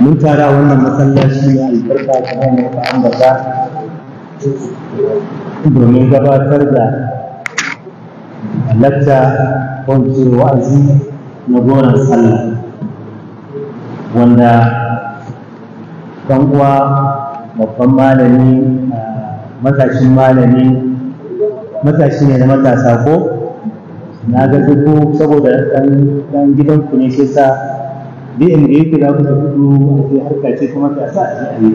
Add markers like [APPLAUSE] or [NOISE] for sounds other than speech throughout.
mun tara wannan masallaci na albarka ta hanyar ta ambata domin gabatar da halatta kwanci wa'azi na gonar sallah wanda ɗan babban malami matashin malami matashi ne na matasa ko na ga duk saboda ɗan gidanku ne shi sa dna ke da kusa fito a ce harka ce kuma ta sa a yi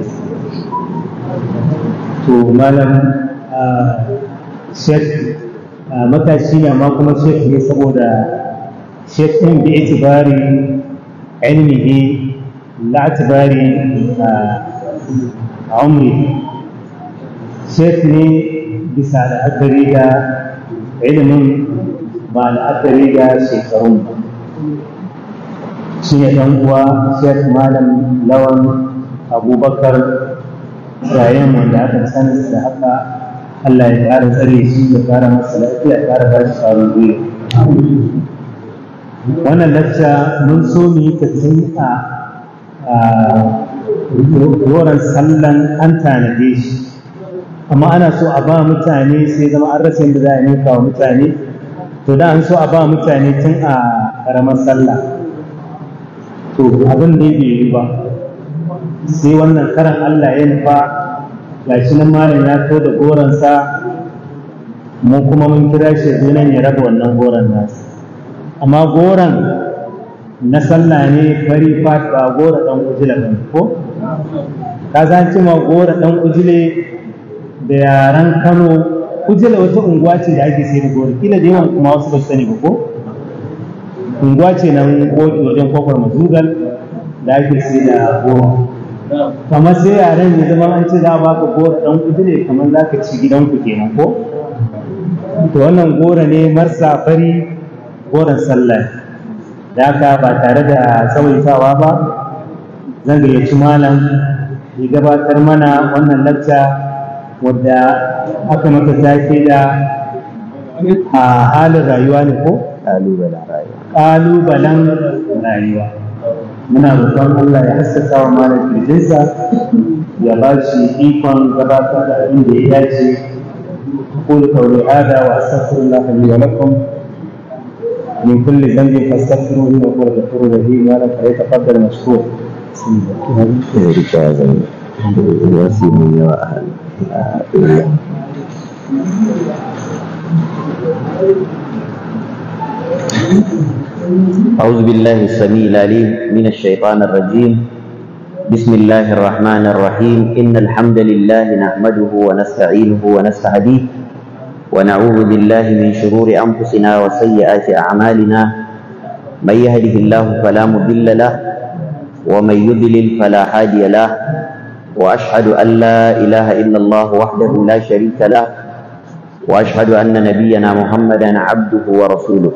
to malam shek matashi ne amma kuma shek ne saboda shek ɗin bi itibari ilmihi la a umri shek ne bisa la'akari da ilimin ba la'akari da shekarun shine ne ɗan uwa shek malam lawan abubakar yayin wanda aka sani da haka allah ya ƙara tsare shi ya ƙara masa lafiya ya ƙara ba shi gwiwa wannan lacca mun so mu yi ta tun a goron sallan an tanade shi amma ana so a ba mutane sai zama an rasa yadda za a yi wa mutane to da an so a ba mutane tun a ƙaramar sallah to abin da bai yi ba sai wannan karan Allah ya nufa gashi nan malam ya kawo da goransa mun kuma mun kira shi yanzu nan ya raba wannan goran nasa amma goran na sallah ne fari fat ba gora dan ujila ne ko ka san cewa gora dan ujile da yaran Kano ujile wata unguwa ce da ake sayar da gora kila da yawan kuma wasu ba su sani ba ko unguwa ce nan wajen kofar madugal da ake sai da goro kamar sai yaren ne zama an ce za a baka goro dan kudi ne kamar za ka ci gidan ku kenan ko to wannan goro ne marsa fari goran sallah da haka ba tare da tsawaitawa ba zan gayyaci malam ya gabatar mana wannan lacca wadda aka maka zafi da a halin rayuwa ne ko? halin rayuwa ƙalubalen rayuwa muna roƙon Allah ya haskaka wa malam kirjinsa ya ba shi ikon gabatar da abin da ya dace ko da kauri ada wa astaghfirullah li wa lakum min kulli dhanbin fastaghfiruhu wa huwa ghafurur rahim wa la yatafaddal mashkur ya rika zan ya si mun yawa a ɗaya Thank you. أعوذ بالله السميع العليم من الشيطان الرجيم بسم الله الرحمن الرحيم إن الحمد لله نحمده ونستعينه ونستهديه ونعوذ بالله من شرور أنفسنا وسيئات أعمالنا من يهده الله فلا مضل له ومن يضلل فلا هادي له وأشهد أن لا إله إلا الله وحده لا شريك له وأشهد أن نبينا محمدا عبده ورسوله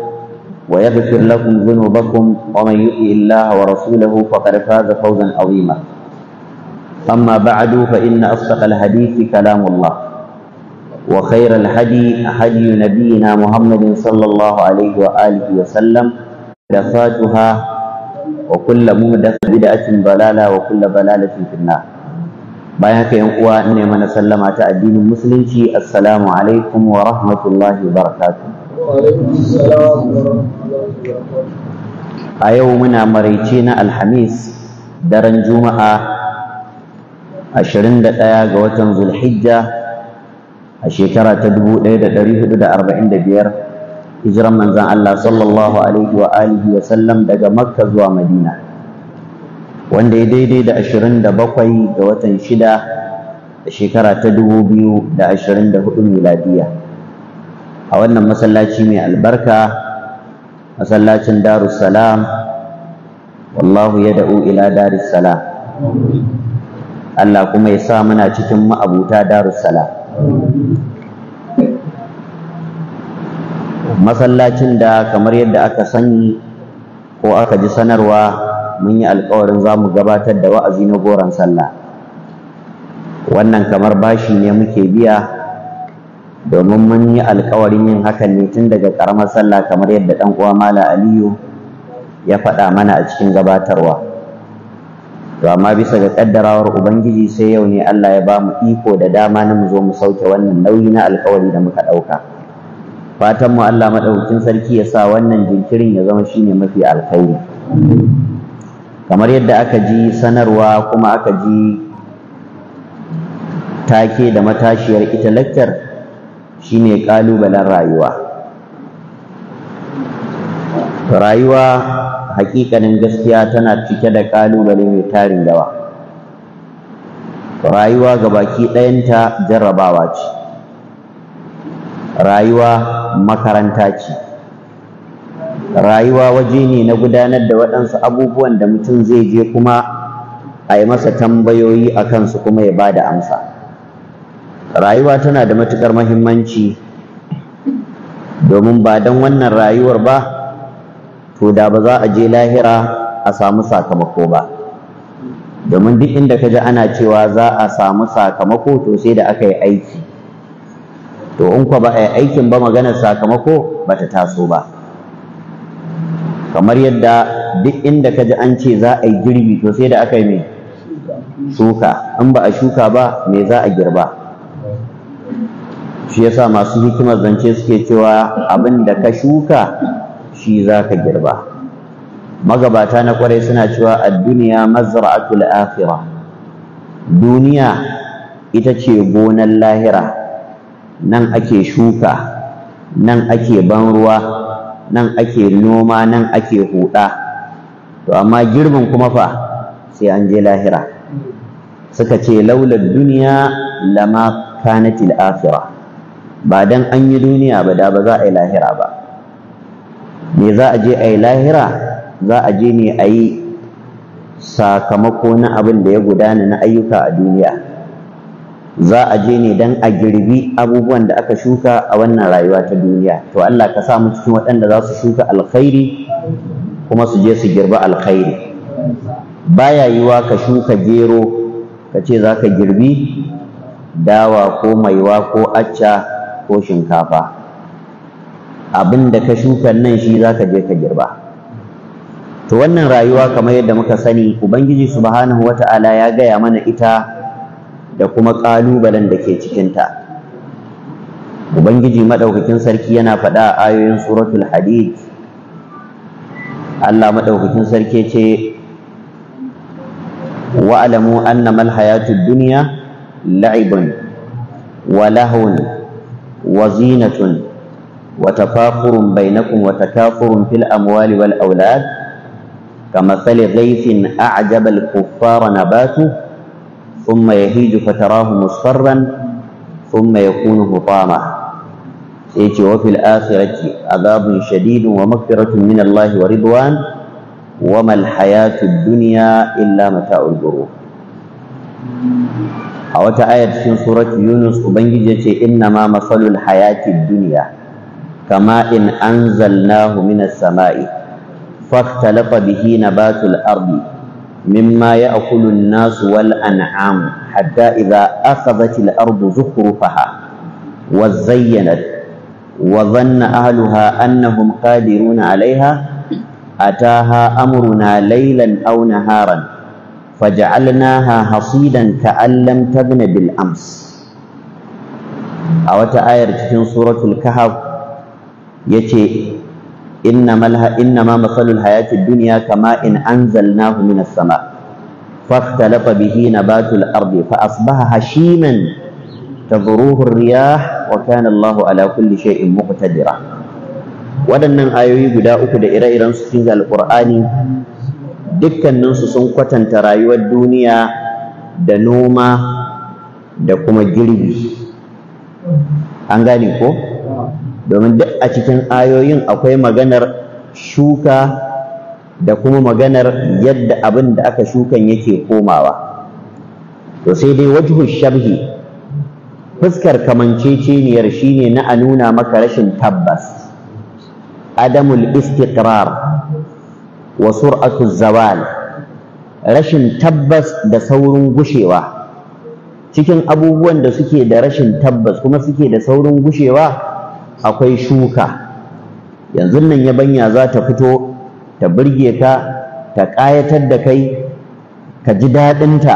ويغفر لكم ذنوبكم ومن يطع الله ورسوله فقد فاز فوزا عظيما أما بعد فإن أصدق الحديث كلام الله وخير الهدي هدي نبينا محمد صلى الله عليه وآله وسلم محدثاتها وكل محدثة بدعة ضلالة وكل ضلالة في النار bayan haka yan uwa ne mana sallama ta addinin musulunci assalamu alaikum wa rahmatullahi wa barakatuh a yau muna maraice na alhamis daren juma'a 21 ga watan zulhijja a shekara ta 1445 hijiran manzan Allah sallallahu alaihi wa alihi wa sallam daga Makka zuwa Madina wanda ya daidai da 27 ga watan 6 a shekara ta 2024 miladiya a wannan masallaci mai albarka masallacin darussalam wallahu ya da'u ila darussalam Allah kuma ya sa muna cikin ma'abuta darussalam masallacin da kamar yadda aka sani ko aka ji sanarwa mun yi alkawarin za mu gabatar da wa'azi na goron sallah wannan kamar bashi ne muke biya domin mun yi alkawarin yin hakan ne tun daga ƙaramar sallah kamar yadda ɗan uwa mala aliyu ya faɗa mana a cikin gabatarwa to amma bisa ga ƙaddarawar ubangiji sai yau ne allah ya ba mu iko da dama na mu zo mu sauke wannan nauyi na alkawari da muka ɗauka fatan mu allah madaukakin sarki ya sa wannan jinkirin ya zama shine mafi alkhairi kamar yadda aka ji sanarwa kuma aka ji take da matashiyar ita lakcar shine ƙalubalen rayuwa rayuwa hakikanin gaskiya tana cike da ƙalubale mai tarin yawa rayuwa ga baki ɗayanta jarrabawa ce rayuwa makaranta ce rayuwa waje ne na gudanar da waɗansu abubuwan da mutum zai je kuma a yi masa tambayoyi a kansu kuma ya ba da amsa rayuwa tana da matukar mahimmanci domin ba don wannan rayuwar ba to da ba za a je lahira a samu sakamako ba domin duk inda ka ji ana cewa za a samu sakamako to sai da aka yi aiki to in kwa ba a yi aikin ba maganar sakamako ba ta taso ba kamar yadda duk inda ka ji an ce za a yi girbi to sai da aka yi mai shuka in ba a shuka ba me za a girba shi yasa masu hikimar zance suke cewa abin da ka shuka shi za ka girba magabata na kwarai suna cewa a duniya mazra'atul akhirah duniya ita ce gonar lahira nan ake shuka nan ake ban ruwa nan ake noma nan ake huda, to amma girbin kuma fa sai an je lahira suka ce laula duniya lama kanatil akhirah ba dan an yi duniya ba da ba za a yi lahira ba me za a je a yi lahira za a je ne a yi sakamako na abin da ya gudana na ayyuka a duniya za a je ne dan a girbi abubuwan da aka shuka a wannan rayuwa ta duniya to Allah ka sa mu cikin waɗanda za su shuka alkhairi kuma su je su girbi alkhairi baya yiwa ka shuka gero ka ce za ka girbi dawa ko maiwa ko acca ko shinkafa abin da ka shuka nan shi za ka je ka girba to wannan rayuwa kamar yadda muka sani ubangiji subhanahu wata'ala ya gaya mana ita da kuma ƙalubalen da ke cikinta ubangiji maɗaukakin sarki yana faɗa a ayoyin suratul hadid allah maɗaukakin sarki ce wa'alamu annamal hayatu duniya la'ibun wa lahun وزينة وتفاخر بينكم وتكاثر في الأموال والأولاد كمثل غيث أعجب الكفار نباته ثم يهيج فتراه مصفرا ثم يكون هطاما سيتي وفي الآخرة عذاب شديد ومغفرة من الله ورضوان وما الحياة الدنيا إلا متاع الغرور a wata ayar cikin surat yunus ubangiji ya ce inna ma masalul hayati duniya kama in anzalnahu minas sama'i fahtalaqa bihi nabatul ardi mimma ya'kulu an-nasu wal an'am hatta idza akhadhat al-ardu zukhrufaha wa zayyanat wa dhanna ahluha annahum qadiruna 'alayha ataha amruna laylan aw naharan faja'alnaha hasidan ka'allam tabna bil ams a wata ayar cikin suratul kahf yace inna malha inna ma masalul hayatid dunya kama in anzalnahu minas sama fahtalafa bihi nabatul ardi fa asbaha hashiman tadruhu ar-riyah wa kana Allah ala kulli shay'in muqtadira waɗannan ayoyi guda uku da ire-iren su cikin alqur'ani dukkaninsu sun kwatanta rayuwar duniya da noma da kuma girbi an gane ko domin duk a cikin ayoyin akwai maganar shuka da kuma maganar yadda abin da aka shukan yake komawa to sai dai wajhu shabhi fuskar kamanceceniyar shine na a nuna maka rashin tabbas adamul istiqrar wa sur'atu zawal rashin tabbas da saurin gushewa cikin abubuwan da suke da rashin tabbas kuma suke da saurin gushewa akwai shuka yanzu nan yabanya za ta fito ta burge ka ta ƙayatar da kai ka ji daɗinta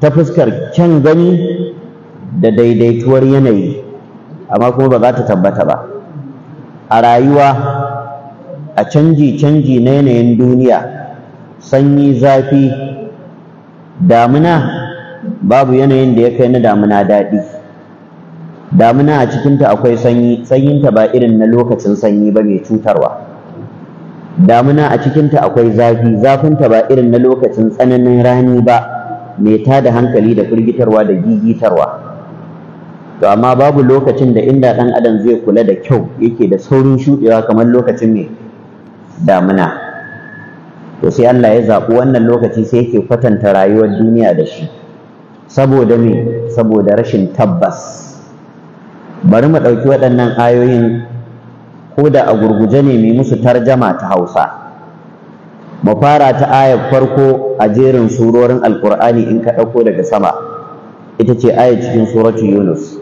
ta fuskar kyan gani da daidaituwar yanayi amma kuma ba za ta tabbata ba a rayuwa a canji-canji na yanayin duniya sanyi zafi damina babu yanayin da ya kai na damina daɗi damina a cikinta akwai sanyi sanyinta ba irin na lokacin sanyi ba mai cutarwa damina a cikinta akwai zafi zafinta ba irin na lokacin tsananin rani ba mai tada hankali da firgitarwa da gigitarwa to amma babu lokacin da inda ɗan adam zai kula da kyau yake da saurin shuɗewa kamar lokacin mai Damuna. to sai Allah ya zaɓi wannan lokaci sai yake kwatanta rayuwar duniya da shi saboda me saboda rashin tabbas bari mu ɗauki waɗannan ayoyin ko da a gurguje ne mai musu tarjama ta hausa mu fara ta ayar farko a jerin surorin alkur'ani in ka ɗauko daga sama ita ce ayar cikin suratu yunus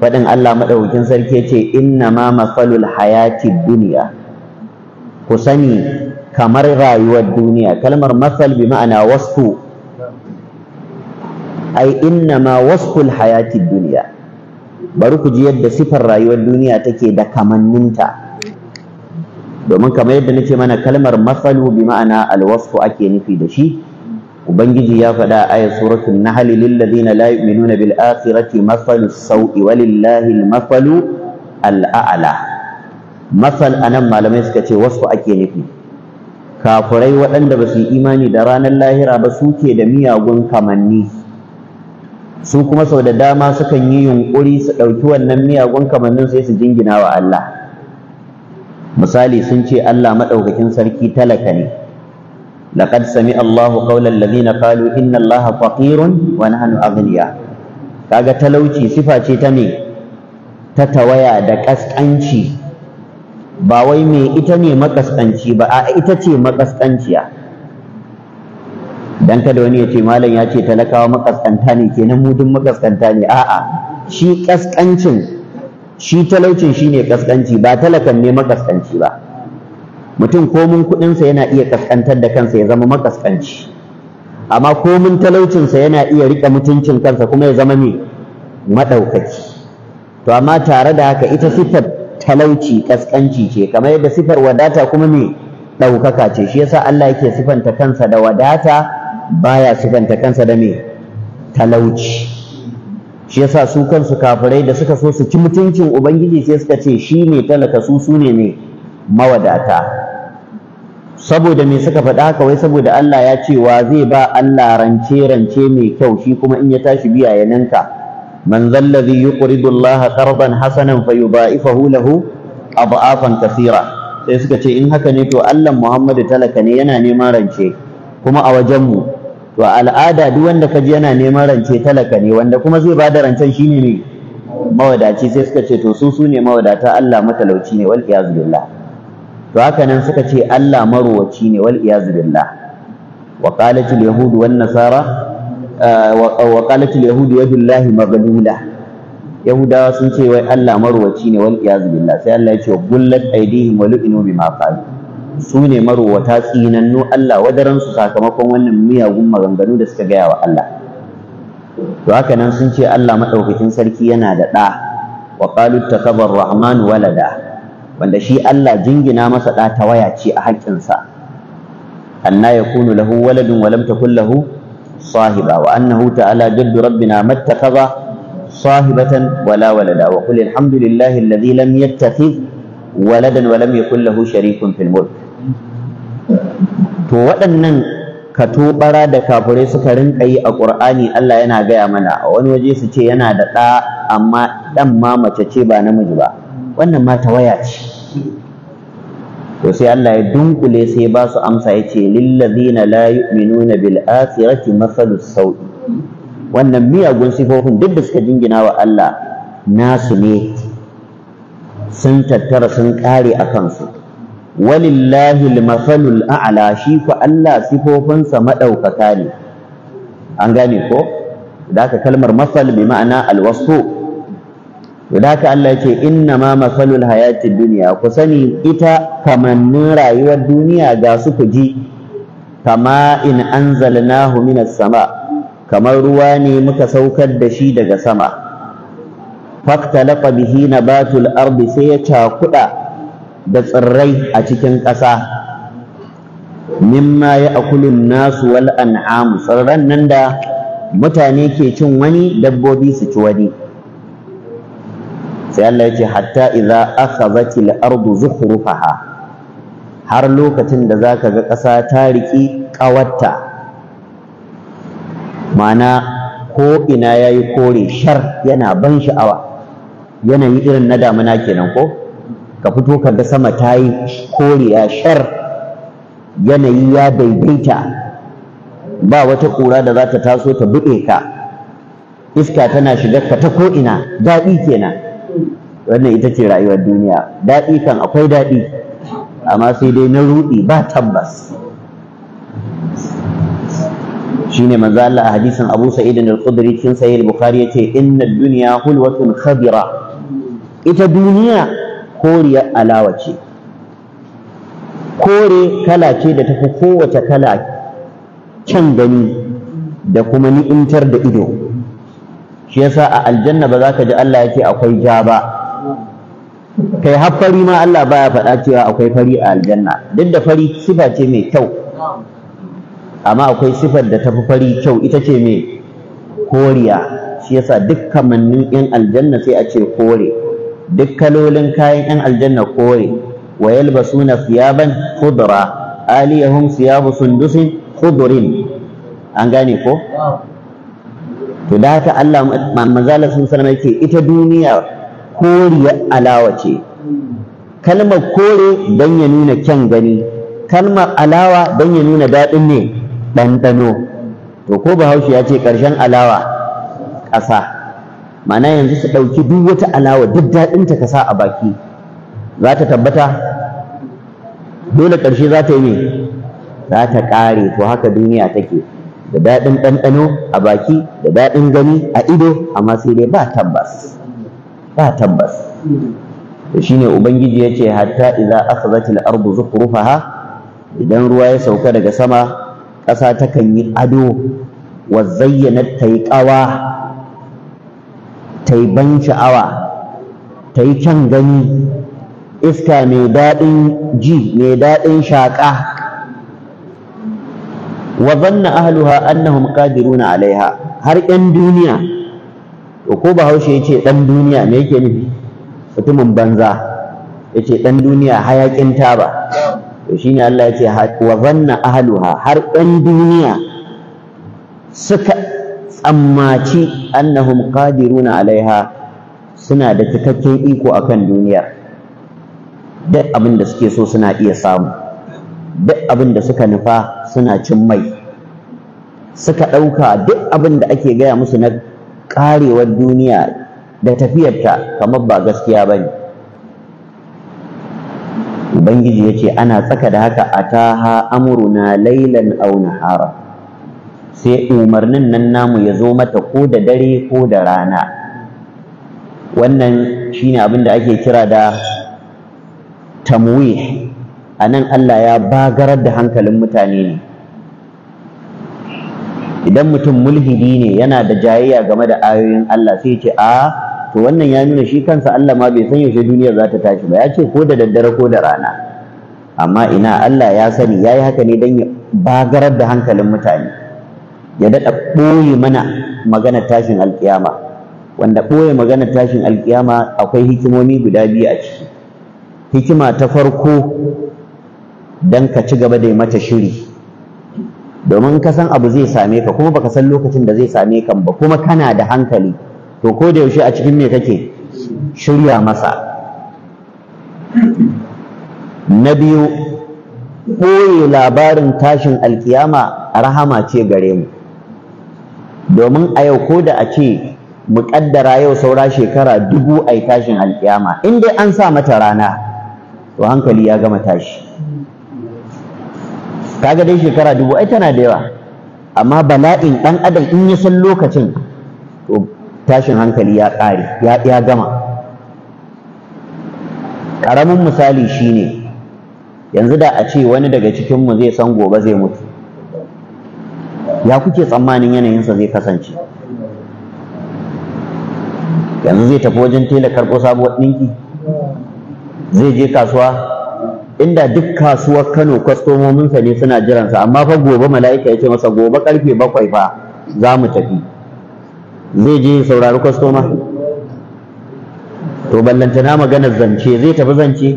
faɗin allah maɗaukakin sarki ce inna ma masalul hayati duniya ku sani kamar rayuwar duniya kalmar masal bi ma'ana wasu ai inna ma waskul hayati duniya bari ku ji yadda sifar rayuwar duniya take da kamanninta domin kamar yadda nace mana kalmar masalu bi ma'ana alwasfu ake nufi da shi ubangiji ya faɗa a ayat suratul nahl lil ladina la yu'minuna bil akhirati masalu sawi walillahi al masalu al a'la masal anan malamai suka ce wasu ake nufi kafurai waɗanda ba su yi imani da ranar lahira ba suke da miyagun kamanni su kuma sau da dama sukan yi yunƙuri su ɗauki wannan miyagun kamannin sai su jingina wa Allah misali sun ce Allah maɗaukakin sarki talaka ne laqad sami Allahu qawlan ladina qalu inna Allaha faqirun wa nahnu aghniya kaga talauci sifa ce ta me ta tawaya da ƙasƙanci. ba wai me ita ne makaskanci ba a ita ce makaskanciya dan kada wani ya ce malam ya ce talakawa makaskanta ne kenan mu duk makaskanta ne a'a shi kaskancin shi talaucin shi ne kaskanci ba talakan ne makaskanci ba mutum komin kuɗinsa yana iya kaskantar da kansa ya zama makaskanci amma komin talaucinsa yana iya riƙe mutuncin kansa kuma ya zama mai maɗaukaki to amma tare da haka ita siffar talauci kaskanci ce kamar yadda sifar wadata kuma me ɗaukaka ce shi yasa Allah yake sifanta kansa da wadata baya sifanta kansa da me talauci shi yasa su kansu kafirai da suka so su ci mutuncin ubangiji sai suka ce shi ne talaka su su ne me mawadata saboda me suka faɗa haka wai saboda Allah ya ce wa zai ba Allah rance rance mai kyau shi kuma in ya tashi biya ya ninka من ذا الذي يقرض الله قرضا حسنا فيضاعفه له أضعافا كثيرة sai suka ce in haka ne to Allah Muhammadu talaka ne yana neman rance kuma a wajenmu to al'ada duk wanda kaji yana neman rance talaka ne wanda kuma zai bada rancen shine ne mawadaci sai suka ce to su su ne mawadata Allah matalauci ne wal iyaz billah to haka nan suka ce Allah marowaci ne wal iyaz billah wa qalat al yahud wan nasara wa qalatul yahudu yadullahi maghlula yahudawa sun ce wai Allah marwaci ne wal iyaz billah sai Allah ya ce gullat aydihim wa lu'inu bima qalu su ne marwata tsinannu Allah wadaran su sakamakon wannan miyagun maganganu da suka gaya wa Allah to haka nan sun ce Allah madaukakin sarki yana da da wa qalu takabar rahman walada wanda shi Allah jingina masa da ta waya ce a haƙƙinsa anna yakunu lahu waladun wa lam takul lahu صاحبا وأنه تعالى جد ربنا ما اتخذ صاحبة ولا ولدا وقل الحمد لله الذي لم يتخذ ولدا ولم يكن له شريك في الملك to waɗannan katubara da kafurai suka rinka yi a ƙur'ani Allah yana gaya mana a wani waje su ce yana da ɗa amma ɗan ma mace ce ba namiji ba wannan ma tawaya ce to sai Allah ya dunkule sai ba su amsa ya ce lillazina la yu'minuna bil akhirati masalus sau'i wannan miyagun sifofin duk da suka jingina wa Allah nasu ne sun tattara sun kare a kansu walillahi al-masalul a'la shi ku Allah sifofinsa madaukaka ne an gane ko da kalmar masal bi ma'ana al to ka haka Allah ce inna ma masalul hayatid duniya ku sani ita kamannin rayuwar duniya ga su ku ji kama in anzalnahu minas sama kamar ruwa ne muka saukar da shi daga sama faktalaqa bihi Batul ardi sai ya cakuɗa da tsirrai a cikin ƙasa mimma ya akulun nasu wal an'am tsirran nan da mutane ke cin wani dabbobi su ci wani sai Allah ya ce hatta idza akhadhatil ardu zukhrufaha har lokacin da zaka ga ƙasa ta riki ƙawarta ma'ana ko ina yayi kore shar yana ban sha'awa yanayi irin na damuna kenan ko ka fito ka ga sama ta yi kore ya shar yanayi ya daidaita ba wata ƙura da zata taso ta buɗe ka iska tana shiga ka ta ko'ina daɗi kenan wannan ita ce rayuwar duniya daɗi kan akwai daɗi amma sai dai na ruɗi ba tabbas shine manzo Allah a hadisin Abu Sa'id al-Khudri cikin Sahih Bukhari yace inna ad-dunya hulwatun khadira ita duniya koriya alawa ce kore kala ce da tafi kowace kala kyan gani da kuma ni'intar da ido shi yasa a aljanna ba za ka ji Allah ya ce akwai ja ba kai har fari ma Allah baya faɗa cewa akwai fari a aljanna duk da fari sifa ce mai kyau amma akwai sifar da tafi fari kyau ita ce mai koriya shi yasa duk kamannin yan aljanna sai a ce kore duk kalolin kayan yan aljanna kore wa yalbasuna thiyaban khudra aliyahum thiyabu sundusin khudrin an gane ko to da haka Allah manzala sun sanar yake ita duniya koriya alawa ce kalmar kore don ya nuna kyan gani kalmar alawa don ya nuna daɗin ne ɗanɗano to ko bahaushe ya ce ƙarshen alawa ƙasa ma'ana yanzu su ɗauki duk wata alawa duk daɗinta ka sa a baki za ta tabbata dole ƙarshe za ta yi ne za ta ƙare to haka duniya take da daɗin ɗanɗano a baki da daɗin gani a ido amma sai dai ba tabbas ba tabbas to shine ubangiji ya ce hatta idza akhadhat al-ardu zukhrufaha idan ruwa ya sauka daga sama ƙasa takan yi ado wa zayyanat tayi tai ban sha'awa tayi kyan gani iska mai daɗin ji mai daɗin shaƙa wa zanna ahluha annahum qadiruna alaiha har yan duniya ko bahaushe yace dan duniya me yake nufi mutumin banza yace dan duniya hayakin taba to shine Allah yace wa zanna ahluha har yan duniya suka tsammaci annahum qadiruna alaiha suna da cikakken iko akan duniyar duk abin da suke so suna iya samu duk abin da suka nufa suna cin mai suka ɗauka duk abin da ake gaya musu na ƙarewar duniya da tafiyarta kamar ba gaskiya ba ne ubangiji ya ce ana tsaka da haka a taha amuruna lailan nahara sai umarnin nan namu ya zo mata ko da dare ko da rana wannan shine abin da ake kira da tamwih a nan Allah ya bagarar da hankalin mutane ne idan mutum mulhidi ne yana da jayayya game da ayoyin Allah sai ce a to wannan ya nuna shi kansa Allah ma bai san yaushe duniya za ta tashi ba ya ce ko da daddare ko da rana amma ina Allah ya sani ya yi haka ne don ya bagarar da hankalin mutane ya daɗa ɓoye mana magana tashin alƙiyama wanda ɓoye maganar tashin alƙiyama akwai hikimomi guda biyu a ciki hikima ta farko don ka ci gaba da yi mata shiri domin ka san abu zai same ka kuma baka san lokacin da zai same ka ba kuma kana da hankali to ko da yaushe a cikin me kake shirya masa na biyu ɓoye labarin tashin alkiyama rahama ce gare mu domin a yau ko da a ce mu ƙaddara yau saura shekara dubu ayi tashin alkiyama in dai an sa mata rana to hankali ya gama tashi kaga dai shekara dubu ai tana da yawa amma bala'in ɗan adam in ya san lokacin to tashin hankali ya ƙare ya gama karamin misali shine yanzu da a ce wani daga cikin mu zai san gobe zai mutu ya kuke tsammanin yanayin sa zai kasance yanzu zai tafi wajen tela karɓo sabuwar ɗinki zai je kasuwa inda duk kasuwar Kano kwastomominsa ne suna jiransa amma fa gobe mala'ika ya ce masa gobe karfe bakwai fa za mu tafi zai je saurari kwastoma to ballantana maganar zance zai tafi zance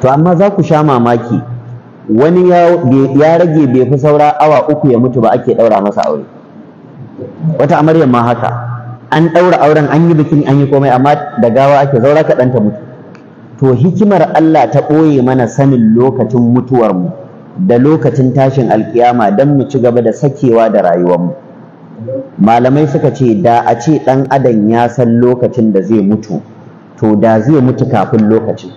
to amma za ku sha mamaki wani ya rage bai fi saura awa uku ya mutu ba ake ɗaura masa aure wata amaryar ma haka an ɗaura auren an yi bikin an yi komai amma da gawa ake zaura kaɗan ta mutu to hikimar Allah ta ɓoye mana sanin lokacin mutuwarmu da lokacin tashin alkiyama don mu ci gaba da sakewa da rayuwar rayuwarmu malamai suka ce da a ce ɗan adam ya san lokacin da zai mutu to da zai mutu kafin lokacin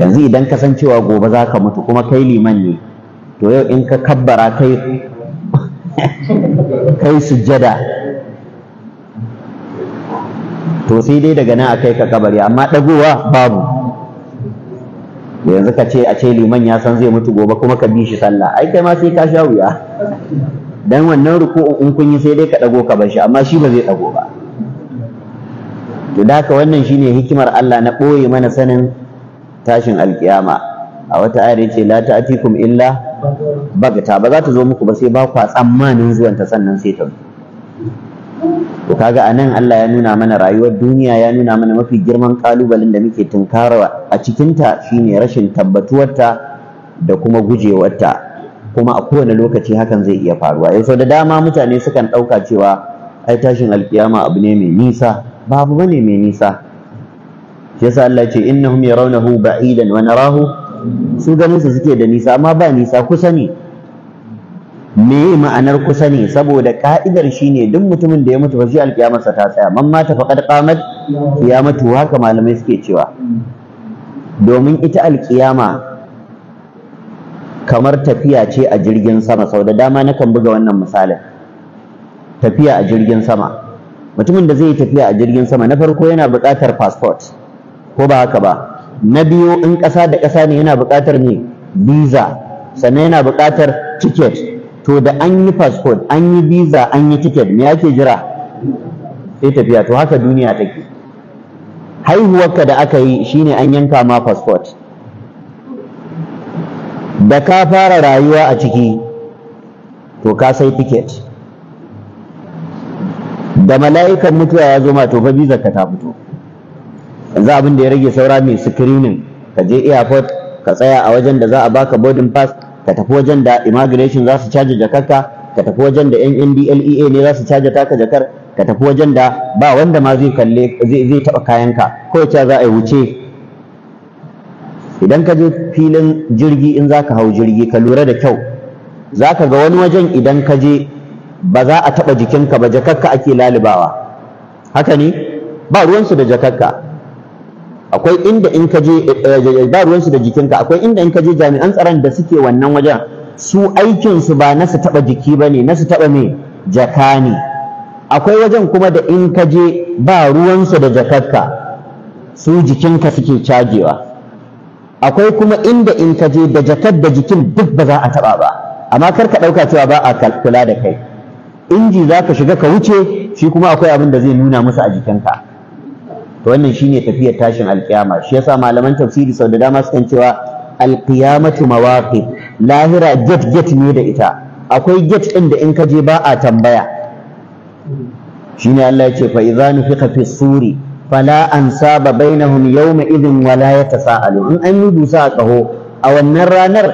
yanzu idan ka san cewa gobe za ka mutu kuma kai liman ne to yau in ka kabbara kai [LAUGHS] kai sujjada to sai dai daga nan a kai ka kabari amma dagowa babu yanzu ka ce a ce liman ya san zai mutu gobe kuma ka bi shi sallah ai kai ma sai ka sha wuya dan wannan ruku'u in kun yi sai dai ka ɗago ka bar shi amma shi ba zai ɗago ba to da haka wannan shine hikimar Allah na ɓoye mana sanin tashin alkiyama a wata ayar yace la ta'tikum illa bagata ba za ta zo muku ba sai ba ku tsammanin zuwanta sannan sai ta zo to kaga nan! Allah ya nuna mana rayuwar duniya ya nuna mana mafi girman kalubalen da muke tunkarawa a cikinta shine rashin tabbatuwarta da kuma gujewarta kuma a kowane lokaci hakan zai iya faruwa yau da dama mutane sukan ɗauka cewa ai tashin alkiyama abu ne mai nisa babu bane mai nisa yasa Allah ce innahum yarawnahu ba'idan wa narahu su ganin su suke da nisa amma ba nisa kusa ne me ma'anar kusa ne saboda ka'idar shine duk mutumin da ya mutu ba shi alkiyamarsa ta tsaya man mata faqad qamat qiyamatu haka malamai suke cewa domin ita alkiyama kamar tafiya ce a jirgin sama sau da dama na kan buga wannan misalin tafiya a jirgin sama mutumin da zai yi tafiya a jirgin sama na farko yana buƙatar fasfot ko ba haka ba na biyu in ƙasa da ƙasa ne yana buƙatar ne visa sannan yana buƙatar ticket to da an yi passport an yi visa an yi ticket me ake jira sai tafiya to haka duniya take haihuwarka da aka yi shine an yanka ma passport da ka fara rayuwa a ciki to ka sai ticket da mala'ikan mutuwa ya zo ma to fa visa ka ta fito yanzu abin da ya rage saura mai screening ka je airport ka tsaya a wajen da za a baka boarding pass ka tafi wajen da immigration za su caje jakarka ka tafi wajen da yan e ne za su caje taka jakar ka tafi wajen da ba wanda ma zai kalle zai ka, kayanka ko ce za a yi wuce idan ka je filin jirgi in za ka hau jirgi ka lura da kyau za ka ga wani wajen idan ka je ba za a taɓa jikinka ba jakarka ake lalibawa haka ne ba ruwansu da jakarka akwai inda in ka je eh, eh, ba ruwansu da jikinka akwai inda in ka je jami'an tsaron da suke wannan wajen su aikinsu ba na su taɓa jiki ba ne na su taɓa me jaka ne akwai wajen kuma da in ka je ba ruwansu da jakarka su jikinka suke cajewa akwai kuma inda in ka je da jakar da jikin duk ba za a taɓa ba amma kar ka ɗauka cewa ba a kula da kai inji za ka shiga ka wuce shi kuma akwai abin da zai nuna musu a jikinka to wannan shine tafiyar tashin alkiyama shi yasa malaman tafsiri sau da dama sukan cewa alkiyamatu mawaqi lahira get get ne da ita akwai get din da in ka je ba a tambaya shine Allah ya ce fa idza nufiqa fi suri fala ansaba bainahum yawma idhin wala yatasaalu in an yi dusa a kaho a wannan ranar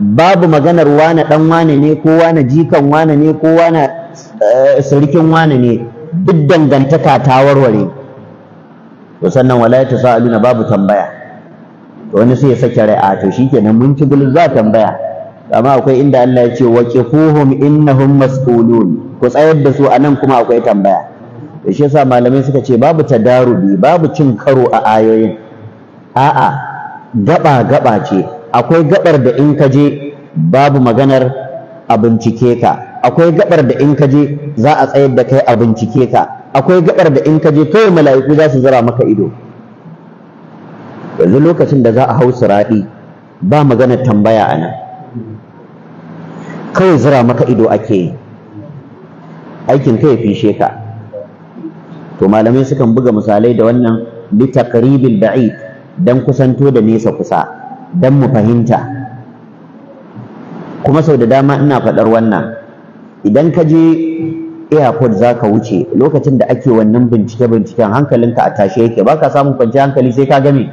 babu maganar wane dan wane ne ko wane jikan wane ne ko wane eh, sarkin wane ne duk dangantaka ta warware to sannan wala ya tasaluna babu tambaya to wani sai ya sake rai to shikenan mun ci bulus za tambaya amma akwai inda Allah ya ce waqifuhum innahum mas'ulun ku tsayar da su anan kuma akwai tambaya to shi yasa malamai suka ce babu tadarubi babu cin karo a ayoyin a'a gaba gaba ce akwai gabar da in ka babu maganar a bincike ka akwai gabar da in ka je za a tsayar da kai a bincike ka akwai gabar da in ka je kawai mala'iku za su zara maka ido yanzu lokacin da za a hau siraɗi ba magana tambaya a nan kawai zira maka ido ake aikin kai fishe ka to malamai sukan buga misalai da wannan li taqribil ba'id dan kusanto da nesa kusa dan mu fahimta kuma sau da dama ina faɗar wannan idan ka je airport za ka wuce lokacin da ake wannan bincike-binciken hankalinka a tashe yake ba ka samun kwanciyar hankali sai ka game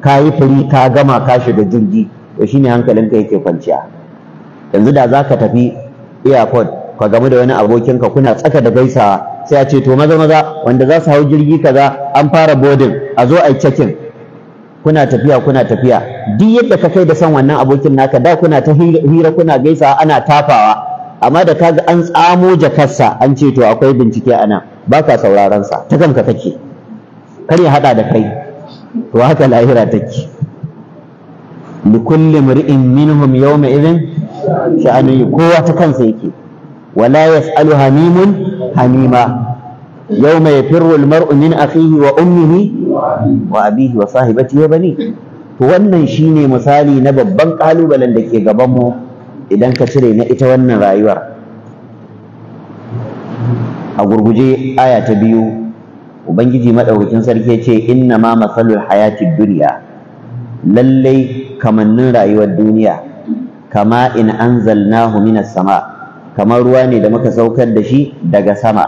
ka yi firi ka gama ka shiga jirgi to shine hankalinka yake kwanciya yanzu da za ka tafi airport ka gamu da wani abokinka kuna tsaka da gaisawa sai a ce to maza maza wanda za su hau jirgi kaza an fara boarding a zo a yi checking kuna tafiya kuna tafiya duk yadda ka kai da san wannan abokin naka da kuna ta hira kuna gaisawa ana tafawa amma da kaga an tsamo jakarsa an ce to akwai bincike a nan ba ka sauraron sa ta kanka kake kar ya haɗa da kai to haka lahira take li kulli mar'in minhum yawma idhin sha'anu kowa ta kansa yake wala yas'alu hamimun hamima yawma yafirru al-mar'u min akhihi wa ummihi wa abihi wa sahibatihi wa bani to wannan shine misali na babban kalubalen da ke gaban mu idan ka cire na ita wannan rayuwar a gurguje aya ta biyu ubangiji madaukakin sarki yace inna ma masalul hayatid duniya. lallai kamannin rayuwar duniya kama in anzalnahu minas sama kamar ruwa ne da muka saukar da shi daga sama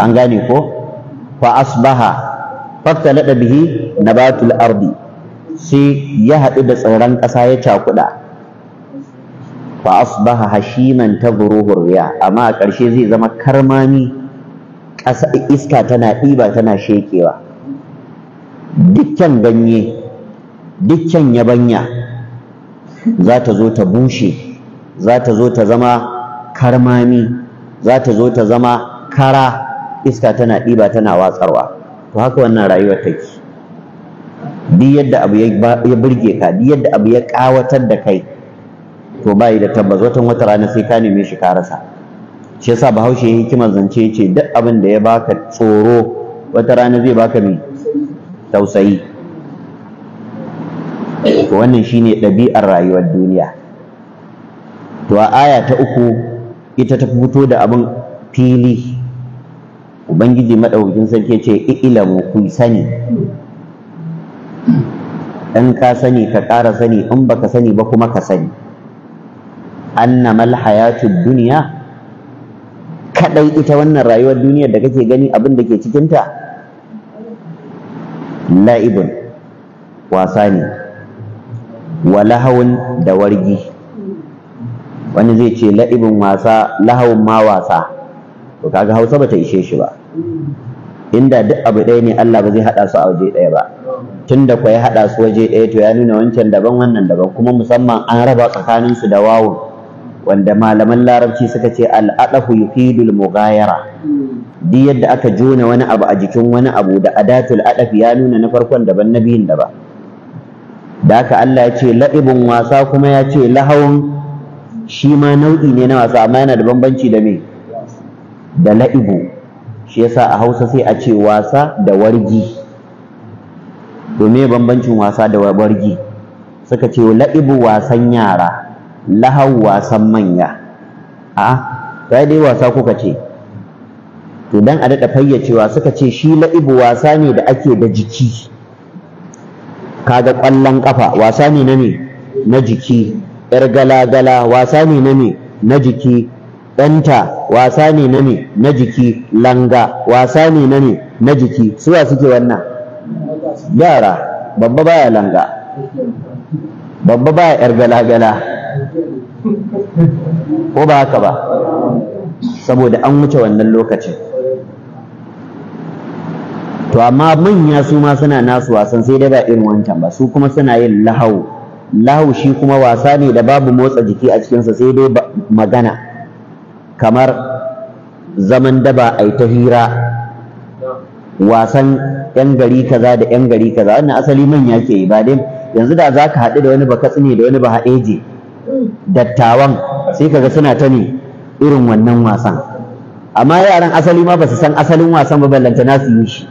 an gane ko fa asbaha fattalada bihi batul ardi sai ya haɗu da tsirran ƙasa ya cakuɗa fa asbaha hashiman tadruhu riya amma a ƙarshe zai zama karmami iska tana ɗiba tana shekewa dukkan ganye dukkan yabanya za ta zo ta bushe za ta zo ta zama karmami za ta zo ta zama kara iska tana ɗiba tana watsarwa to haka wannan rayuwar take duk yadda abu ya burge ka duk yadda abu ya ƙawatar da kai to bai da tabbas watan wata rana sai ka neme shi ka rasa shi yasa bahaushe ya hikimar zance yace duk abin da ya baka tsoro wata rana zai baka mai tausayi to wannan shine dabi'ar rayuwar duniya to a aya ta uku ita ta fito da abin fili ubangiji maɗaukakin sarki ce ilamu ku sani in ka sani ka ƙara sani in baka sani ba kuma ka sani mal hayatud dunya kadai ita wannan rayuwar duniyar da kake gani abin da ke cikinta la'ibun wasa ne wa lahawun da wargi wani zai ce la'ibin wasa lahawun ma wasa to kaga hausa bata ishe shi ba inda duk abu ɗaya ne Allah ba zai haɗa su a waje ɗaya ba tunda kwa ya haɗa su waje ɗaya to ya nuna wancan daban wannan daban kuma musamman an raba tsakaninsu da wawun wanda malaman larabci suka ce al'adahu yufidul mughayara duk yadda aka jona wani abu a jikin wani abu da adatul adaf ya nuna na farkon daban na biyun daban da haka Allah ya ce la'ibun wasa kuma ya ce lahawun shi ma nau'i ne na wasa amma yana da bambanci da me da la'ibu shi yasa a Hausa sai a ce wasa da wargi to me bambancin wasa da wargi suka ce la'ibu wasan yara lahau wasan manya a sai dai wasa kuka ce to dan a daɗa fayyacewa suka ce shi la'ibu wasa ne da ake da jiki kaga ƙwallon ƙafa wasa ne na ne na jiki ‘yar gala-gala wasa ne na ne na jiki ɗanta wasa ne na ne na jiki langa wasa ne na ne na jiki suwa suke wannan yara babba baya langa babba ba ya yar gala-gala ko ba haka ba saboda an wuce wannan lokacin to amma manya su ma suna nasu wasan sai dai ba irin wancan ba su kuma suna yin lahau lahau shi kuma wasa ne da babu motsa jiki a cikinsa sai dai magana kamar zaman daba ai ta hira wasan 'yan gari kaza da 'yan gari kaza wannan asali manya ke yi ba dai yanzu da za ka haɗu da wani ba tsini da wani ba haɗeje dattawan sai kaga suna ta ne irin wannan wasan amma yaran asali ma ba su san asalin wasan ba ballanta na su yi shi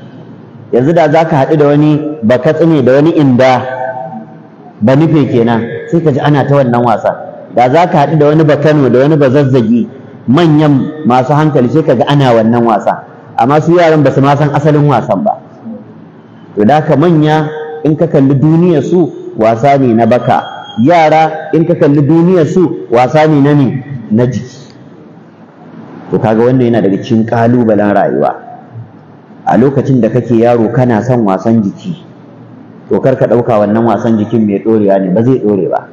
yanzu da za ka haɗu da wani ba tsini da wani inda ba nufe kenan sai ka ji ana ta wannan wasa da za ka haɗu da wani ba kano da wani ba zazzagi manyan masu hankali sai ka ga ana wannan wasa amma su yaran ba su ma san asalin wasan ba to da ka manya in ka kalli duniyar su wasa ne na baka yara in ka kalli duniyar su wasa ne na ne na jiki to kaga wannan yana daga cikin kalubalen rayuwa a lokacin da kake yaro kana son wasan jiki to kar ka ɗauka wannan wasan jikin mai ɗorewa ne ba zai dore ba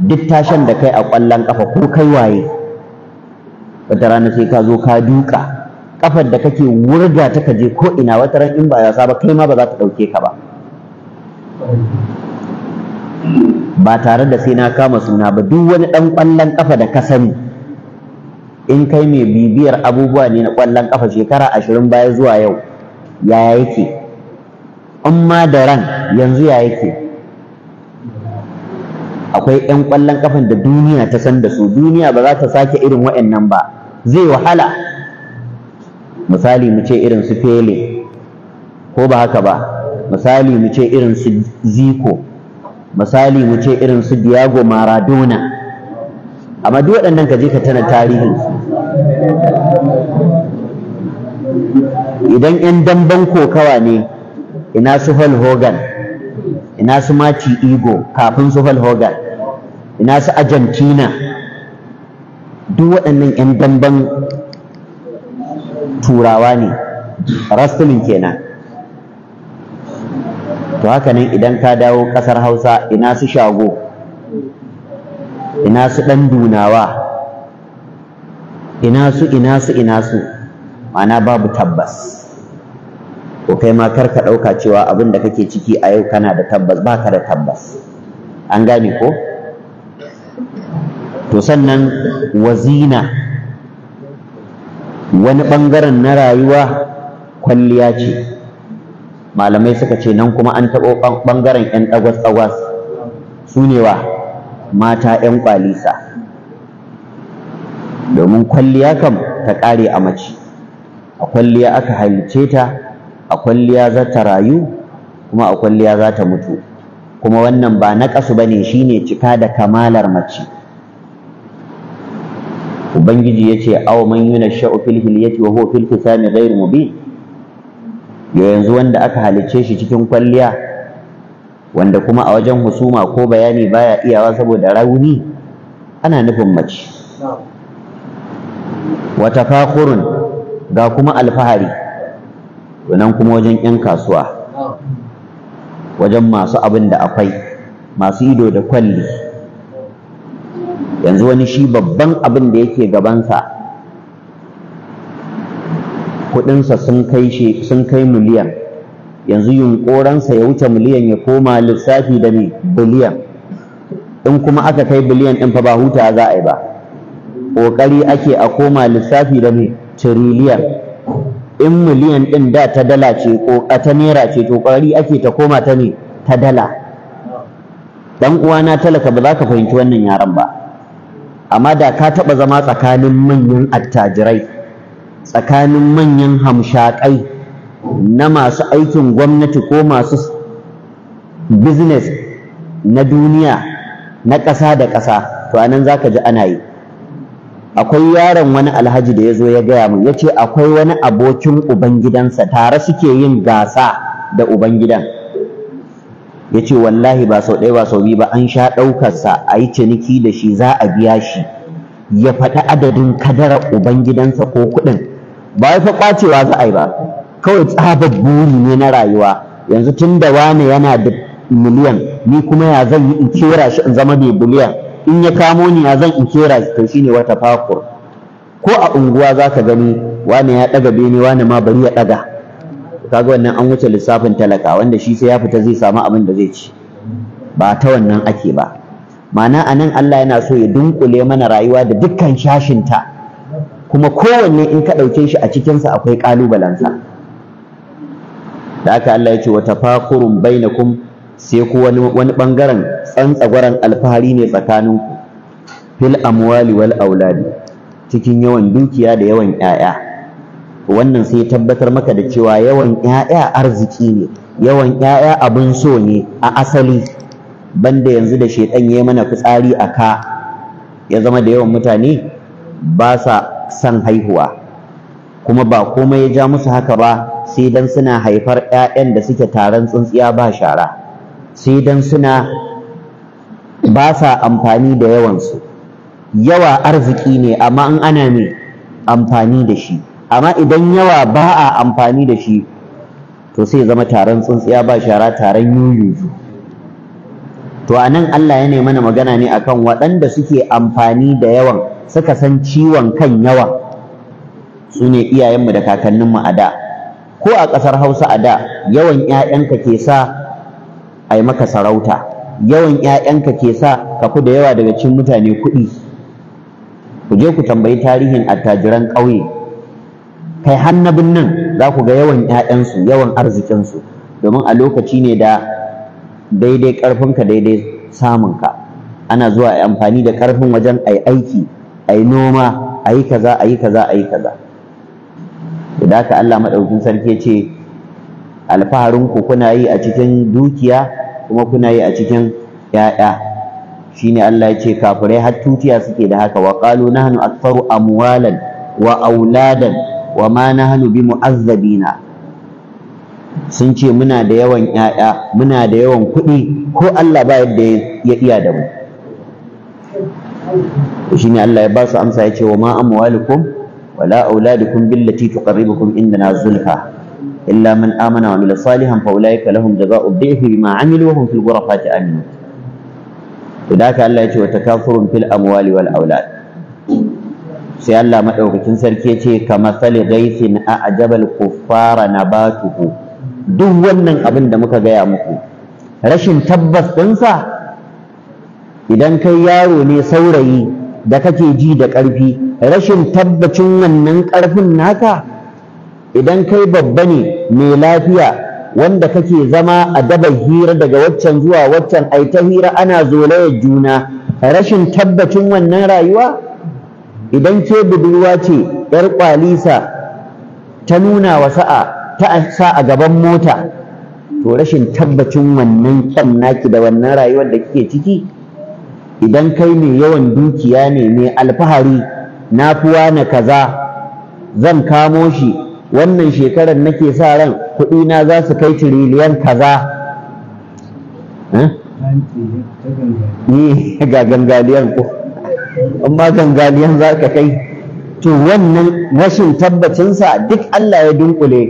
duk tashan da kai a kwallon kafa ko kai waye wata rana sai ka zo ka duka ƙafar da kake wurga ta kaje ko ina wata ran in ba yasa ba kai ma ba za ta ɗauke ka ba ba tare da sai na kama suna ba duk wani ɗan ƙwallon ƙafa da ka sani in kai mai bibiyar abubuwa ne na ƙwallon ƙafa shekara ashirin baya zuwa yau yaya yake in ma da ran yanzu ya yake akwai 'yan ƙwallon ƙafan da duniya ta san da su duniya ba za ta sake irin waɗannan ba zai wahala misali mu ce irin su fele ko ba haka ba misali mu ce irin su Zico misali mu ce irin su Diego Maradona amma duk waɗannan ka je ka tana tarihin su idan 'yan damban kokawa ne ina su Hall Hogan ina su Mati Igo kafin su Hall Hogan ina su Argentina duk waɗannan 'yan damban turawa ne wrestling kenan to haka nan idan ka dawo ƙasar hausa ina su shago ina su ɗan dunawa ina su ina su ina su ma'ana babu tabbas ko kai ma karka ka ɗauka cewa abin da kake ciki a yau kana da tabbas ba ka da tabbas an gane ko to sannan wazina wani ɓangaren na rayuwa kwalliya ce malamai suka ce nan kuma an taɓo ɓangaren 'yan ɗagwas-ɗagwas su ne wa mata 'yan kwalisa domin kwalliya kam ta ƙare a mace a kwalliya aka halice ta a kwalliya za ta rayu kuma a kwalliya za ta mutu kuma wannan ba na ƙasu ba ne shi ne cika da kamalar mace ubangiji ya ce awa man yuna sha'u wa huwa fil kisami ghairu mubin Ya yanzu wanda aka halicce shi cikin kwalliya wanda kuma a wajen husuma ko bayani baya iyawa saboda rauni ana nufin mace wata tafakhurun ga kuma alfahari nan kuma wajen 'yan kasuwa wajen masu abin da akwai masu ido da kwalli yanzu wani shi babban abin da yake gabansa kuɗinsa sun kai shi sun kai miliyan yanzu yunƙuransa ya wuce miliyan ya koma lissafi da ne biliyan in kuma aka kai biliyan ɗin fa ba huta za a yi ba ƙoƙari ake a koma lissafi da ne tiriliyan in miliyan ɗin da ta dala ce ko ta naira ce to ƙoƙari ake ta koma ta ne ta dala dan uwana talaka ba za ka fahimci wannan yaran ba amma da ka taɓa zama tsakanin manyan attajirai tsakanin manyan hamshakai na masu aikin gwamnati ko masu business na duniya na ƙasa da ƙasa to anan ka ji ana yi akwai yaron wani alhaji da ya zo ya gaya min ya ce akwai wani abokin ubangidansa tare suke yin gasa da ubangidan ya ce wallahi ba sau ɗaya ba sau biyu ba an sha ɗaukarsa a yi ciniki da shi za a biya shi ya faɗi adadin kadara ubangidansa ko kuɗin ba ya fa kwacewa za a yi ba kawai tsabar buri ne na rayuwa yanzu tun da wane yana da miliyan ni kuma ya zan yi in shi in zama mai biliyan in ya kamo ni ya zan in shi to shine wata fakur ko a unguwa za ka gani wane ya daga bene wane ma bari ya ɗaga kaga wannan an wuce lissafin talaka wanda shi sai ya fita zai samu abin da zai ci ba ta wannan ake ba ma'ana anan Allah yana so ya dunkule mana rayuwa da dukkan shashinta kuma kowanne in ka ɗauke shi a cikinsa akwai ƙalubalensa da aka Allah ya ce wata fakurun bainakum sai ku wani wani bangaren tsantsagwaran alfahari ne tsakaninku fil amwali wal auladi cikin yawan dukiya da yawan ƴaƴa wannan sai tabbatar maka da cewa yawan ƴaƴa arziki ne yawan ƴaƴa abin so ne a asali banda yanzu da shedan ya mana fitsari a ka ya zama da yawan mutane ba sa san haihuwa kuma ba komai ya ja musu haka ba sai dan suna haifar ƴaƴan da suke taron tsintsiya ba shara sai dan suna ba sa amfani da yawansu yawa arziki ne amma in ana ne amfani da shi amma idan yawa ba a amfani da shi to sai zama taron tsintsiya ba shara taron yuyuyu to anan Allah yana mana magana ne akan waɗanda suke amfani da yawan suka san ciwon kan yawa su ne iyayenmu da kakanninmu a da ko a ƙasar hausa a da yawan 'ya'yanka ke sa a yi maka sarauta yawan 'ya'yanka ke sa ka ku da yawa daga cin mutane kuɗi ku je ku tambayi tarihin attajiran ƙauye kai hannabin nan za ku ga yawan 'ya'yansu yawan arzikinsu domin a lokaci ne da daidai ƙarfinka daidai samunka ana zuwa a amfani da ƙarfin wajen ai aiki a noma a yi kaza a yi kaza a yi kaza da ka Allah maɗaukin sarki ya ce alfaharinku kuna yi a cikin dukiya kuma kuna yi a cikin ‘ya'ya shi Allah ya ce kafirai har tutiya suke da haka wa na nahnu aktaru amwalan wa auladan wa ma nahnu bi mu'azzabina sun ce muna da yawan ‘ya'ya muna da yawan kuɗi ko Allah ba yadda ya iya da mu shine Allah ya ba su amsa yace wa ma amwalukum wala auladukum billati tuqarribukum indana zulfa illa man amana wa amila salihan fa ulaika lahum jazaa'u dhi'fi bima 'amilu wa hum fil ghurafati amin to da haka Allah yace wa takathurun fil amwali wal aulad sai Allah madaukakin sarki yace kamathali ghaythin a'jaba al kuffara nabatuhu duk wannan abin da muka gaya muku rashin tabbas sa. idan kai yaro ne saurayi da kake ji da ƙarfi rashin tabbacin wannan ƙarfin naka idan kai babba ne mai lafiya wanda kake zama a dabar hira daga waccan zuwa waccan ai ta hira ana zolaya juna rashin tabbacin wannan rayuwa idan ke budurwa ce yar kwalisa ta nuna wa sa'a ta sa a gaban mota to rashin tabbacin wannan kyan naki da wannan rayuwar da kike ciki idan kai mai yawan dukiya ne mai alfahari na fuwa na kaza zan kamo shi wannan shekarar nake sa ran kuɗi na za su kai tiriliyan kaza eh? Eh, ga gangaliyan ko gangaliyan za ka kai to wannan rashin tabbacinsa duk Allah ya dunkule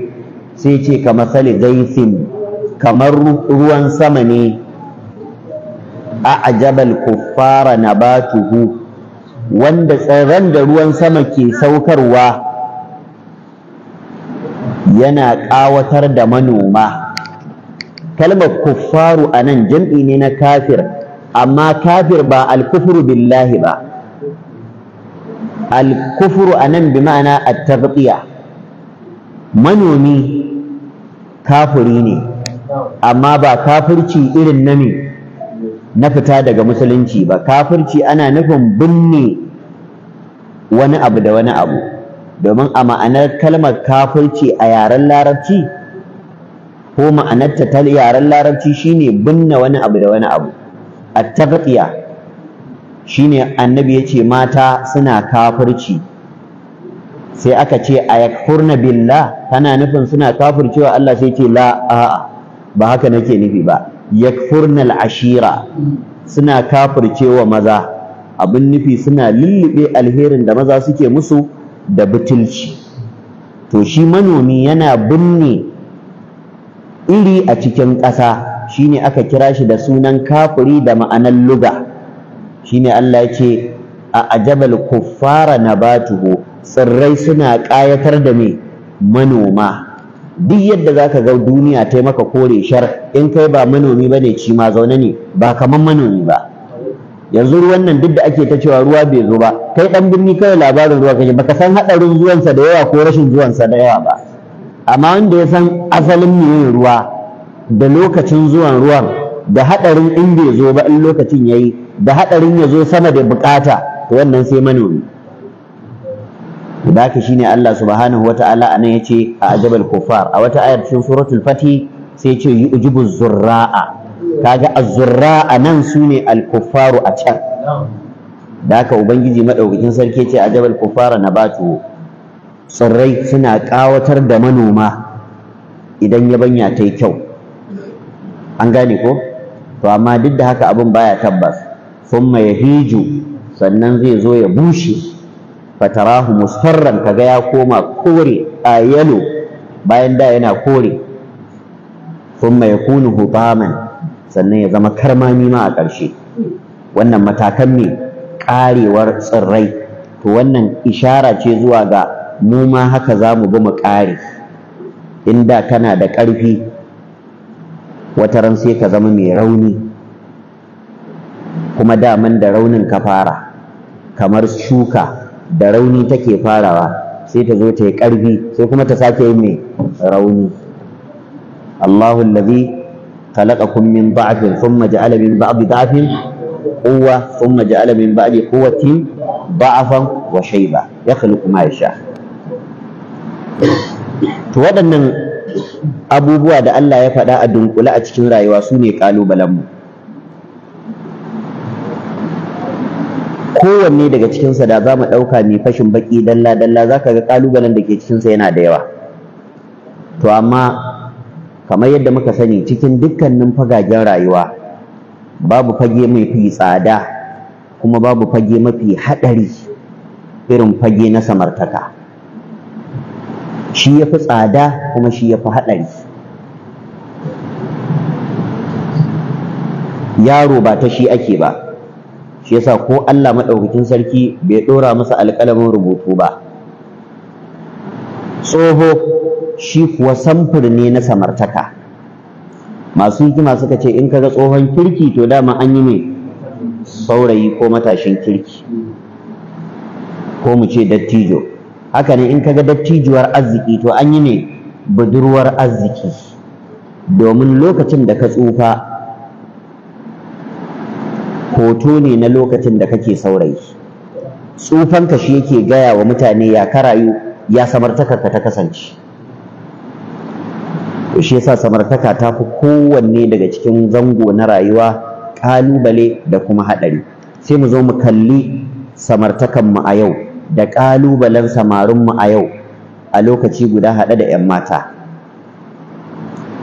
sai ce ka masali gaifin kamar ruwan sama ne a'jabal kuffara nabatuhu wanda tsirran da ruwan sama ke saukarwa yana ƙawatar da manoma kalmar kuffaru a nan jam'i ne na kafir amma kafir ba alkufuru billahi ba alkufuru a nan bi ma'ana attarbiya manomi kafuri ne amma ba kafirci irin na ne. na fita daga musulunci ba kafirci ana nufin binne wani abu da wani abu domin a ma'anar kalmar kafirci a yaren larabci ko ma'anar ta yaren larabci shine binne wani abu da wani abu A tafiya shine annabi yace mata suna kafirci sai aka ce ayakfurna billah tana nufin suna kafircewa Allah sai ce la a'a ba haka nake nufi ba yakfurnal ashira suna kafircewa maza abin nufi suna lullube alherin da maza suke musu da butulci to shi manomi yana binne iri a cikin ƙasa shine aka kira shi da sunan kafiri da ma'anar luga shine Allah ya ce a ajabal kuffara nabatuhu tsirrai suna ƙayatar da me manoma duk yadda za ka ga duniya ta maka kore shar in kai ba manomi ba ne ci ma zaune ne ba kamar manomi ba yanzu ruwan nan duk da ake ta cewa ruwa bai zo ba kai dan birni kawai labarin ruwa kake baka san hadarin zuwansa da yawa ko rashin zuwansa da yawa ba amma wanda ya san asalin meye ruwa da lokacin zuwan ruwan da hadarin in bai zo ba in lokacin yayi da hadarin ya zo sama da bukata wannan sai manomi da shi shine Allah subhanahu wata'ala anan yace a ajabal kufar a wata ayar cikin suratul fati sai yace yujibu zurra'a Ka ga azurra'a nan sune al-kuffaru a can da ubangiji madaukakin sarki yace ajabal kufara batu. tsirrai suna kawatar da manoma idan yabanya ta yi kyau an gane ko to amma duk da haka abin baya tabbas thumma sannan zai zo ya bushe fatarahu musfarran kaga ya koma kore a yalo bayan da yana kore thumma yakunu hubaman sannan ya zama karmami ma a ƙarshe wannan matakan ne ƙarewar tsirrai to wannan ishara ce zuwa ga mu ma haka za mu bi mu ƙare inda kana da ƙarfi wata ran sai ka zama mai rauni kuma daman da raunin ka fara kamar shuka da rauni take farawa sai ta zo ta yi ƙarfi sai kuma ta sake yin mai rauni Allahu allazi khalaqakum min da'fin thumma ja'ala min ba'di da'fin quwwa thumma ja'ala min ba'di quwwatin da'afan wa shayba yakhluqu ma yasha to waɗannan abubuwa da Allah ya faɗa a dunkule a cikin rayuwa su ne ƙalubalenmu kowanne daga cikinsa da za mu ɗauka mai fashin baƙi dalla-dalla za ka ga ƙalubalen da ke cikinsa yana da yawa to amma kamar yadda muka sani cikin dukkanin fagagen rayuwa babu fage mafi tsada kuma babu fage mafi haɗari irin fage na samartaka shi ya fi tsada kuma shi ya fi haɗari yaro ba ta shi ake ba shi yasa ko Allah madaukakin sarki bai dora masa alƙalamin rubutu ba tsoho shi kuwa samfur ne na samartaka masu hikima suka ce in kaga tsohon kirki to dama an yi mai saurayi ko matashin kirki ko mu ce dattijo haka ne in kaga dattijuwar arziki to an yi mai budurwar arziki domin lokacin da ka tsufa hoto ne na lokacin da kake saurayi tsufanka shi yake gaya wa mutane ya ka rayu ya samartakarka ta kasance shi yasa samartaka ta fi kowanne daga cikin zango na rayuwa ƙalubale da kuma haɗari sai mu zo mu kalli samartakanmu a yau da ƙalubalen samarinmu a yau a lokaci guda haɗe da 'yan mata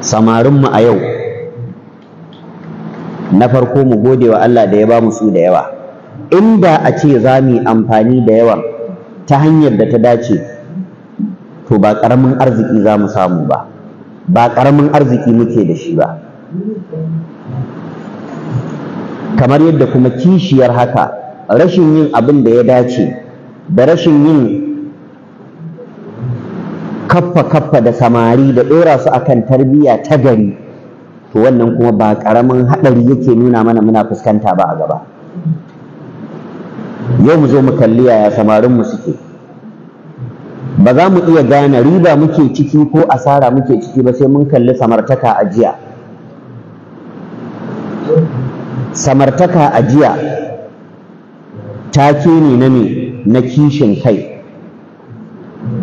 samarinmu a yau na farko mu gode wa Allah da ya ba mu su da yawa inda a ce za mu amfani da yawan ta hanyar da ta dace to ba ƙaramin arziki za mu samu ba ba ƙaramin arziki muke da shi ba kamar yadda kuma kishiyar haka rashin yin abin da ya dace da rashin yin kaffa kaffa da samari da ɗora su akan tarbiyya ta gari to wannan kuma ba ƙaramin haɗari yake nuna mana muna fuskanta ba a gaba yau mu zo mu kalli yaya samarin mu suke ba za mu iya gane riba muke ciki ko asara muke ciki ba sai mun kalli samartaka a jiya samartaka a jiya take ne na me na kishin kai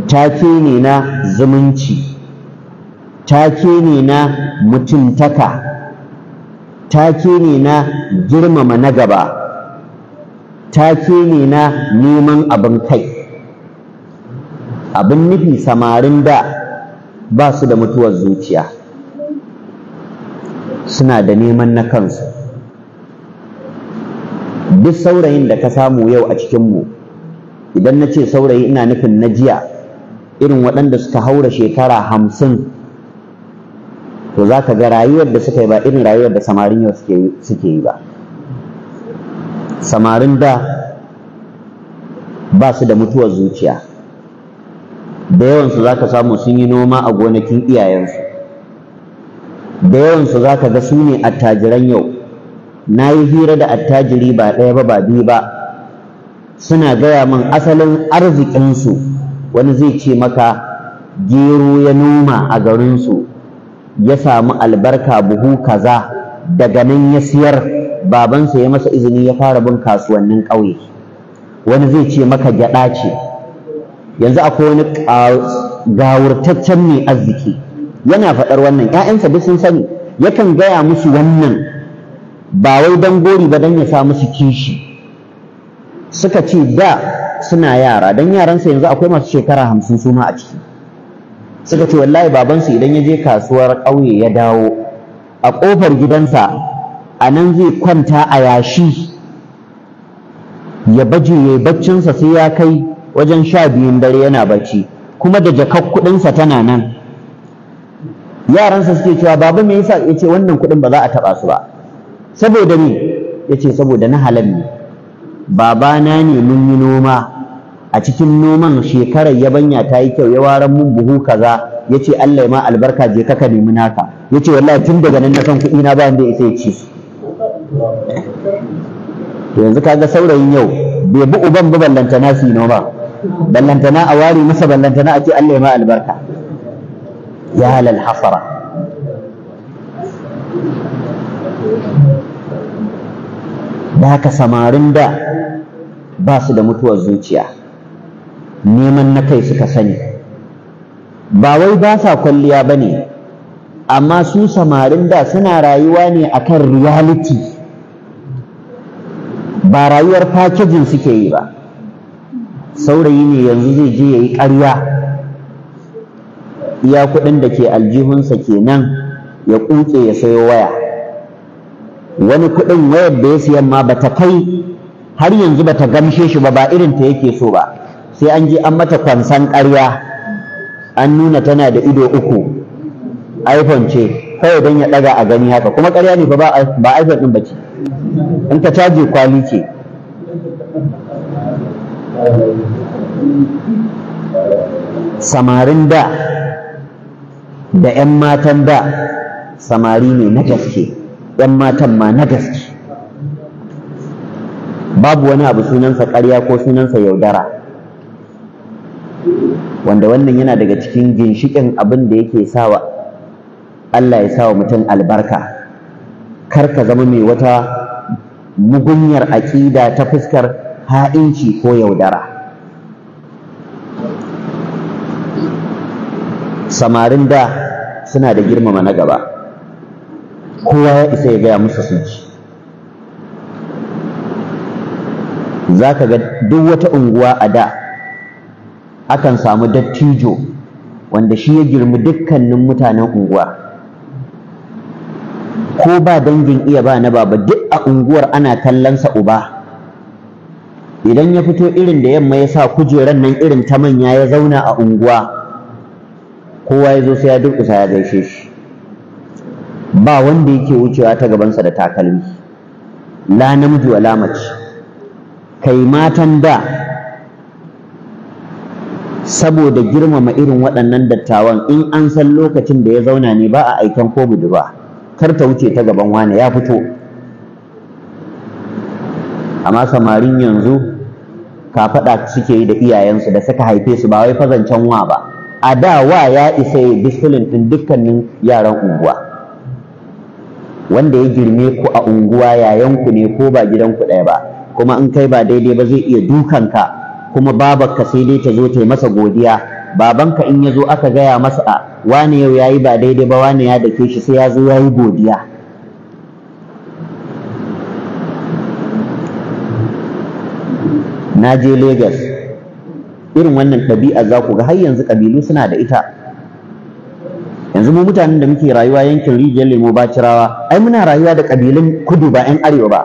take ne na zumunci take ne na mutuntaka take ne na girmama na gaba take ne na neman abin kai abin nufi samarin da ba su da mutuwar zuciya suna da neman na kansu duk saurayin da ka samu yau a cikinmu idan na ce saurayi ina nufin na jiya irin waɗanda suka haura shekara hamsin to za ka ga rayuwar da suka yi ba irin rayuwar da samarin yau suke yi ba samarin da ba su da mutuwar zuciya da yawansu za ka samu sun yi noma a gonakin iyayensu da yawansu za ka ga su ne attajiran yau na yi hira da attajiri ba ɗaya ba ba biyu ba suna gaya min asalin arzikinsu wani zai ce maka gero ya noma a garinsu ya samu albarka buhu kaza daga nan ya siyar babansa ya masa izini ya fara bin kasuwannin ƙauye wani zai ce maka gyaɗa ce yanzu akwai wani gawurtaccen mai arziki yana faɗar wannan ‘ya'yansa duk sun sani yakan gaya musu wannan ba wai don gori ba don ya sa musu kishi suka ce da suna yara don yaransa yanzu akwai masu shekara hamsin suma a ciki suka ce wallahi babansu idan ya je kasuwar ƙauye ya dawo a ƙofar gidansa a nan zai kwanta a yashi ya baje ya yi baccinsa sai ya kai wajen sha biyun dare yana bacci kuma da jakar kuɗinsa tana nan yaransa suke cewa baba me yasa ya ce wannan kuɗin ba za a taɓa su ba saboda me ya ce saboda na halal ne babana ne mun yi noma a cikin noman shekarar yabanya ta yi kyau ya waran mun buhu kaza ya ce Allah ya ma albarka je ka ka nemi naka ya ce wallahi tun daga nan na san kuɗi na ba da isa ya ci yanzu kaga saurayin yau bai bi uban ba ballantana su noma ballantana a ware masa ballantana a ce Allah ya ma albarka ya halal hasara da ka samarin da ba su da mutuwar zuciya neman na kai suka sani ba wai ba sa kwalliya ba ne amma su samarin da suna rayuwa ne akan reality ba rayuwar fakejin suke yi ba saurayi ne yanzu zai je ya yi ƙarya iya kuɗin da ke aljihunsa kenan ya ƙutse ya sayo waya wani kuɗin wayar da ya siyan ma ba ta kai har yanzu ba ta gamshe shi ba ba irin ta yake so ba sai an ji an mata kwansan ƙarya an nuna tana da ido uku iphone ce kawai don ya ɗaga a gani haka kuma ƙarya ne fa ba iphone ɗin ba ce in ka caje kwali ce samarin da da 'yan matan da samari ne na gaske 'yan matan ma na gaske babu wani abu sunansa ƙarya ko sunansa yaudara wanda wannan yana daga cikin ginshiƙin abin da yake sawa Allah ya sawa mutum albarka kar ka zama mai wata mugunyar aƙida ta fuskar ha'inci ko yaudara samarin da suna da girmama na gaba kowa ya isa ya gaya musu sun ci za ka ga duk wata unguwa a da akan samu dattijo wanda shi ya girmi dukkanin mutanen unguwa ko ba dangin iya ba na baba duk a unguwar ana kallonsa uba idan ya fito irin da yamma ya sa kujeran nan irin ta manya ya zauna a unguwa kowa ya zo sai ya durƙusa ya gaishe shi ba wanda yake wucewa ta gabansa da takalmi la namiji wala mace kai matan da saboda girmama irin waɗannan dattawan in an san lokacin da ya zauna ne ba a aikan ko budurwa kar ta wuce ta gaban wane ya fito amma samarin yanzu kafaɗa suke yi da iyayensu da suka haife su ba wai fazancen wa ba a da wa ya isa ya distilin ɗin dukkanin yaran unguwa wanda ya girme ku a unguwa yayanku ne ko ba gidanku ɗaya ba kuma in kai ba daidai ba zai iya dukanka kuma babarka sai dai ta zo ta yi masa godiya babanka in ya zo aka gaya masa a wane yau yayi ba daidai ba wane ya dake shi sai ya zo yayi godiya na je Legas irin wannan ɗabi'a za ku ga har yanzu ƙabilu suna da ita yanzu mu mutanen da muke rayuwa yankin rijiyar lemo bacirawa ai muna rayuwa da ƙabilun kudu ba 'yan arewa ba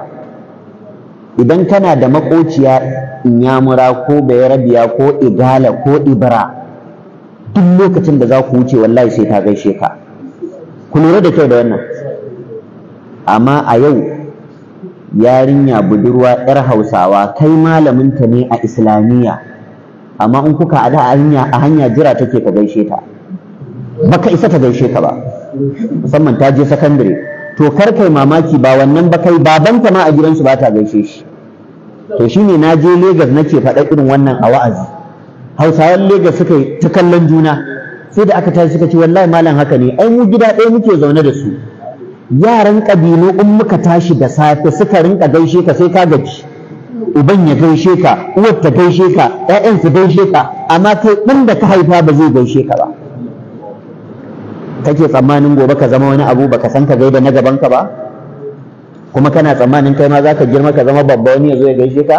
idan kana da maƙociya inyamura ko bayarabiya ko igala ko ibra duk lokacin da za ku wuce wallahi sai ta gaishe ka ku lura da kyau da wannan amma a yau yarinya budurwa yar hausawa kai malamin ta ne a islamiyya amma in kuka a hanya a hanya jira take ka gaishe ta baka isa ta gaishe ka ba musamman ta je sakandare to kar kai mamaki ba wannan bakai babanta ma a gidansu ba ta gaishe shi to shine na je Legas nake faɗa irin wannan a wa'azi Hausawan Legas suka yi ta kallon juna sai da aka tashi suka ce wallahi malam haka ne ai mu gida ɗaya muke zaune da su yaran ƙabilu in muka tashi da safe suka rinka gaishe ka sai ka gaji uban ya gaishe ka uwar ta gaishe ka ƴaƴan su gaishe ka amma kai ɗin da ka haifa ba zai gaishe ka ba kake tsammanin gobe ka zama wani abu baka san ka gaida na gaban ka ba kuma kana tsammanin kai ma za ka girma ka zama babba wani ya zo ya gaishe ka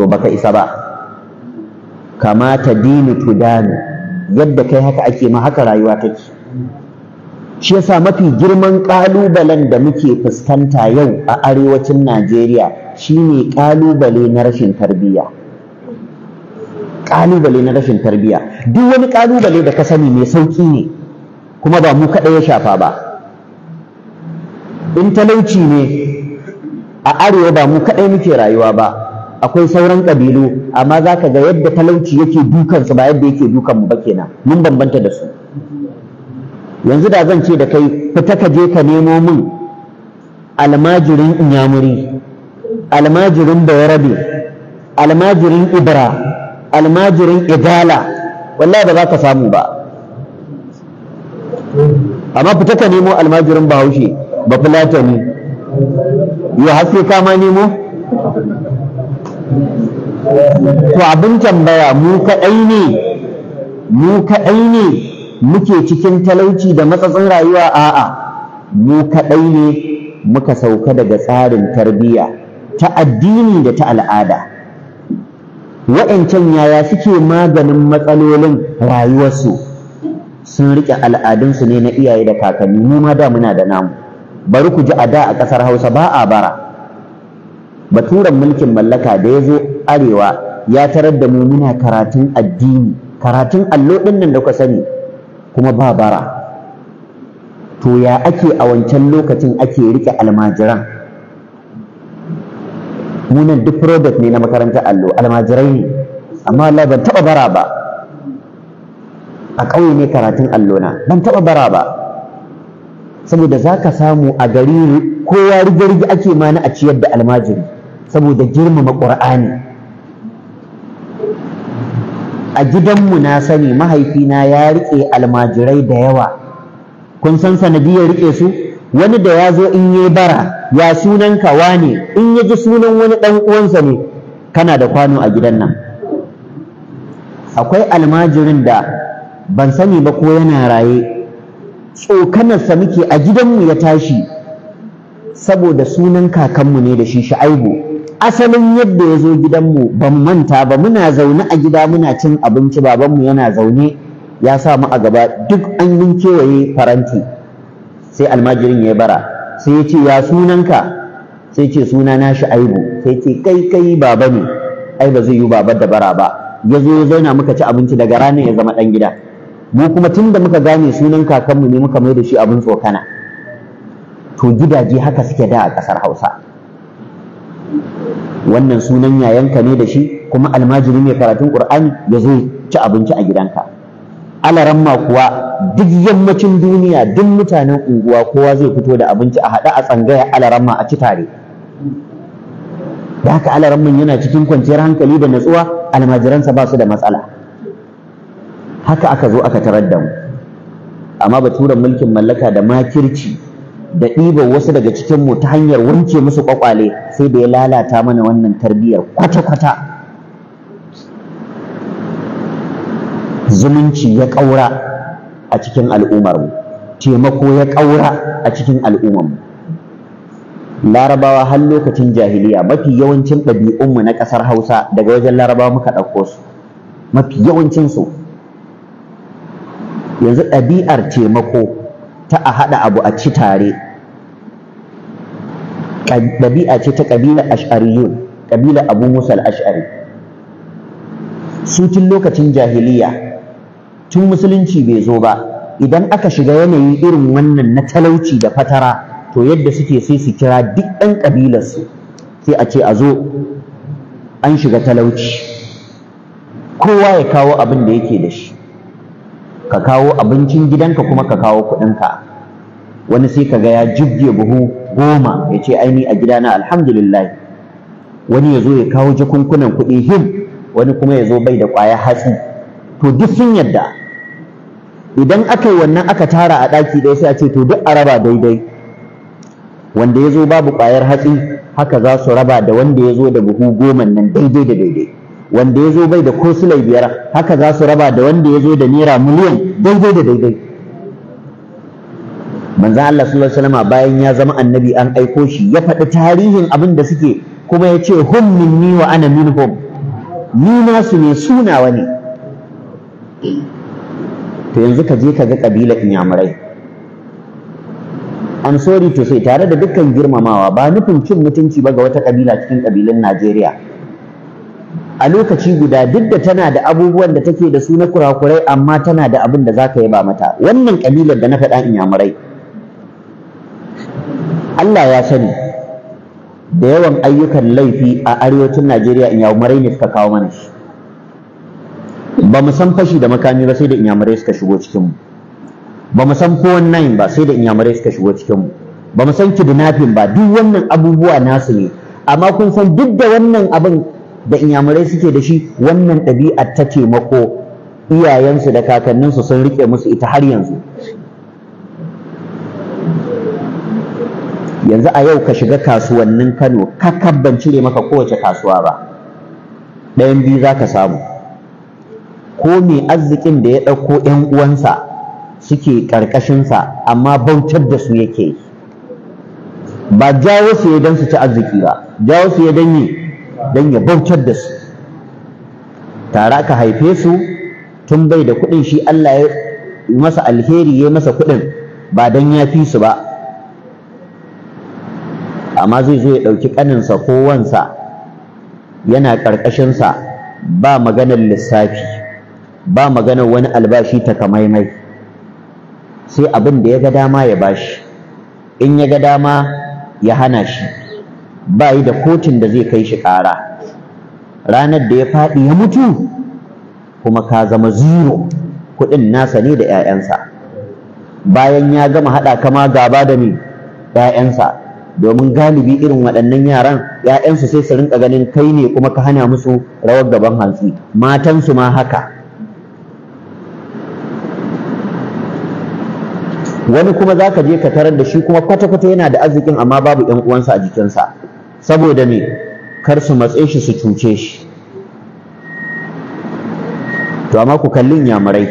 to baka isa ba kamata dini dani yadda kai haka ake ma haka rayuwa take shi yasa mafi girman ƙalubalen da muke fuskanta yau a arewacin najeriya shine ƙalubale na rashin tarbiyya ƙalubale na rashin tarbiyya duk wani ƙalubale da ka sani mai sauƙi ne kuma ba mu kaɗai ya shafa ba in talauci ne a arewa ba mu kaɗai muke rayuwa ba akwai sauran ƙabilu amma za ka ga yadda talauci yake dukansu ba yadda yake dukan mu ba kenan mun bambanta da su yanzu da zan ce da kai fita ka je ka nemo min almajirin inyamuri almajirin bayarabe almajirin ibra almajirin idala wallahi ba za ka samu ba amma fita ka nemo almajirin bahaushe ba fulata ne Ya haske kama nemo to abin tambaya mu kaɗai ne mu kaɗai ne muke cikin talauci da matsatsin rayuwa a'a mu kaɗai ne muka sauka daga tsarin tarbiyya ta addini da ta al'ada wa'ancan yaya suke maganin matsalolin rayuwarsu sun riƙe al'adunsu ne na iyaye da kakanni mu ma da muna da namu bari ku ji a da a ƙasar hausa ba a bara baturen mulkin mallaka da ya zo arewa ya tarar da mu muna karatun addini karatun allo ɗin nan da ku sani kuma ba bara to ya ake a wancan lokacin ake riƙe almajiran munan duk product ne na makarantar allo almajirai ne amma Allah ban taɓa bara ba a ƙauye ne karatun allona ban taɓa bara ba saboda za ka samu a gari kowa rige-rige ake mana a ciyar da almajiri saboda girmama ƙur'ani a gidanmu na sani mahaifina ya riƙe almajirai da yawa kun san sanadiyar riƙe su wani da ya zo in yi bara ya sunan kawa ne in ya ji sunan wani ɗan uwansa ne kana da kwano a gidan nan akwai almajirin da ban sani ba ko yana raye tsokanarsa muke a gidanmu ya tashi saboda sunan kakanmu ne da shi sha'aibu asalin yadda ya zo gidanmu ban manta ba muna zaune a gida muna cin abinci babanmu yana zaune ya sa mu a gaba duk an yin kewaye faranti sai almajirin ya bara sai ya ce ya sunanka sai ce suna na sha'aibu sai ce kai kai baba ne ai ba zai yi baba da bara ba ya zo ya zauna muka ci abinci daga rana ya zama ɗan gida mu kuma tun da muka gane sunan kakanmu ne muka mai da shi abin tsokana to gidaje haka suke da a ƙasar hausa wannan sunan yayanka ne da shi kuma almajiri mai karatun Ƙur'ani ya zo ci abinci a gidanka alaramma kuwa duk yammacin duniya duk mutanen unguwa kowa zai fito da abinci a haɗa a tsangaya alaramma a ci tare da haka alaramman yana cikin kwanciyar hankali da natsuwa almajiransa ba su da matsala haka aka zo aka tarar da mu amma baturen mulkin mallaka da makirci da ɗiban wasu daga cikin mu ta hanyar wanke musu kwakwale sai da ya lalata mana wannan tarbiyyar kwata-kwata zumunci ya ƙaura a cikin al'ummar mu taimako ya ƙaura a cikin al'ummar mu larabawa har lokacin jahiliya mafi yawancin ɗabi'unmu na ƙasar hausa daga wajen larabawa muka ɗauko su mafi yawancinsu yanzu ɗabi'ar taimako ta a haɗa abu a ci tare ɗabi'a ce ta ƙabila ash'ariyun ƙabila abu musa ashari su tun lokacin jahiliya tun musulunci bai zo ba idan aka shiga yanayi irin wannan na talauci da fatara to yadda suke sai su kira duk ɗan ƙabilarsu sai a ce a zo an shiga talauci kowa ya kawo abin da yake da shi ka kawo abincin gidanka kuma ka kawo kuɗinka wani sai ka kaga ya jibge buhu goma ya ce aini a gidana alhamdulillah wani ya zo ya kawo jakunkunan kuɗi him wani kuma ya zo bai da ƙwaya hatsi to duk sun yadda idan aka wannan aka tara a ɗaki ɗaya sai a ce to duk a raba daidai wanda ya zo babu ƙwayar hatsi haka za su raba da wanda ya zo da buhu goma nan daidai da daidai wanda ya zo bai da ko sulai biyar haka za su raba da wanda ya zo da naira miliyan daidai da daidai manzo Allah sallallahu alaihi wasallam bayan ya zama annabi an aiko shi ya faɗi tarihin abin da suke kuma ya ce hum minni wa ana minhum ni nasu ne sunawa ne to yanzu ka je ka ga kabilar inyamurai I'm sorry to say tare da dukkan girmamawa ba nufin cin mutunci ba ga wata kabila cikin kabilan Najeriya a lokaci guda duk da tana da abubuwan da take da su na kurakurai amma tana da abin da zaka yaba mata wannan kabilar da na faɗa yamurai Allah ya sani da yawan ayyukan laifi a arewacin Najeriya yamurai ne suka kawo mana shi ba mu san fashi da makami ba sai da yamurai suka shigo cikin mu ba mu san nayin ba sai da yamurai suka shigo cikin mu ba mu san kidnapping ba duk wannan abubuwa nasu ne amma kun san duk da wannan abin da inyamurai suke da shi wannan ɗabi'ar ta taimako iyayensu da kakanninsu sun riƙe musu ita har yanzu yanzu a yau ka shiga kasuwannin kano ka ban cire maka kowace kasuwa ba ɗayan biyu za ka samu ko mai arzikin da ya ɗauko 'yan uwansa suke ƙarƙashinsa amma bautar da su yake ba jawo su ya don su ci arziki ba jawo su ya don yi don ya bautar da su tare aka haife su tun bai da kuɗin shi Allah ya masa alheri ya masa kuɗin ba don ya fi su ba amma zai zo ya ɗauki ƙaninsa ko wansa yana ƙarƙashinsa ba maganar lissafi ba maganar wani albashi takamaimai sai abin da ya ga dama ya bashi in ya ga dama ya hana shi ba yi da kotun da zai kai shi ƙara ranar da ya faɗi ya mutu kuma ka zama zero kuɗin nasa ne da 'ya'yansa bayan ya gama haɗa kama gaba da me 'ya'yansa domin galibi irin waɗannan yaran 'ya'yansu sai su rinka ganin kai ne kuma ka hana musu rawar gaban hantsi matansu ma haka wani kuma za ka je ka tarar da shi kuma kwata-kwata yana da arzikin amma babu 'yan uwansa a jikinsa saboda me kar su matse shi su cuce shi to amma ku kalli inyamurai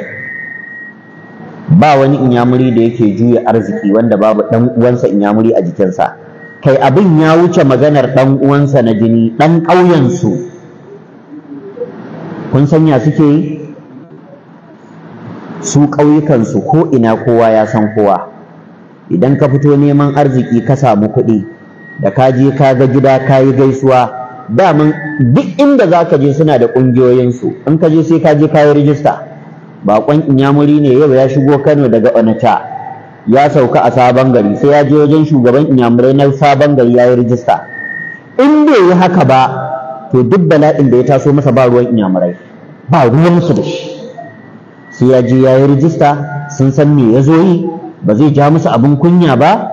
ba wani inyamuri da yake juya arziki wanda babu dan uwansa inyamuri a jikinsa kai abin ya wuce maganar dan uwansa na jini dan ƙauyensu kun sanya suke yi su ƙauyukansu ko ina kowa ya san kowa idan ka fito neman arziki ka samu kuɗi da ka je ka ga gida ka yi gaisuwa mun duk inda za ka je suna da ƙungiyoyinsu in ka je sai ka je ka yi rijista baƙon inyamuri ne yau ya shigo kano daga onitsha ya sauka a sabon gari sai ya je wajen shugaban inyamurai na sabon gari ya yi rijista in bai yi haka ba to duk bala'in da ya taso masa ba ruwan inyamurai ba ruwansu da shi sai ya je ya yi rijista sun san me ya zo yi ba zai ja musu abin kunya ba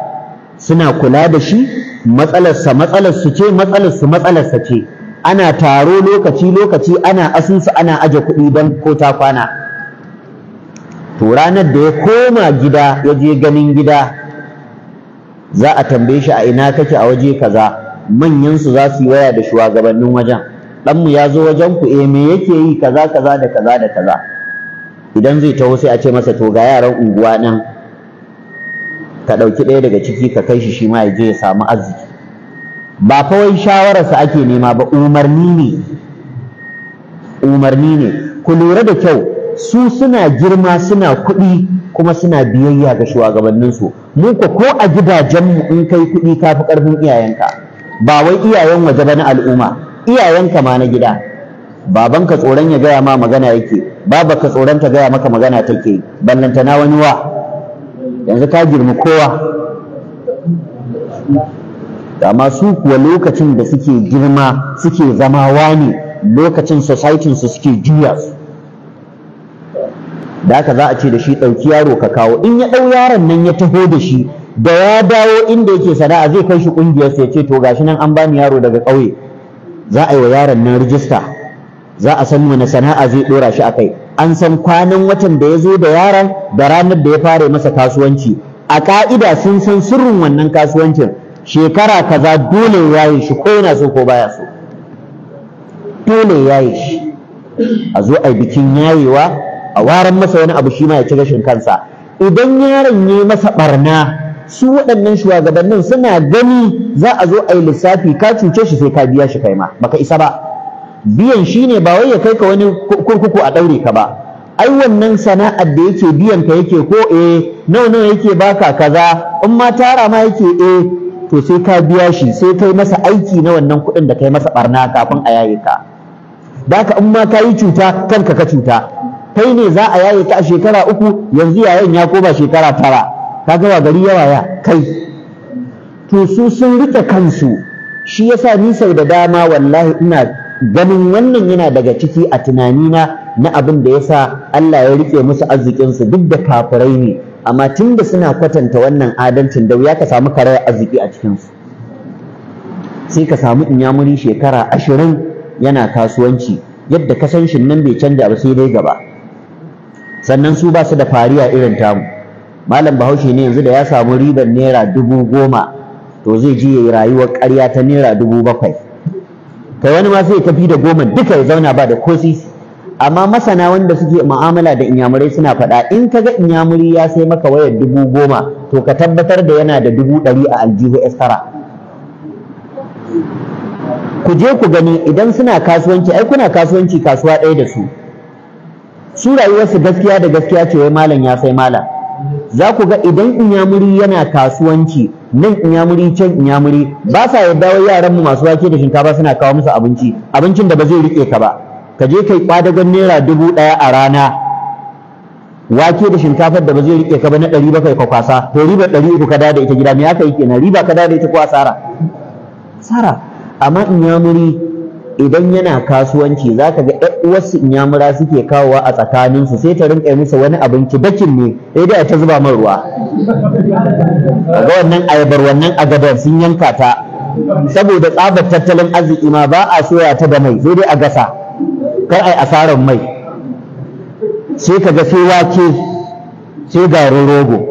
suna kula da shi matsalarsa matsalarsu ce matsalarsu matsalarsa ce ana taro lokaci lokaci ana asusu ana aje kuɗi don ko ta kwana to ranar da ya koma gida ya je ganin gida za a tambaye shi a ina kake a waje kaza manyansu za su yi waya da shugabannin wajen ɗanmu ya zo wajen ku eh me yake yi kaza kaza da kaza da kaza idan zai taho sai a ce masa to ga yaran unguwa nan ka ɗauki ɗaya daga ciki ka kai shi shi ma ya je ya samu arziki ba kawai shawararsa ake nema ba umarni ne umarni ne ku lura da kyau su suna girma suna kuɗi kuma suna biyayya ga shugabanninsu mu ko ko a mu in kai kuɗi ka fi ƙarfin iyayenka ba wai iyayen waje ba na al'umma iyayenka ma na gida babanka tsoron ya gaya ma magana yake babanka tsoron ta gaya maka magana take ballantana wani wa yanzu ta girma kowa amma su kuwa lokacin da suke girma suke zama wani lokacin societin su suke juya su da haka za a ce da shi ɗauki yaro ka kawo in ya ɗau yaron nan ya taho da shi da ya dawo inda yake sana'a zai kai shi ƙungiyar ya ce to gashi nan an bani yaro daga ƙauye za a yi wa yaron nan rijista za a san wani sana'a zai ɗora shi a kai an san kwanan watan da ya zo da yaran da ranar da ya fara masa kasuwanci a ka'ida sun san sirrin wannan kasuwancin shekara kaza dole ya yi shi ko yana so ko baya so dole ya yi shi a zo a bikin yayewa a waran masa wani abu shi ma ya ci gashin kansa idan yaron ya masa barna su waɗannan shugabannin suna gani za a zo a yi lissafi ka cuce shi sai ka biya shi kai ma baka isa ba biyan shi ne ba wai ya kai ka wani kurkuku a daure ka ba ai wannan sana'ar da yake biyan ka yake ko eh nawa nawa yake baka kaza in ma tara ma yake eh to sai ka biya shi sai kai masa aiki na wannan kuɗin da kai masa barna kafin a yaye ka da ka in ma ka yi cuta kanka ka cuta kai ne za a yaye ka a shekara uku yanzu yayan ya koma shekara tara ka gawa gari yawa ya kai to su sun rike kansu shi yasa ni sau da dama wallahi ina ganin wannan yana daga ciki a tunanina na abin da ya sa Allah ya rike musu arzikinsu duk da kafirai ne amma tunda suna kwatanta wannan adalcin da wuya ka samu karar arziki a cikinsu sai ka samu in inyamuri shekara ashirin yana kasuwanci yadda ka shin nan bai canja ba sai dai gaba sannan su ba su da fariya irin tamu malam bahaushe ne yanzu da ya samu ribar naira dubu goma to zai je ya yi rayuwar karya ta naira dubu bakwai kai wani ma sai ya tafi da goma duka ya zauna ba da ko amma masana wanda suke mu'amala da inyamurai suna faɗa in kaga inyamuri ya sai maka wayar dubu goma to ka tabbatar da yana da dubu ɗari a aljihu estara ku je ku gani idan suna kasuwanci ai kuna kasuwanci kasuwa ɗaya da su su rayuwarsu gaskiya da gaskiya ce wai malam ya sai malam za ku ga idan inyamuri yana kasuwanci nan inyamuri can inyamuri ba sa yarda wai yaranmu masu wake da shinkafa suna kawo musu abinci abincin da ba zai rike ka ba ka je kai kwadagon naira dubu ɗaya a rana wake da shinkafar da ba zai rike ka ba na ɗari bakwai ka kwasa to riba ɗari uku ka da ita gida me aka yi kenan riba ka da ita ko asara asara amma inyamuri idan yana kasuwanci za ka ga ɗan uwarsu inyamura suke kawowa a tsakaninsu sai ta rinƙa musu wani abinci bakin ne ya da ta zuba man ruwa ga wannan ayabar wannan agadar sun yanka ta saboda tsabar tattalin arziki ma ba a soya ta da mai sai dai a gasa kar ai asarar mai sai ka ga sai wake sai garin rogo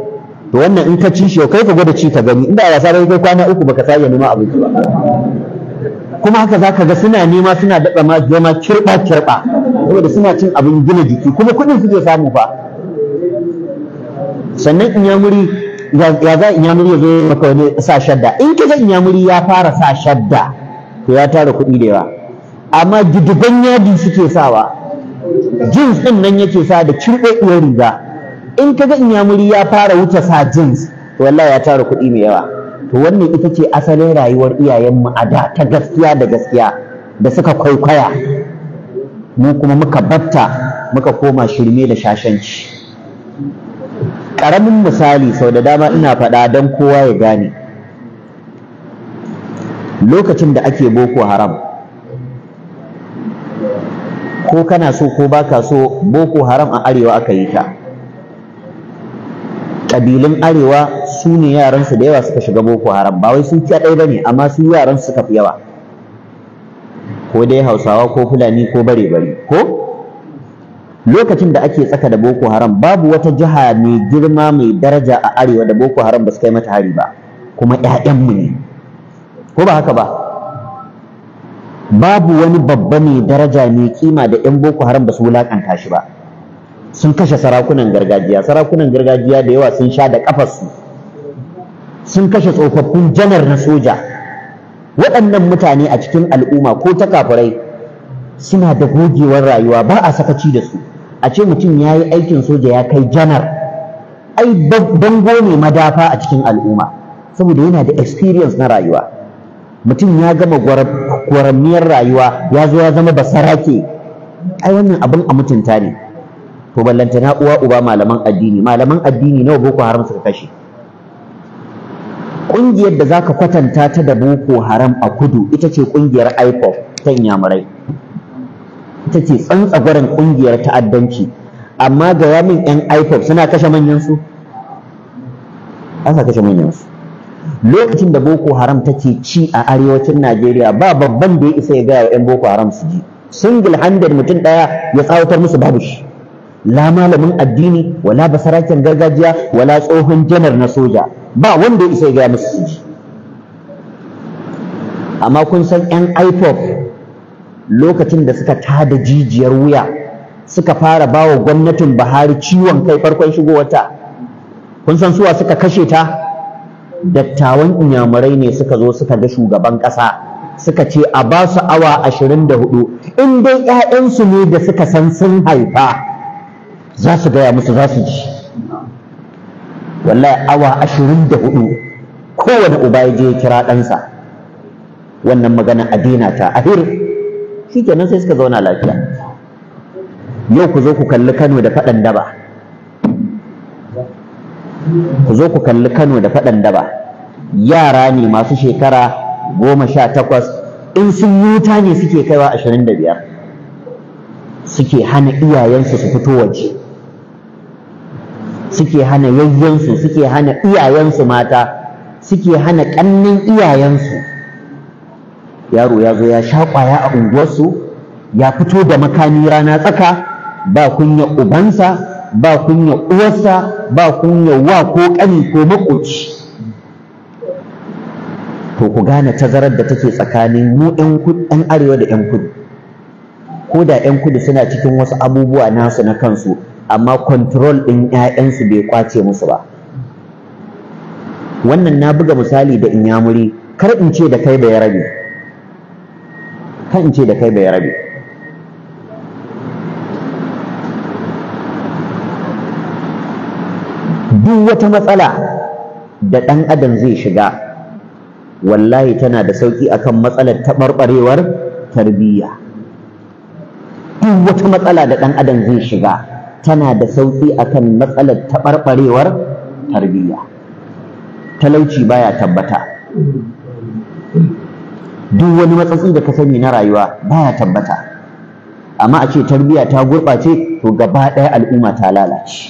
to wannan in ka ci shi kai ka gwada ci ta gani inda a wasa kai kwana uku baka sa ya nema abinci ba kuma haka za ka ga suna nema suna daɗa ma zama kirɓa kirɓa saboda suna cin abin gina jiki kuma kuɗin suke samu fa sannan inyamuri ya za inyamuri ya zo maka wani sa shadda in kaga inyamuri ya fara sa shadda to ya tara kuɗi da yawa amma didigan yadi suke sawa jins ɗin nan yake sa da kirɓaɓɓiyar riga in kaga inyamuri ya fara wuce sa jins to wallahi ya tara kuɗi mai yawa to wannan ita ce asalin rayuwar iyayen mu a da ta gaskiya da gaskiya da suka kwaikwaya mu kuma muka batta muka koma shirme da shashanci ƙaramin misali sau da dama ina faɗa don kowa ya gane lokacin da ake boko haram ko kana so ko baka so boko haram a arewa aka yi ta ƙabilun arewa su ne yaransu da yawa suka shiga boko haram ba wai su ɗaya ba ne amma su yaran suka fi yawa ko dai hausawa ko fulani ko bare bare ko lokacin da ake tsaka da boko haram babu wata jiha mai girma mai daraja a arewa da boko haram ba su kai mata hari ba kuma mu ne ko ba haka ba babu wani babba mai daraja mai kima da ƴan boko haram ba su wulakanta shi ba sun kashe sarakunan gargajiya sarakunan gargajiya da yawa sun sha da kafarsu sun kashe tsofaffin janar na soja waɗannan mutane a cikin al'umma ko ta kafirai suna da gogewar rayuwa ba a sakaci da su a ce mutum ya yi aikin soja ya kai janar ai bango ne madafa a cikin al'umma saboda yana da experience na rayuwa mutum ya gama gwaramiyar rayuwa ya zo ya zama basarake ai wannan abin a mutunta ne to ballantana uwa uba malaman addini malaman addini nawa boko haram suka kashe ƙungiyar da zaka kwatanta ta da boko haram a kudu ita ce ƙungiyar IPOP ta inyamurai ita ce tsantsagwarin ƙungiyar ta'addanci amma ga yamin yan IPOP suna kashe manyan su kashe manyan su lokacin da boko haram take ci a arewacin Najeriya ba babban da ya isa ya gaya wa yan boko haram su ji single handed mutum ɗaya ya tsawatar musu babu shi la malamin addini wala basarakin gargajiya wala tsohon janar na soja ba wanda isa ya gaya musu su amma kun san 'yan IPOP lokacin da suka tada jijiyar wuya suka fara bawa gwamnatin Buhari ciwon kai farkon shigowarta kun san suwa suka kashe ta dattawan inyamurai ne suka zo suka ga shugaban ƙasa suka ce a basu awa ashirin da hudu in dai 'ya'yansu ne da suka san sun haifa za su gaya musu za su ji wallahi awa ashirin da hudu kowane uba ya je ya kira ɗansa wannan magana a dina ta ahir shi kenan sai suka zauna lafiya yau ku zo ku kalli kano da faɗan daba ku zo ku kalli kano da faɗan daba yara ne masu shekara goma sha takwas in sun yi wuta ne suke kaiwa ashirin da biyar suke hana iyayensu su fito waje suke hana yayyansu suke hana iyayensu mata suke hana ƙannin iyayensu yaro ya zo ya sha kwaya a unguwarsu ya fito da makami rana tsaka ba kunya ubansa ba kunya uwarsa ba kunya wa ko ƙani ko makoci to ku gane tazarar da take tsakanin mu ɗan arewa da 'yan kudu ko da 'yan kudu suna cikin wasu abubuwa nasu na kansu amma control ɗin ƴaƴansu bai kwace musu ba wannan na buga misali da inyamuri kar in ce da kai bai rabe kar in ce da kai bai rabe duk wata matsala da ɗan adam zai shiga wallahi tana da sauƙi akan matsalar taɓarɓarewar tarbiyya duk wata matsala da ɗan adam zai shiga tana da sauƙi akan matsalar taɓarɓarewar tarbiyya talauci baya tabbata duk wani matsatsi da ka sani na rayuwa baya tabbata amma a ce tarbiyya ta gurɓace to gaba ɗaya al'umma ta lalace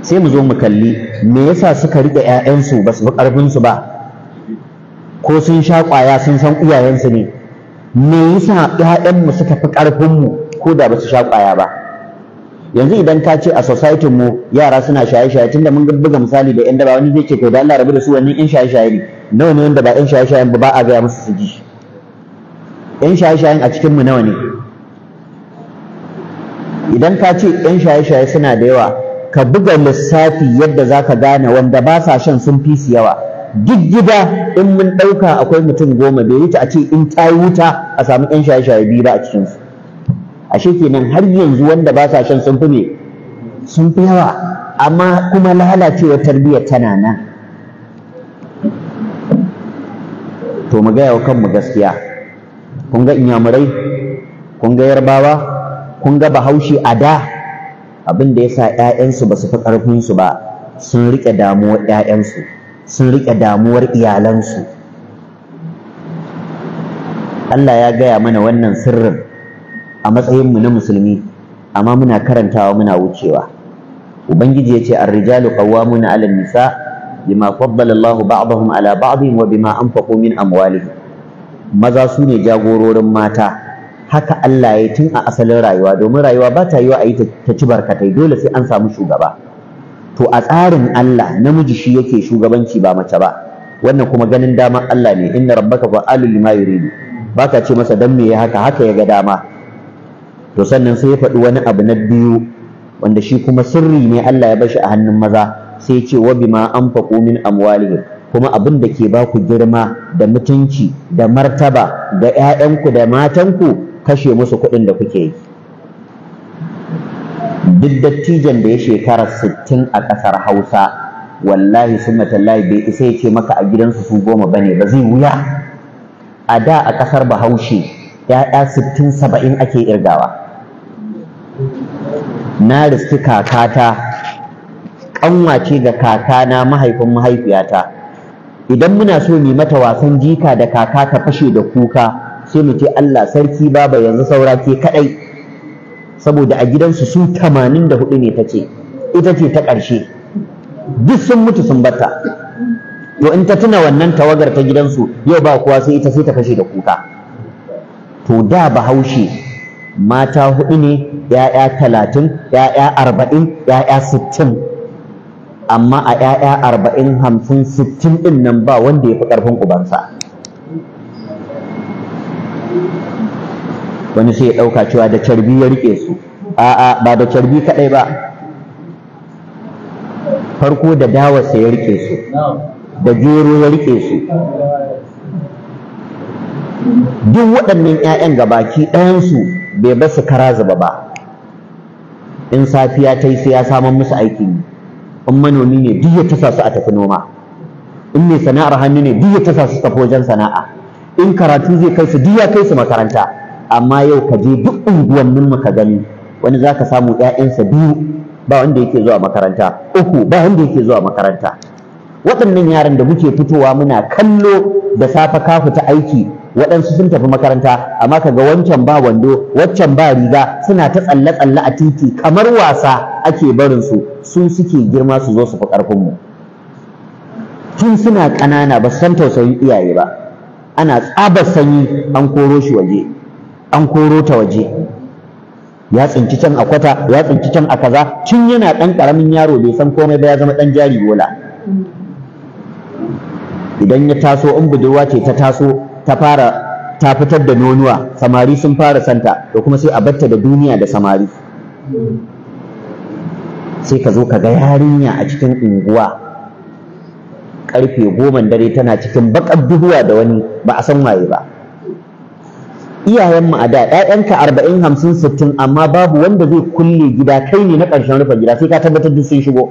sai mu zo mu kalli me yasa suka riƙe 'ya'yansu ba su ƙarfinsu ba ko sun sha ƙwaya sun san iyayensu ne me yasa 'ya'yanmu suka fi ƙarfinmu ko da ba su sha ƙwaya ba yanzu idan ka ce a society mu yara suna shaye-shaye tunda mun buga misali da yan daba wani zai ce to da Allah rabu da su wannan yan shaye-shaye ne nawa ne wanda ba yan shaye-shayen ba a gaya musu su ji yan shaye-shayen a cikin mu nawa ne idan ka ce yan shaye-shaye suna da yawa ka buga lissafi yadda za ka gane wanda ba sa shan sun fi su yawa duk gida in mun ɗauka akwai mutum goma bai wuce a ce in ta wuta a samu yan shaye-shaye biyu ba a cikinsu ashe kenan har yanzu wanda ba sa shan sun fi sun fi yawa amma kuma lalacewar tarbiyyar tana nan to mu gaya wa kanmu gaskiya kun ga inyamurai kun ga yarbawa kun ga bahaushe a da abin da ya sa 'ya'yansu ba su fi ƙarfinsu ba sun riƙe damuwar 'ya'yansu sun riƙe damuwar iyalansu Allah ya gaya mana wannan sirrin a matsayinmu na musulmi amma muna karantawa muna wucewa ubangiji yace ar-rijalu qawwamuna 'ala an-nisa bima faddala Allah ba'dahum 'ala ba'din wa bima anfaqu min amwalihim maza su ne jagororin mata haka Allah ya tun a asalin rayuwa domin rayuwa ba ta yiwa a yi ta ci barkatai dole sai an samu shugaba to a tsarin Allah namiji shi yake shugabanci ba mace ba wannan kuma ganin dama Allah ne inna rabbaka fa'alul lima yuridu baka ce masa dan me haka haka ya ga dama to sannan sai ya faɗi wani abu na biyu wanda shi kuma sirri ne Allah ya bashi a hannun maza sai ya ce wa bima anfaqu min amwalihim kuma abin da ke baku girma da mutunci da martaba ga 'ya'yanku da matanku kashe musu kuɗin da kuke yi duk dattijan da ya shekara sittin a ƙasar hausa wallahi sunna tallahi bai isa ya ce maka a gidansu su goma bane ba zai wuya a da a ƙasar bahaushe ya'ya sittin saba'in ake irgawa na riski kakata ƙanwace ga kaka na mahaifin mahaifiyata idan muna so mu mata wasan jika da kaka ta fashe da kuka sai mu ce Allah sarki baba yanzu saura ke kadai saboda a gidansu su 84 ne ta ce ita ce ta ƙarshe duk sun mutu sun bata. to in ta tuna wannan tawagar ta gidansu yau ba kowa sai ita sai ta fashe da kuka to da bahaushe mata hudu ne ‘ya'ya talatin ‘ya'ya arba'in ‘ya'ya sittin amma a ‘ya'ya arba'in hamsin sittin ɗin nan ba wanda ya fi ƙarfin ubansa wani sai ya ɗauka cewa da carbi ya riƙe su a'a ba da carbi kaɗai ba farko da dawarsa ya riƙe su da gero ya riƙe su duk waɗannan 'ya'yan gabaki ɗayansu bai basu kara zuba ba in safiya ta yi sai ya samun musu aikin in manomi ne duk ya tasa su a tafi noma in mai sana'ar hannu ne duk ya tasa su tafi wajen sana'a in karatu zai kai su duk ya kai su makaranta amma yau ka je duk unguwan mu ka gani wani za ka samu ‘ya'yansa biyu ba wanda yake zuwa makaranta uku ba wanda yake zuwa makaranta waɗannan yaran da muke fitowa muna kallo da safe ka fita aiki waɗansu sun tafi makaranta amma kaga wancan ba wando waccan ba riga suna ta tsalle-tsalle a titi kamar wasa ake barin su su suke girma su zo su fi ƙarfin mu tun suna ƙanana ba san tausayin iyaye ba ana tsabar sanyi an koro shi waje an koro ta waje ya tsinci can a kwata ya tsinci can a kaza tun yana ɗan ƙaramin yaro bai san komai ba ya zama ɗan jari bola idan ya taso in budurwa ce ta taso ta fara ta fitar da nonuwa samari sun fara santa da kuma sai a batta da duniya da samari sai ka zo ka ga yarinya a cikin unguwa karfe goma dare tana cikin bakar duhuwa da wani ba a san waye ba iyayenmu a da ɗayanka arba'in hamsin sittin amma babu wanda zai kulle gida kai ne na ƙarshen rufe gida sai ka tabbatar da sun shigo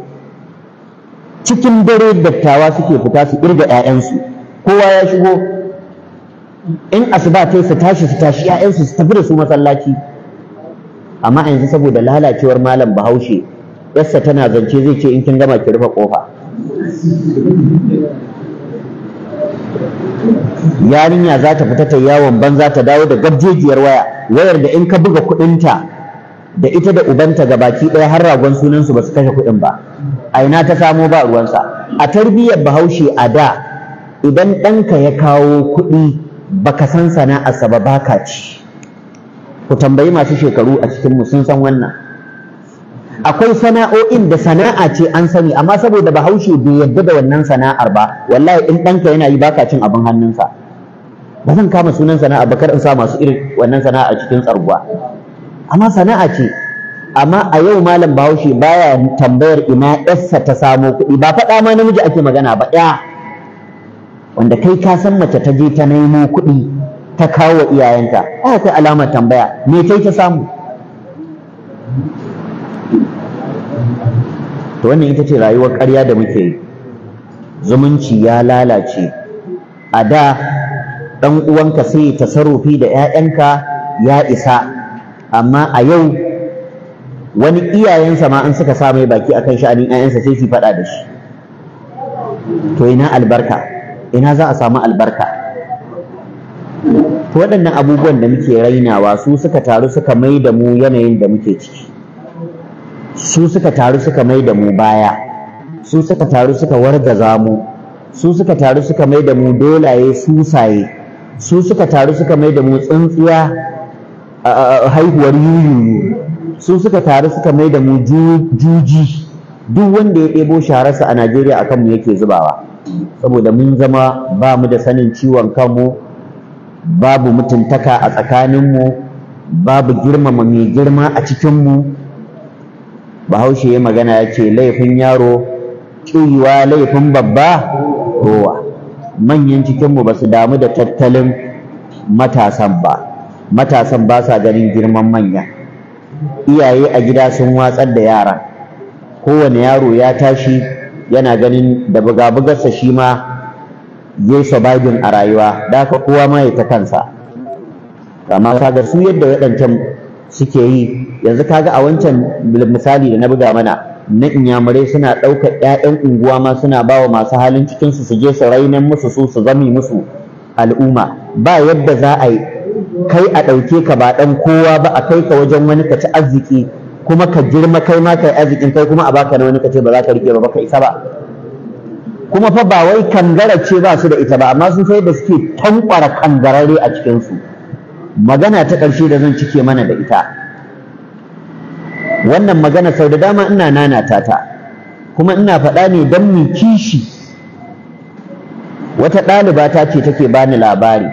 cikin dare dattawa suke fita su irga ƴaƴansu kowa ya shigo in asuba su tashi su tashi 'ya'yansu su tafi da su masallaci amma yanzu saboda lalacewar malam bahaushe yassa tana zance zai ce in kin gama ki rufe kofa yarinya za ta fita ta yawon ban za ta dawo da gabjejiyar waya wayar da in ka buga kuɗinta da ita da ubanta ga baki ɗaya har ragon sunansu ba su kashe kuɗin ba a ina ta samo ba ruwansa a tarbiyyar bahaushe a da idan ɗanka ya kawo kudi. baka san sana'arsa ba baka ci ku tambayi masu shekaru a cikin mu sun san wannan akwai sana'o'in da sana'a ce an sani amma saboda bahaushe bai yadda da wannan sana'ar ba wallahi in ɗanka yana yi baka cin abin hannunsa ba zan kama sunan sana'a ba kar in sa masu irin wannan sana'a a cikin tsarguwa amma sana'a ce amma a yau malam bahaushe baya tambayar ina yarsa ta samo kuɗi ba faɗa ma namiji ake magana ba ya wanda kai ka san mace ta je ta nemo kuɗi ta kawo iyayenta ai akwai alamar tambaya me kai ta samu to wannan ita ce rayuwar ƙarya da muke yi zumunci ya lalace a da ɗan uwanka sai ta tasarrufi da 'ya'yanka ya isa amma a yau wani iyayensa ma an suka sa mai baki akan sha'anin 'ya'yansa sai su faɗa da shi to ina albarka ina za a samu albarka to waɗannan abubuwan da muke rainawa su suka taru suka mai da mu yanayin da muke ciki su suka taru suka mai da mu baya su suka taru suka wargaza mu su suka taru suka mai da mu dolaye susaye su suka taru suka mai da mu tsintsiya haihuwar yuyuyu su suka taru suka mai da mu juji duk wanda ya ɗebo shararsa a najeriya akan mu yake zubawa saboda mun zama ba mu da sanin ciwon kanmu babu mutuntaka a tsakaninmu babu girmama mai girma a cikinmu bahaushe ya magana ya ce laifin yaro ƙiwa laifin babba rowa manyan cikinmu ba su damu da tattalin matasan ba matasan ba sa ganin girman manya iyaye a gida sun watsar da yara kowane yaro ya tashi yana ganin da buga-bugarsa shi ma zai surviving a rayuwa da aka kowa ma ya ta kansa amma ga su yadda waɗancan suke yi yanzu ka ga a wancan misali da na buga mana na inyamurai suna ɗaukar 'ya'yan unguwa ma suna ba wa masu halin cikinsu su je su rainan musu su su zami musu al'umma ba yadda za a yi kai a ɗauke ka ba ɗan kowa ba a kai ka wajen wani ka ci arziki kuma ka girma kai ma kai arzikin kai kuma a baka na wani kace ba za ka rike ba baka isa ba kuma fa ba wai kangara ce ba su da ita ba amma sun sai da suke tankwara kangarare a cikin su magana ta ƙarshe da zan cike mana da ita wannan magana sau da dama ina nanata tata kuma ina faɗa ne don mu kishi wata ɗaliba ta ce take bani labari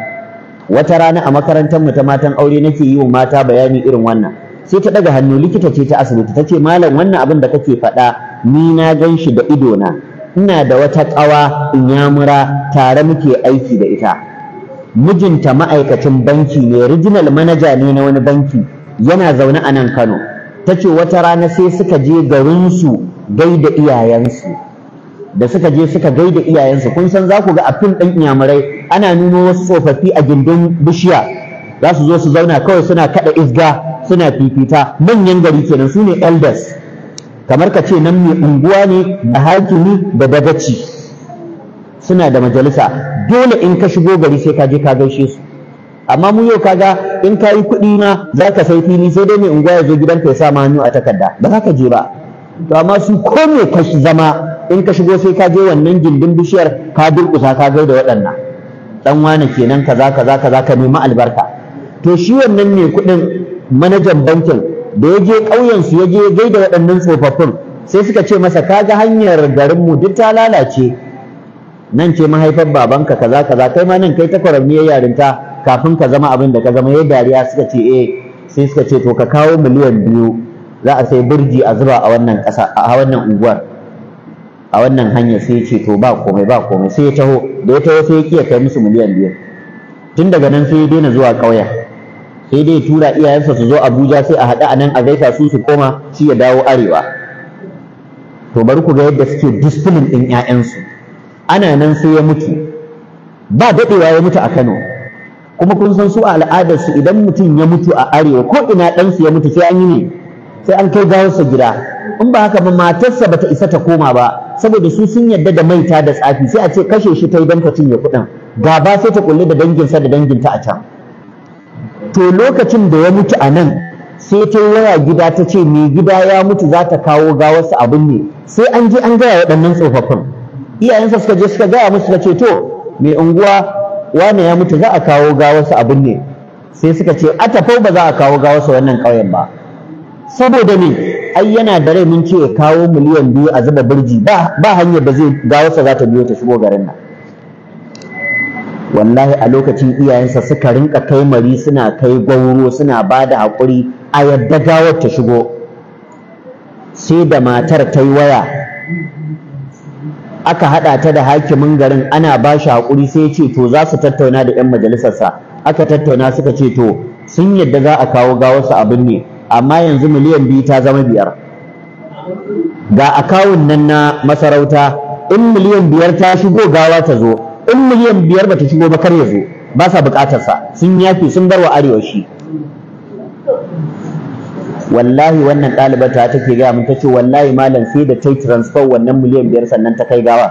wata rana a makarantar mu ta matan aure nake yi wa mata bayani irin wannan sai ta daga hannu likita ce ta asibiti ta ce malam wannan abin da kake faɗa ni na gan shi da idona ina da wata ƙawa inyamura tare muke aiki da ita mijinta ma'aikacin banki ne original manager ne na wani banki yana zaune a nan kano ta ce wata rana sai suka je garinsu gaida iyayensu da suka je suka gaida iyayensu kun san za ku ga a fim ɗin inyamurai ana nuno wasu tsofaffi a gindin bishiya za su zo su zauna kawai suna kaɗa isga suna fifita manyan gari kenan su ne elders kamar ka ce nan mai unguwa ne da hakimi da dagaci suna da majalisa dole in ka shigo gari sai ka je ka gaishe su amma mu yau kaga in ka yi kuɗi na za ka sai fili sai dai mai unguwa ya zo ka ya sa ma hannu a takarda ba za ka je ba to amma su ko me ka zama in ka shigo sai ka je wannan gindin bishiyar ka durƙusa ka gaida waɗannan dan wane kenan kaza kaza kaza ka nemi albarka to shi wannan ne kuɗin manajan bankin da ya je ƙauyen ya je ya gaida waɗannan tsofaffin sai suka ce masa kaga hanyar garin mu duk ta lalace nan ce mahaifar babanka kaza kaza kai ma nan kai ta ya yarinta kafin ka zama abin da ka zama ya dariya suka ce eh sai suka ce to ka kawo miliyan biyu za a sai burji a zuba a wannan ƙasa a wannan unguwar a wannan hanyar sai ya ce to ba komai ba komai sai ya taho da ya taho sai ya kiyaye kai musu miliyan biyu tun daga nan sai ya daina zuwa ƙauyen sai dai tura iyayensa su zo Abuja sai a haɗu a nan a gaisa su su koma shi ya dawo arewa to bari ku ga yadda suke disiplin ɗin 'ya'yansu. ana nan sai ya mutu ba daɗewa ya mutu a Kano kuma kun san su a al'adarsu idan mutum ya mutu a arewa ko ina ɗansu ya mutu sai an yi ne sai an kai gawarsa gida in ba haka ba matarsa bata isa ta koma ba saboda su sun yadda da maita da tsafi sai a ce kashe shi ta yi don ka cinye kuɗin gaba sai ta kulle da danginsa da danginta a can to lokacin da ya mutu a nan sai ta waya gida ta ce mai gida ya mutu za ta kawo ga wasu abin ne sai an je an gaya waɗannan tsofaffin iyayensa suka je suka gaya musu suka ce to mai unguwa wane ya mutu za a kawo ga wasu abin ne sai suka ce a tafau ba za a kawo ga wasu wannan ƙauyen ba saboda ne ai yana da rai mun ce kawo miliyan biyu a zuba birji ba hanyar da zai ga wasu za ta biyo ta shigo garin nan wallahi a lokacin iyayensa suka rinka kai mari suna kai gwauro suna ba da haƙuri a yadda gawar ta shigo sai da matar ta yi waya aka haɗa ta da hakimin garin ana ba shi haƙuri sai ya ce to za su tattauna da 'yan majalisarsa aka tattauna suka ce to sun yadda za a kawo gawarsa abin ne amma yanzu miliyan biyu ta zama biyar ga akawun nan na masarauta in miliyan biyar ta shigo gawa ta zo in miliyan biyar ba ta shigo ba kar ya zo ba sa bukatar sa sun yafi sun bar wa arewa shi wallahi wannan ɗalibar ta take gaya mun tace wallahi malam sai da ta transfer wannan miliyan biyar sannan ta kai gawa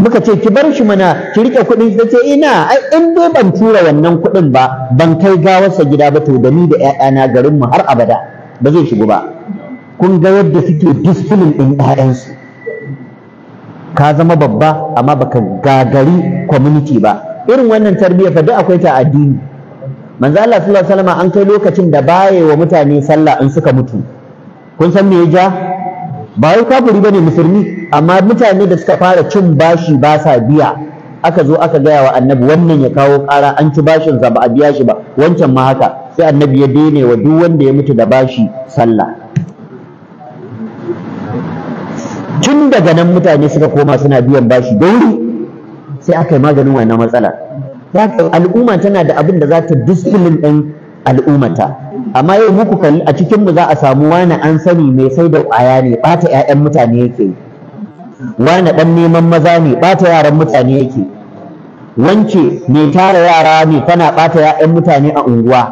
muka ce ki bar shi mana ki rike kuɗin ta ce ina ai in dai ban tura wannan kuɗin ba ban kai gawarsa gida ba to da ni da ƴaƴana garin mu har abada ba zai shigo ba kun ga yadda suke discipline ɗin ƴaƴansu ka zama babba amma baka gagari community ba irin wannan tarbiyya fa duk akwai ta addini manzo Allah sallallahu alaihi wasallam an kai lokacin da baye wa mutane sallah in suka mutu kun san me ya ja ba wai kafiri bane musulmi amma mutane da suka fara cin bashi ba sa biya aka zo aka gaya wa annabi wannan ya kawo ƙara an ci bashin zaba ba a biya shi ba wancan ma haka sai annabi ya daina wa duk wanda ya mutu da bashi sallah tun daga nan mutane suka koma suna biyan bashi da wuri sai aka yi maganin wannan matsala al'umma tana da abin da za ta disiplin ɗin al'ummata amma yau muku kalli a cikinmu za a samu wani an sani mai sai da ƙwaya ne ɓata 'ya'yan mutane yake wani ɗan neman maza ne ɓata yaran mutane yake wance mai tara yara ne tana ɓata 'ya'yan mutane a unguwa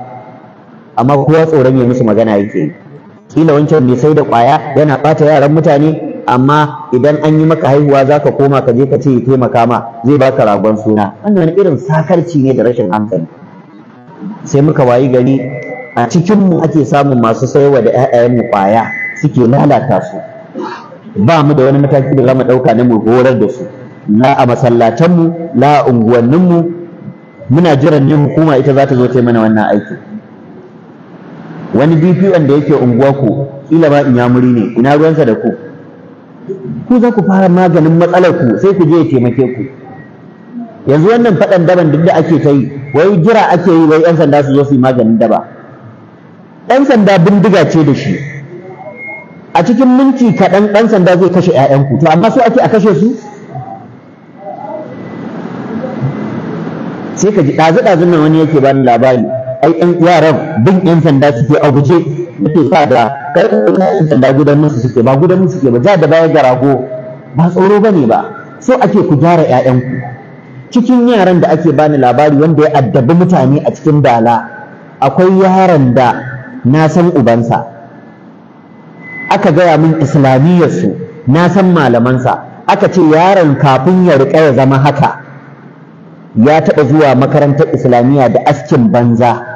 amma kowa tsoron ya musu magana yake yi kila wancan mai sai da ƙwaya yana ɓata yaran mutane amma idan an yi maka haihuwa za ka koma ka je ka ce ya taimaka ma zai baka ragon suna wannan wani irin sakarci ne da rashin hankali sai muka wayi gari a mu ake samun masu sayarwa da 'ya'yanmu kwaya suke lalata su ba mu da wani mataki da za mu ɗauka na mu horar da su na a mu la a unguwanninmu muna jiran ne hukuma ita za ta zo ta mana wannan aiki wani bpn da yake unguwa ku kila ba in muri ne ina ruwansa da ku ku za ku fara maganin matsalar ku sai ku je ya taimake ku yanzu wannan faɗan daban duk da ake ta yi wai jira ake yi wai 'yan sanda su zo su yi maganin daba ɗan sanda bindiga ce da shi a cikin minti kaɗan ɗan sanda zai kashe 'ya'yanku to amma su ake a kashe su sai ka ji ɗazu-ɗazun nan wani yake bani labari ai ɗan yaran bin ɗan sanda suke a guje nake sa da karɓar ɗan sanda gudan musu suke ba gudan musu suke ba za da baya ga rago ba tsoro ba ne ba so ake ku gyara 'ya'yanku cikin yaran da ake bani labari wanda ya addabi mutane a cikin dala akwai yaran da na san ubansa aka gaya min islamiyyarsu na san malamansa aka ce yaron kafin ya riƙa ya zama haka ya taɓa zuwa makarantar islamiyya da askin banza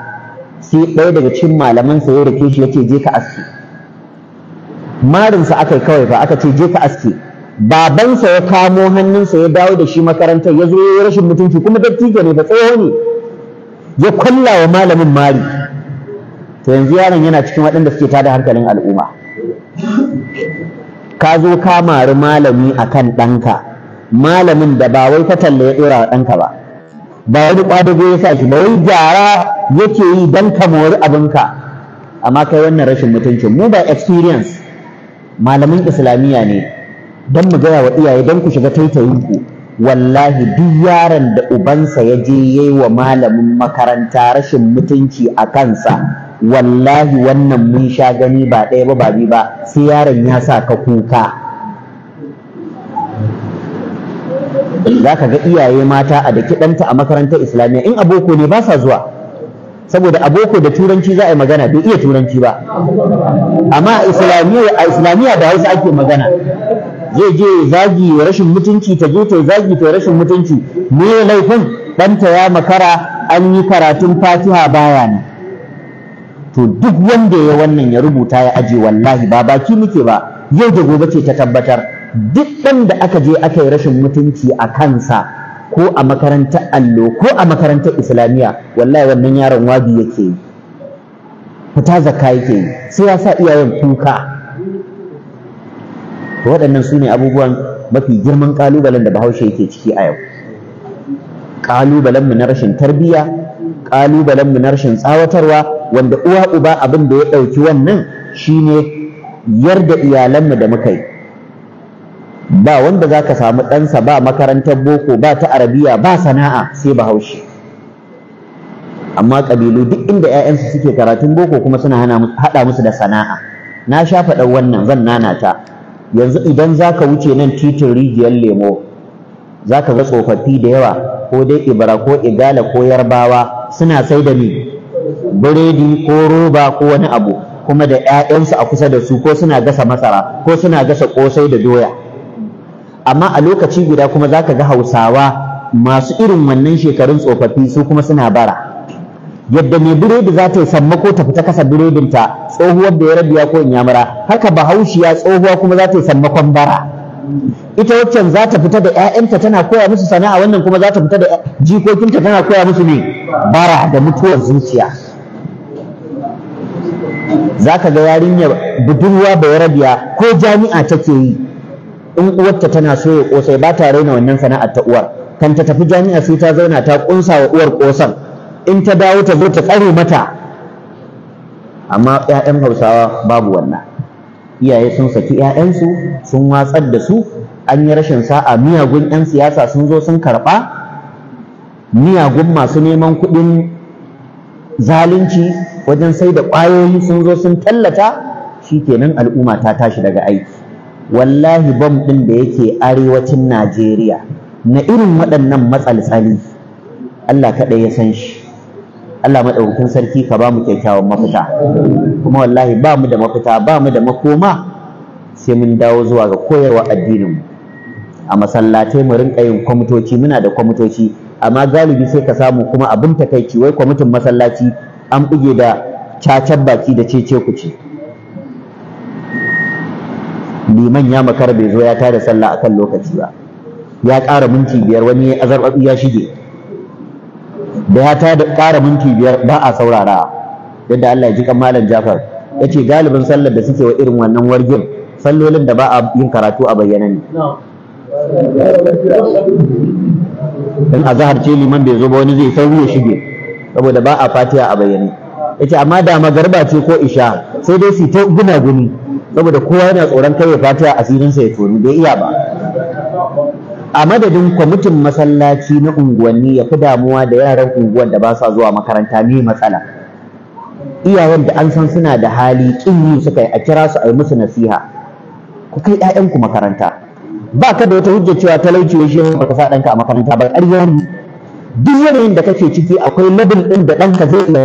sai ɗaya daga cikin malaman sa ya kishi shi je ka aske marinsa aka kawai ba aka ce je ka aske babansa ya kamo hannunsa ya dawo da shi makarantar ya zo ya rashin mutunci kuma dattijo ne ba tsoho ne ya kwalla wa malamin mari to yanzu yaron yana cikin waɗanda suke tada hankalin al'umma ka zo ka mari malami akan ɗanka malamin da ba wai ka talle ya ɗora wa ɗanka ba ba wani zai ya sa shi ba wai gyara yake yi don ka mori abinka amma kai wannan rashin mutuncin mu ba experience malamin islamiyya ne don mu gaya wa iyaye don ku shiga taitayinku wallahi duk yaron da ubansa ya je yayi wa malamin makaranta rashin mutunci a kansa wallahi wannan mun sha gani ba ɗaya ba ba ba sai yaron ya sa ka kuka za ka ga iyaye mata a da kiɗanta a makarantar islamiyya in aboko ne ba sa zuwa saboda aboko da turanci za a yi magana bai iya turanci ba amma a islamiyya da hausa ake magana zai je zagi rashin mutunci ta je ta zagi ta rashin mutunci me laifin ɗanta ya makara an yi karatun fatiha baya ne to duk wanda ya wannan ya rubuta ya aje wallahi ba baki muke ba yau da gobe ce ta tabbatar duk ɗan da aka je aka yi rashin mutunci a kansa ko a makarantar allo ko a makarantar islamiyya wallahi wannan yaron wabi yake yi fita zakka yake yi sai ya sa iyayen kuka waɗannan su ne abubuwan mafi girman ƙalubalen da bahaushe yake ciki a yau ƙalubalenmu na rashin tarbiyya ƙalubalenmu na rashin tsawatarwa wanda uwa uba abin da ya ɗauki wannan shine yarda iyalanmu da muka yi ba wanda za ka samu ɗansa ba makarantar boko ba ta arabiya ba sana'a sai bahaushe amma ƙabilu duk inda 'ya'yansu suke karatun boko kuma suna haɗa musu da sana'a na sha faɗar wannan zan nanata yanzu idan za ka wuce nan titin rijiyar lemo za ka ga tsofaffi da yawa ko dai ibra ko igala ko yarbawa suna sai da ni biredi ko roba ko wani abu kuma da 'ya'yansu a kusa da su ko suna gasa masara ko suna gasa kosai da doya amma a lokaci guda kuma za ka ga hausawa masu irin wannan shekarun tsofaffi su kuma suna bara yadda mai biredi za ta yi sammako ta fita kasa biredinta tsohuwar da ya rabiya ko inyamura haka bahaushiya tsohuwa kuma za ta yi sammakon bara ita waccan za ta fita da 'ya'yanta tana koya musu sana'a wannan kuma za ta fita da jikokinta tana koya musu ne bara da mutuwar zuciya za ka ga yarinya budurwa rabiya ko jami'a take yi in uwarta tana so ya kosa ba ta raina wannan sana'ar ta uwar kan ta tafi jami'a sai ta zauna ta kunsa wa uwar kosan in ta dawo ta zo ta tsare mata amma ƴaƴan Hausawa babu wannan iyaye sun saki ƴaƴansu sun watsar da su an yi rashin sa'a miyagun ƴan siyasa sun zo sun karɓa miyagun masu neman kuɗin zalunci wajen sai da ƙwayoyi sun zo sun tallata shi shikenan al'umma ta tashi daga aiki wallahi bom ɗin da yake arewacin Najeriya na irin waɗannan matsaltsali Allah kaɗai ya san shi Allah maɗaukakin sarki ka ba mu kyakkyawan mafita kuma wallahi ba mu da mafita ba mu da makoma sai mun dawo zuwa ga koyarwa addininmu a masallatai mu rinƙa yin kwamitoci muna da kwamitoci amma galibi sai ka samu kuma abin takaici wai kwamitin masallaci an buge da cacar baki da cece kuce liman ya makar bai zo ya tada sallah akan lokaci ba ya ƙara minti biyar wani azarbaɓi ya shige da ya tada ƙara minti biyar ba a saurara yadda Allah ya ji kan malam Jafar ya ce galibin sallar da suke wa irin wannan wargin sallolin da ba a yin karatu a bayyana ne Dan azahar ce liman bai zo ba wani zai sauri ya shige saboda ba a fatiha a bayyane yace amma da magarba ce ko isha sai dai su ta guna guni saboda kowa yana tsoron kai Fatiha fata sa ya tori bai iya ba a madadin kwamitin masallaci na unguwanni ya fi damuwa da yaran unguwan da ba sa zuwa makaranta ne matsala iyayen da an san suna da hali kin yi suka yi a kira su a musu nasiha ku kai ku makaranta ba ka da wata hujja cewa talauci ya shi ba ka sa ɗanka a makaranta ba ƙarya ne duk yanayin da kake ciki akwai labin ɗin da ɗanka zai iya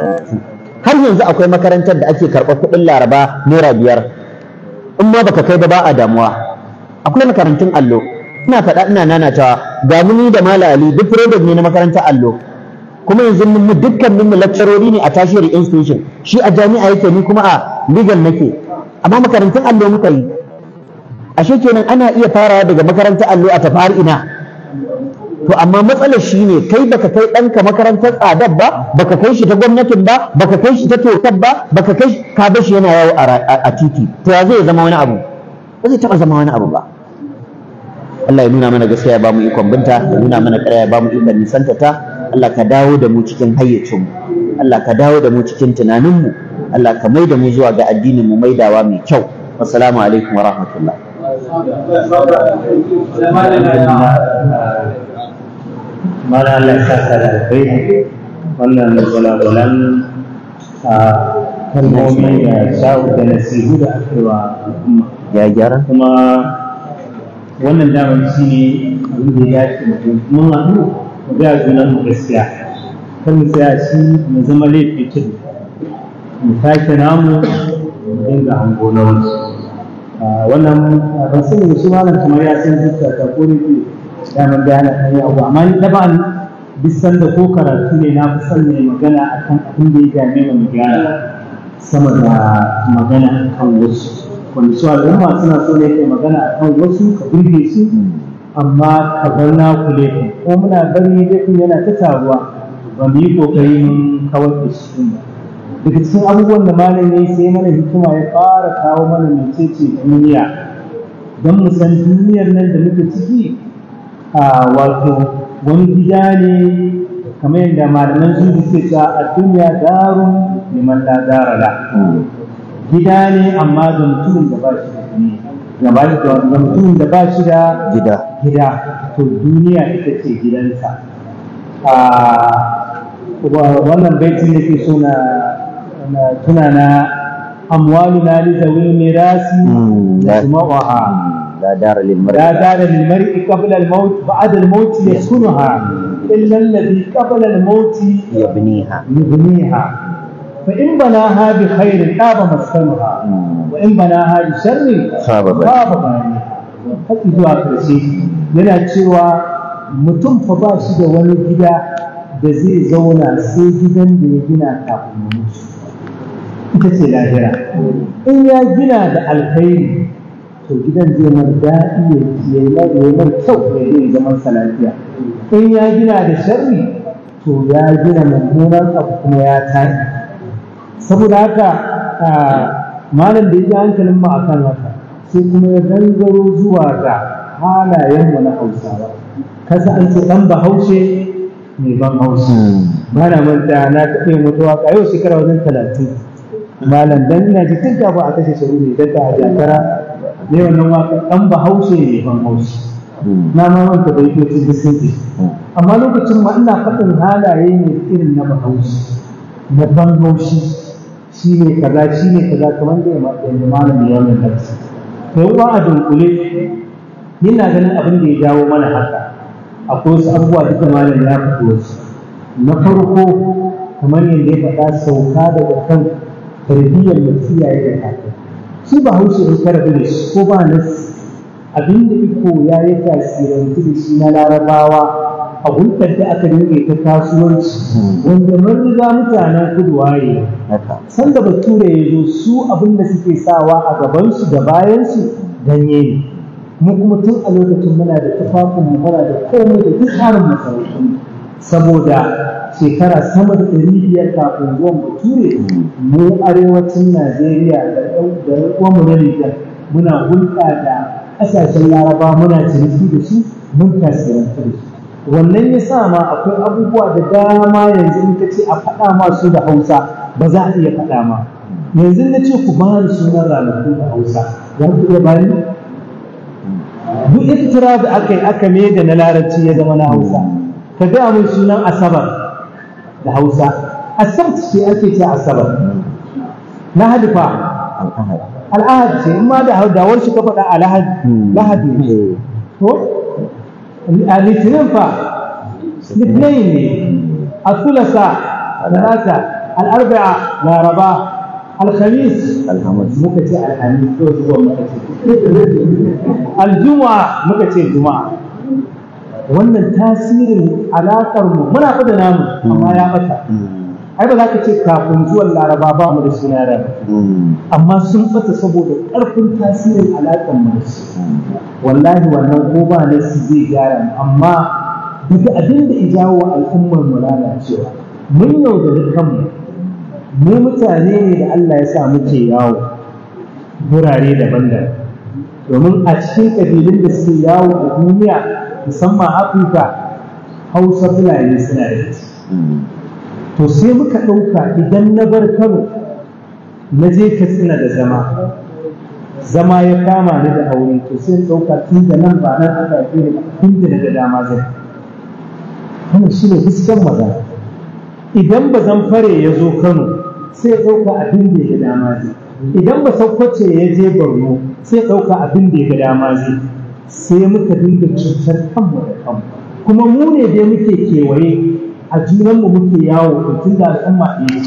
har yanzu akwai makarantar da ake karɓar kuɗin laraba naira biyar in ma baka kai ba ba a damuwa akwai makarantun allo ina faɗa ina nanatawa ga muni da mala duk product ne na makarantar allo kuma yanzu mu dukkan mu lecturer ne a tashiri institution shi a jami'a yake ni kuma a legal nake amma makarantun allo muka ashe kenan ana iya farawa daga makarantar allo a tafari ina to amma matsalar shi ne kai baka kai ɗanka makarantar tsadar ba baka kai shi ta gwamnatin ba baka kai shi ta tokar ba baka kai ka bar shi yana yawo a titi to ya zai zama wani abu ba zai taɓa zama wani abu ba Allah ya nuna mana gaskiya ya bamu ikon binta ya nuna mana ƙarya ya bamu ikon nisanta ta Allah ka dawo da mu cikin hayyacin mu Allah ka dawo da mu cikin tunanin mu Allah ka mai da mu zuwa ga addinin mu dawa mai kyau assalamu alaikum wa rahmatullah mara Allah ya saka da alkhairi wannan gwalagwalan a kalmomi da shawo da nasihu da aka yi wa al'umma ya gyara kuma wannan damar shi ne abin da ya dace mutum mun haɗu mu ga junan mu gaskiya kan mu tsaya shi mu zama laifi tudu mu take namu mu dinga hango na ah, wannan ban sani shi malam kamar ya san zuciya ta ko ne damar gane kai abu amma ni daban bisan da ko karatu ne na fi son mai magana akan abin da ya gane mu gyara sama da magana akan wasu wanda su al'umma suna so ne ke magana akan wasu ka birge su amma ka bar na ku ka. ko muna bari laifin yana ta taruwa ba mu yi kokari mun kawar da shi ba daga cikin abubuwan da malam ya sai mana hikima ya fara kawo mana mecece duniya don mu san duniyar nan da muke ciki wato wani gida ne kamar yadda malaman su suke ta a duniya darun liman la darala gida ne amma da mutumin da ba shi da gaba da mutumin da ba shi da gida gida to duniya ita ce gidansa wannan baiti da ke so na amwalu na amwaluna li zawi mirasi da hmm, suma'uha لا دار للمرء لا دار للمرئ قبل الموت بعد الموت يسكنها الا الذي قبل الموت يبنيها يبنيها فان بناها بخير خاب مسكنها وان بناها بشر خاب خاب بنيها حتى دعاء كرسي من اتشوا متم فضاش ده ولو جدا ده زي زونا سي جدا كابو ممشي انت سي لا جرا ان يا جنا ده الخير to gidan zai mar daɗi ya yi mai kyau ya zai zaman lafiya. in ya gina da sharri to ya gina mummunan abu kuma ya tashi saboda haka malam da ya hankalin mu kan haka sai kuma ya gangaro zuwa ga halayen mu na hausawa kasa an ce ɗan bahaushe mai ban hausa ba na manta na taɓa yin wata waka yau shekara wajen talatin malam dan ina jikin ta ba a kashe shari'a ne ta a jakara ne wannan waka dan bahaushe ne ban hausa hmm. na ma da bai ko cikin sinti amma lokacin ma ina faɗin halaye ne irin na bahaushe na ban hausa shi ne kaza shi ne kaza kamar da yamma malami ya wannan darasi to yawa a dunkule yana ganin abin da ya jawo mana haka akwai wasu abubuwa duka malam ya fito wasu na farko kamar yadda ya faɗa sauka daga kan tarbiyyar da kiyaye da kafin shi ba haushe da karabi da shi ko ba su. abinda iko ya yi tasirin da shi na larabawa a hulɗar da aka dinga ta kasuwanci wanda mun riga mutanen kudu waye sanda bature ya zo su abinda suke sawa a gabansu da bayansu ganye ne mu kuma tun a lokacin muna da tufafin mu muna da komai da duk harin masarautu saboda shekara sama da ɗari biyar kafin zuwan bature mm. mu arewacin najeriya da ɗan na nijar muna hulɗa da ƙasashen laraba muna ciniki da su mun tasirantar su wannan ya sa ma akwai abubuwa da dama yanzu ita ce a faɗa ma su da hausa ba za a iya faɗa ma yanzu na ce ku bani sunan ranaku da hausa za ku iya bani duk iftira da aka yi aka mai da na larabci ya zama na hausa ka gaya min sunan asabar لهوسا السبت في ألف تاع السبت نهد فا الأهد الأهد شيء ما ده دورش كبر على هد هو الاثنين فا الاثنين الثلاثاء الثلاثاء الأربعاء لا ربا الخميس الخميس مكتئ الخميس الجمعة مكتئ الجمعة wannan tasirin alaƙar mu muna fada namu amma ya ɓata ai ba za ka ce kafin zuwan laraba ba mu da su amma sun ɓata saboda ƙarfin tasirin alaƙar mu da su wallahi wannan ko ba na su zai gyara amma duka abin da ya jawo al'ummar mu lalacewa mun da kanmu mu mutane ne da Allah ya sa muke yawo Gurare daban-daban domin a cikin ƙabilun da suke yawo a duniya musamman afirka hausa fulani suna da to sai muka ɗauka idan na bar kano na je katsina da zama zama ya kama ni da aure to sai in ɗauka tun da nan ba nan aka yi ne tun da daga dama zai kuma shi ne fuskan magana idan ba zan fare ya zo kano sai ɗauka abin da ya dama zai idan ba saukwace ya je borno sai ɗauka abin da ya dama zai sai muka dinga cutar kanmu da kanmu kuma mu ne dai muke kewaye a mu muke yawo da tun da al'umma ɗaya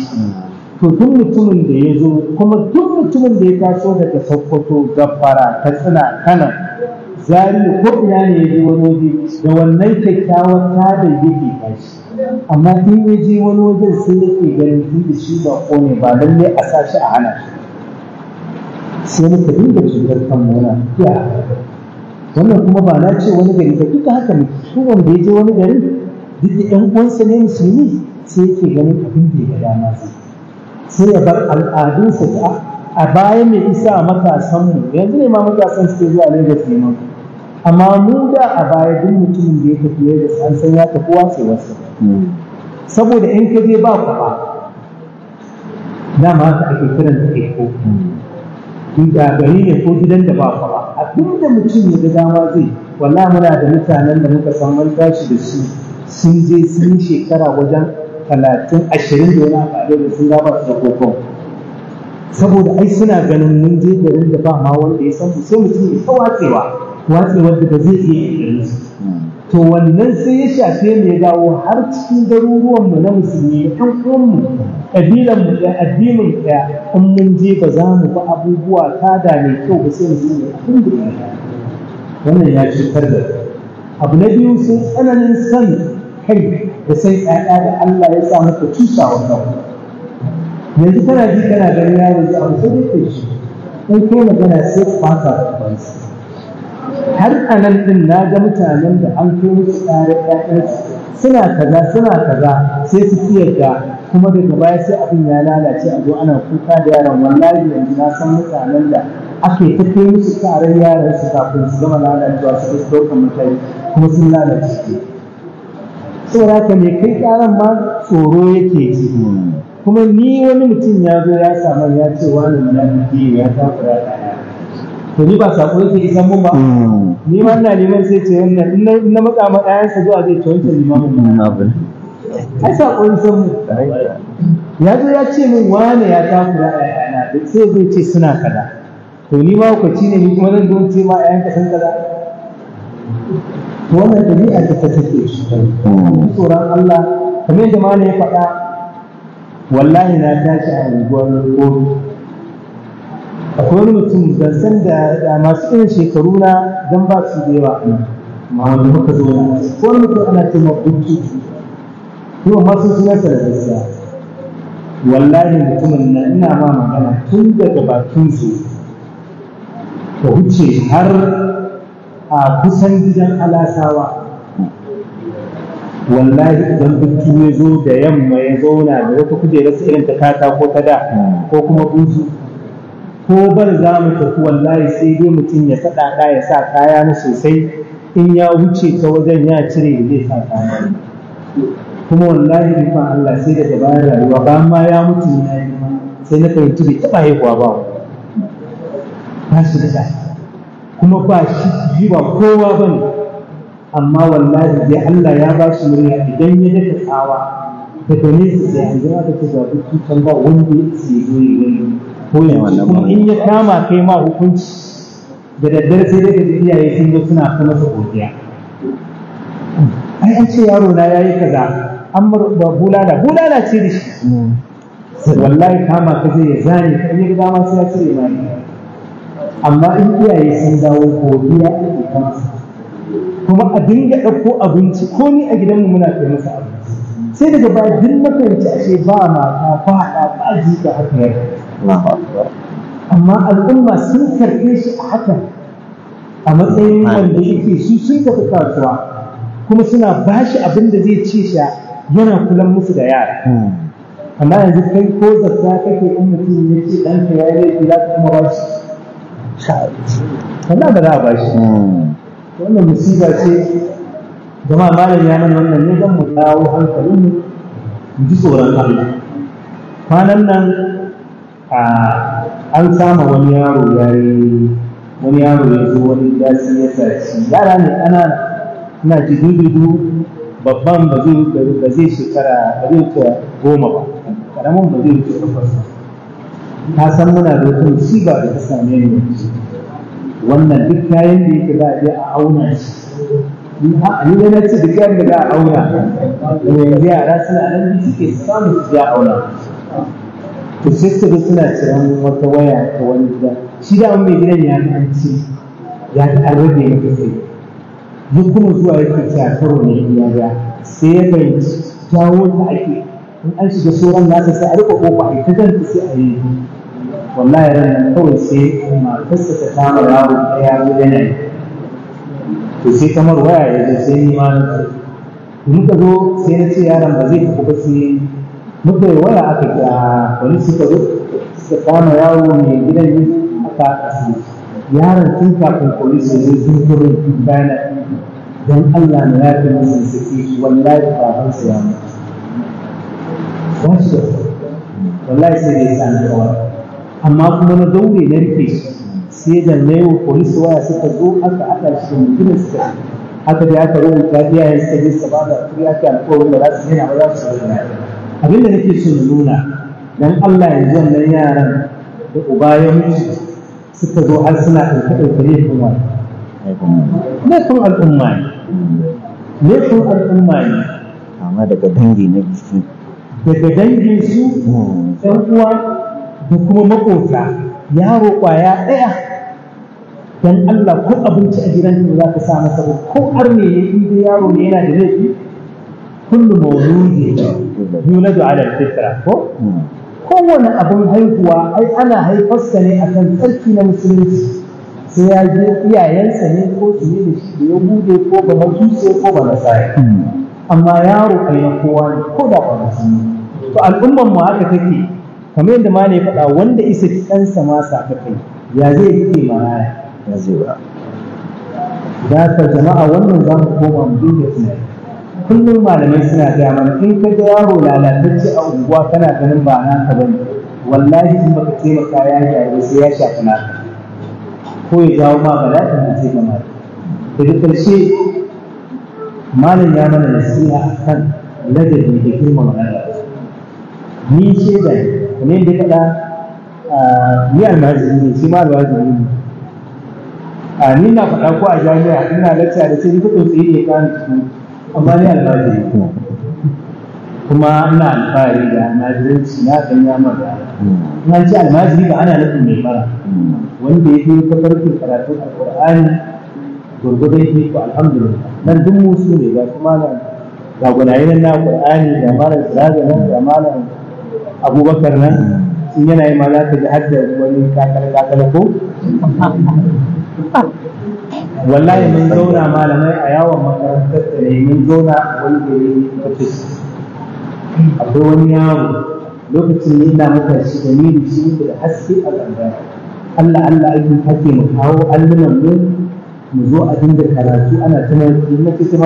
to duk mutumin da ya zo kuma duk mutumin da ya taso daga sokoto gafara katsina kana zari ko ina ne ya je wani waje da wannan kyakkyawar tada yake tashi amma in ya je wani wajen sai yake ganin da shi ba ko ne ba lallai a sa shi a hana shi sai muka dinga cutar kanmu na wannan kuma ba na ce wani gari da duka haka ne duk wanda ya je wani gari duk da ɗan uwansa ne musulmi sai yake ganin abin da ya dama su sai ya bar al'adunsa ta a baya mai isa a mu yanzu ne ma matasan suke zuwa da neman amma mu da a baya duk mutumin da ya tafi Lagos an san ya tafi wace wasu saboda in ka ba ku ba dama haka ake kiran ta eko inda gari ne ko gidan da ba ku ba abinda mutum ya ga dama zai wala muna da mutanen da muka san mun tashi da su sun je sun yi shekara wajen talatin ashirin da wani abu da sun gaba su da kokon saboda ai suna ganin mun je garin da ba ma wanda ya san sai mutum ya ta watsewa da ba zai iya da su to wannan sai ya shafe mai dawo har cikin garuruwanmu na musulmi ɗan uwanmu ƙabilanmu da addinin ɗaya in mun je ba za mu ba abubuwa ta mai kyau ba sai mu zo mu wannan ya cutar da abu na biyu sun tsananin san kai da san ƴaƴa da Allah ya sa maka cusa wannan yanzu kana ji kana ganin yaro ya abu sai shi in kai magana sai ka fata har a nan ɗin na ga mutanen da an kai musu ƙarar ƴaƴansu suna kaza suna kaza sai su da kuma daga baya sai abin ya lalace a zo ana kuka da yaron wallahi yanzu na san mutanen da ake ta kai musu ƙarar yaran su kafin su gama lalacewa su kai ɗaukar mutane kuma sun lalace ke saboda haka ne kai ƙaran ma tsoro yake ji kuma ni wani mutum ya zo ya samu ya ce wani munafiki ya takura ɗaya to ni ba sako yake isan mun ba mm. ni ma ina neman sai ce wannan in na matsa ma ɗayansa zuwa zai ce wancan limamin ba mm, ai sakon san mu ya zo ya ce min wane ya takura a yana sai zai ce suna kaza to ni ma hukaci ne ni kuma zan zo ce ma ayanka san kaza wannan ɗabi'a ta ta take shi mm. tsoron Allah kamar yadda malam ya faɗa wallahi na tashi a unguwar kofi akwai wani mutum ban san da masu irin shekaru na don ba su da yawa ma wani muka zo na ko wani mutum ana ce ma kuma masu suna sa da gaskiya wallahi mutumin na ina ma magana tun daga bakin su ka wuce har a kusan gidan alasawa wallahi idan dukki ya zo da yamma ya zauna da wata kujerar irin ta kata ko ta da ko kuma buzu ko bar za mu tafi wallahi sai dai mutum ya faɗa faɗaɗa ya sa kaya na sosai in ya wuce ta wajen ya cire da zai sa kaya kuma wallahi bi Allah sai daga bayan rayuwa ba ma ya mutu na yi sai na fahimci bai taɓa haihuwa ba ba shi da kuma ba shi ba kowa ba ne amma wallahi dai Allah ya ba shi murya idan ya daga tsawa daga nesa sai an jira da ta zaɓi tutan ba wanda ya ce zo yi wani kuma in ya kama kai ma hukunci da daddare sai dai da iyaye sun zo suna ta masa godiya ai an ce yaro na yayi kaza an ba bulala bulala ce da shi hmm. wallahi kama ka zai ya zane ka yi dama sai ya ce amma in iyaye sun dawo godiya ake kansa kuma a dinga ɗauko abinci ko ni a gidanmu muna kai masa abinci sai daga baya duk na a ce ba mata ba ɗa ba jika haka yadda amma al'umma sun karɓe shi a hakan a matsayin wanda yake su sun tafi kasuwa kuma suna ba shi abin da zai ce shi yana kulan musu da yara hmm. amma yanzu kai ko zarta kake in mutum ya ce ɗanka ya yi kula kuma ba shi wannan ba za a ba shi hmm. wannan musiba ce zama malam ya nan wannan ne zan mu dawo hankalin mu ji tsoron kwanan nan an samu wani yaro ya yi wani yaro ya zo wani dasi ya saci yara ne ana na jidudu babban ba zai ba zai shekara ba zai ta goma ba karamin ba zai ta tafasa ta san muna da wata musiba da ta same ni wannan duk kayan da yake za a je a auna shi ni ne na ci duk kayan da za a auna yanzu yara suna nan suke samun su ya auna to sai su suna tsiran wata waya ta wani gida shi da mai gidan ya an ci ya an rage ya yi duk kuma zuwa ya kace a karo ne ya ga sai ya fahimci jawo ta ake in an shiga sauran nasa sai a rika kofa a ta kanta sai a yi wallahi ran kawai sai matarsa ta kama yaro ɗaya gidan ne to sai kamar waya ya je sai ni ma ka zo sai na ce yaron ba zai tafi ba sai muka yi waya aka yi a wani suka zo suka kama yawo mai gidan yi aka asibiti yaron tun kafin polis ya zo sun kuma yi bayan don Allah na yafi masa saki shi wallahi baban su ya mutu wasu wallahi sai dai san kawai amma kuma na daure na rike shi sai da na yi wa polis waya suka zo aka haɗa shi da mutumin suka haka da aka rubuta iyayen suka je su ba da kuri ake alƙawarin da za su yana ba za su rubuta Abin da nake so na nuna dan Allah ya ji wannan yaran da uba ya mutu suka zo har suna ɗauka ɗauke ne kuma ne kun al'umma ne ne kun al'umma ne amma daga dangi na jiki daga dangin su ɗan uwa da kuma makota yaro ƙwaya ɗaya dan Allah ko abinci a gidan da za ka sa masa ko arme ne inda yaro ne yana da laifi kullu mawludi yuladu ala fitra ko kowane abin haihuwa ai ana haifar sa ne akan tsarki na musulunci sai ya je iyayensa ne ko su ne da shi da ya bude ko ba majuse ko ba nasara amma yaro kai na kowa ne ko da ba musulmi to al'umman mu haka take kamar yadda ma ne faɗa wanda isa ki kansa ma saka kai ya zai yi maraya ya zai ba da jama'a wannan za mu koma mu duba tunani kullum malamai suna gaya mana in ka ga yaro lalatacce a unguwa kana ganin ba naka bane wallahi in baka taimaka ya gyaru sai ya shafi naka ko ya jawo ma ta na ce gama daga ƙarshe malam ya mana nasiha a kan ladabi da girmama Allah ni da ne da kada a ni almajiri ne shi ma almajiri ne a ni na faɗa ko a jami'a ina lacciya da sai ni kuɗin tsaye ne ka ni amma dai alfahari kuma ina alfahari da almajiranci na kan ya mara ina ce almajiri ba ana nufin mai mara wanda ya fi ta farko karatun alƙur'ani gurgurdan fi ku alhamdulillah nan duk musu ne ga kuma nan ga gwanaye na alƙur'ani da malam siraja nan da malam abubakar nan sun yana yi ma za ka wani kakar kakar ko wallahi mun zauna malamai a yawon makarantar da ne mun zauna a wani gari ofis akwai wani yaro lokacin ne na muka shi da ni da shi da haske a gaba Allah Allah ake hake mu kawo allunan mu mu zo a dinga karatu ana ta mai na ce ta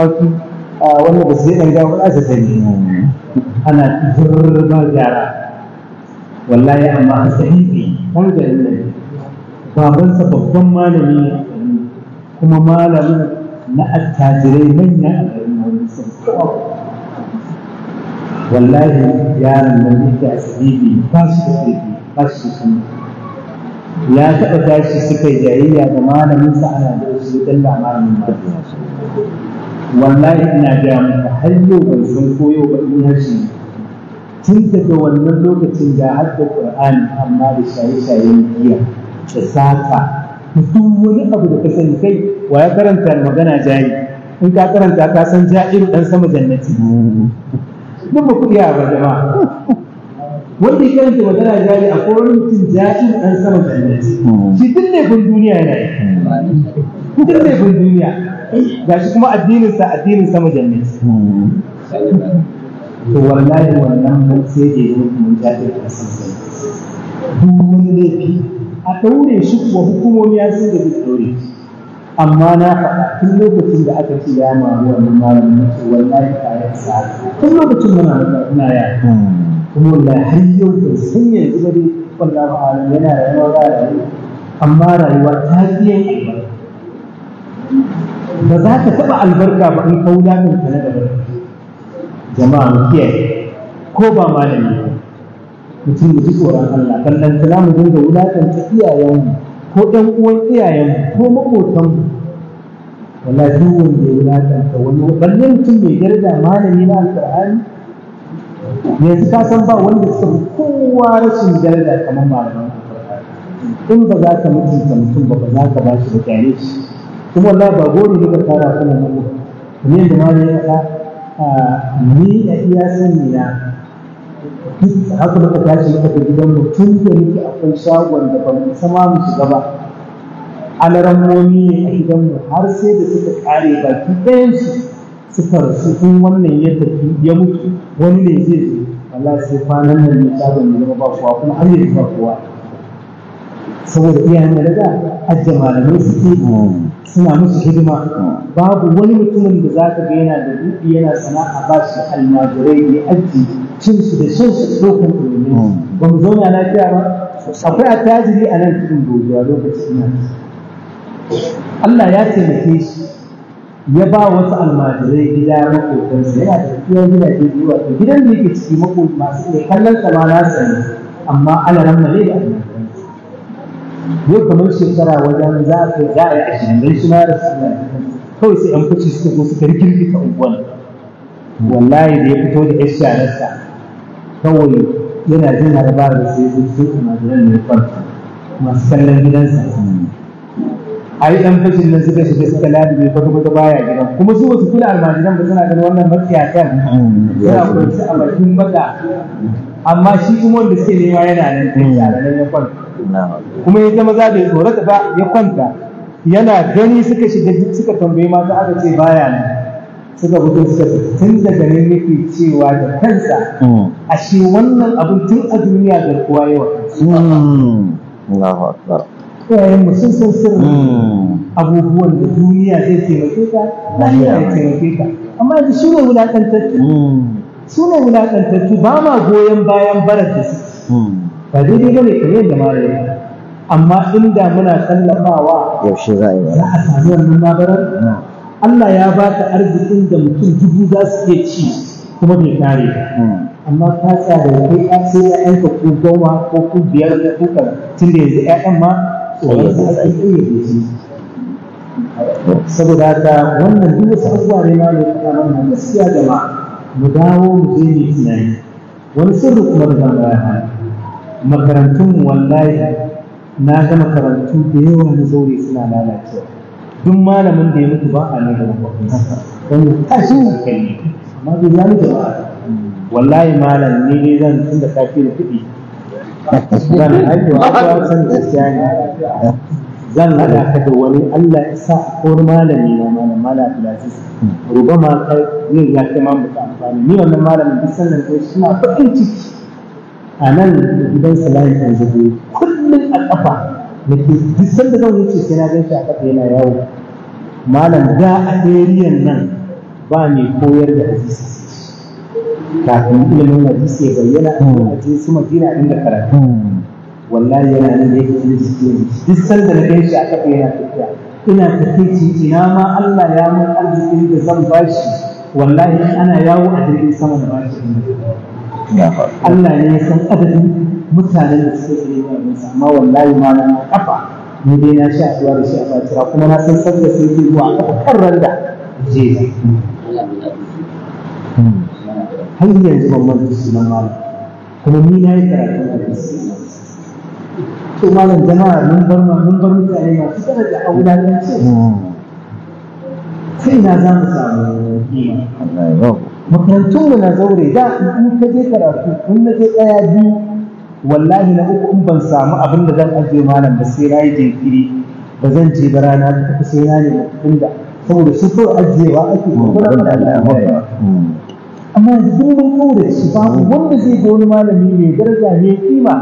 a wanda ba su zai gawa ba ta yi. ana zurba gyara wallahi amma sahihi kan garin nan babansa babban malami kuma malamin na attajirai manya a garin hausa wallahi yaron da yake a ba su da sabibi ba su sun ya taɓa tashi suka yi jayayya da malaminsa ana da shi don da malamin ba wallahi ina da muku har yau ban san koyo ba ina shi tun daga wannan lokacin da har da Qur'ani amma da shaye-shayen giya da sata duk wani abu da ka sani kai wa ya karanta magana jari in ka karanta ka san ja'ir dan sama jannati mun ba ku iya ba jama'a wanda ya karanta magana jari a kowane mutum ja'ir dan sama jannati shi duk laifin duniya yana yi ne laifin duniya gashi kuma addinin sa addinin sama jannati to wallahi wannan mun sai da yi mun ja'ir dan sama duk wani laifi a ɗaure shi kuwa hukumomi ya sun da ɗaure amma na faɗa tun lokacin da aka ce ya mamu wannan mutu na ya wallahi kayan sa tun lokacin muna muna ya kuma wallahi har yau da sun yanzu da dai wallahi ma'alim yana rayuwa ba rayuwa amma rayuwa ta fi yin ba za ka taɓa albarka ba in kaula ɗin ka na da jama'a mu kiyaye ko ba malami ba mutum ya ji tsoron Allah ballan tana mu dinga wulakanta iyayenmu ko ɗan uwan iyayenmu ko maƙotanmu Wala duk wanda ya wulakanta wani balle mutum mai daraja malami na alƙur'ani yanzu ka san ba wanda suka fi kowa rashin daraja kamar malaman in ba za ka mutunta mutum ba ba za ka ba shi ba kyale shi kuma wallahi ba gori ne ka tara kuma mu kamar yadda malami ya faɗa ah, ni a iya sani na duk haka muka tashi muka ga gidan mu tun da nake akwai shagon da ban isa ma mu shiga ba alarammomi ne a gidan mu har sai da suka kare baki ɗayan su suka rasu tun wannan ya tafi ya mutu wani ne zai zo Wala sai kwanan nan ne shagon ya zama ba kuwa kuma har yanzu ba kuwa. saboda iyayen da daga ajiye malamai suke suna musu hidima babu wani mutumin da za ka ga yana da dubi yana sana'a ba shi almajirai ne ajiye cin da shan su ɗaukan ɗumi mm. ba mu zauna lafiya ba akwai attajiri a nan cikin gobe a lokacin nan Allah ya taimake shi ya ba wasu almajirai gida makotansa yana tafiya gidaje ke zuwa ta. gidan da yake ciki masu ne kallon sa na sani amma ana nan mare da yau kamar shekara wajen za a kai za a yi ashirin dan shi ma su rasu kawai sai an fice suka zo suka rikirkita unguwan wallahi da ya fito da yar shanarsa kawai yana jin harbarar sai su su imajiran mai kwanta masu kallon gidansa a yi ɗan fashin nan suka shiga suka ladi mai kwata kwata baya gidan kuma su wasu kula almajiran ba suna ganin wannan kan suna kwanci a bakin baka amma shi kuma wanda suke nema yana nan yara nan ya kwanta kuma ya zama za bai tsorata ba ya kwanta yana gani suka shiga suka tambayi mata aka ce baya nan suka fito suka tun daga nan yake cewa da kansa hmm. a shi wannan abin tun a duniya da kowa yawa Iyayen mu sun san sirrin hmm. abubuwan da duniya zai taimake ka, lafiya ya taimake ka. Amma yanzu su ne wulaƙantattu. Hmm. Su ne wulaƙantattu ba ma goyon bayan barar da su. Ba daidai ba ne kamar yadda mara yi. Amma inda muna tallafawa. Yaushe za a yi ba. Za a sami wannan labarar. Allah ya ba ka arzikin da mutum dubu za su iya ci kuma bai kare ba hmm. amma ka tsara da kai ka sai ya aika ko goma ko ku biyar da kuka tun da yanzu ƴaƴan ma tsoron su su saboda haka wannan duk wasu abubuwa ne ma ne faɗa mana gaskiya gaba mu dawo mu je ne tunani wani sirri kuma da zan baya makarantun wallahi na ga makarantu da yawa na zaure suna lalacewa duk malamin da ya mutu ba a nan gaban bakinsa ta tashin hankali amma bai zalika ba wallahi malam ne ne zan tun da kafin kudi kuɗi zan haihuwa a san gaskiya ne zan haɗa ka da wani Allah ya sa a kowar malami na malam malam Abdulaziz ruba ma kai ne ya ta ma mutu amfani ni wannan malamin duk sannan kai suna bakin ciki a nan gidan salari kan zubo kullum a ƙafa nake duk sanda zan wuce sai na gan shi a kafa yana yawo malam da a ariyan nan ba mai koyar da hadisi kafin ilimin hadisi ya bayyana a cikin su madina inda karatu wallahi yana nan da yake cikin jikin duk sanda na gan shi a kafa yana tafiya ina tafici ina ma Allah ya mun arzikin da zan bashi wallahi ana yawo a jirgin sama da bashi Allah ne ya san adadin mutanen da suke tsaye wa amma wallahi ma na kafa مدينة شاهد ورشاهد أشراف ومنا سنصد سيدي الواقع أكرر ده جيزة هل هي عزب الله بسم الله كما مين هاي ترى ثم أنا جماعة من برمى من برمى تأيما فتنة أولا في نازم سامي ديما مكنتم من زوري داخل كل كذي ترى كل كذي أيادي wallahi na uku in ban samu abin da zan ajiye malam ba sai na jinkiri ba zan je ba rana ta tafi sai na nemi kuɗin da saboda su kawai ajiyewa ake kuma da Allah amma yanzu duk mun kaure shi ba wanda zai ga wani malami mai daraja mai kima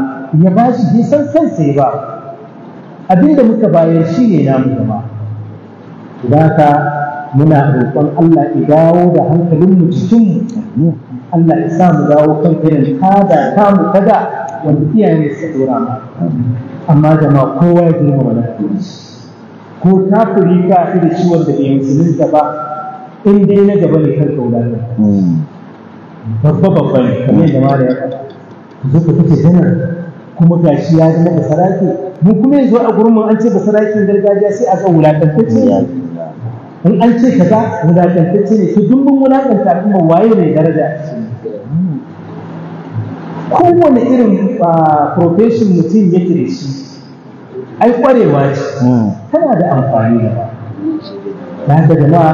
ya ba shi bai san kansa sai ba da muka bayar shi ne namu gaba idan muna roƙon Allah ya dawo da hankalin mu cikin Allah ya sa mu dawo kan irin kada ka mu kada wanda iyaye su dora ma amma jama'a kowa ya girma ba ko ta kuri ka fi da ciwon da bai musulunta ba in dai na gaba ne kan kaula babba babba ne kamar yadda ma da ya faɗa zuka take gana kuma gashi ya zama basaraki mu kuma yanzu a gurin an ce basarakin gargajiya sai a ga wulakantacce ne in an ce kaza wulakantacce ne to duk mun wulakanta kuma waye mai daraja kowane irin ah, profession mutum yake da shi ai kwarewa ce hmm. tana da amfani da ba na jama'a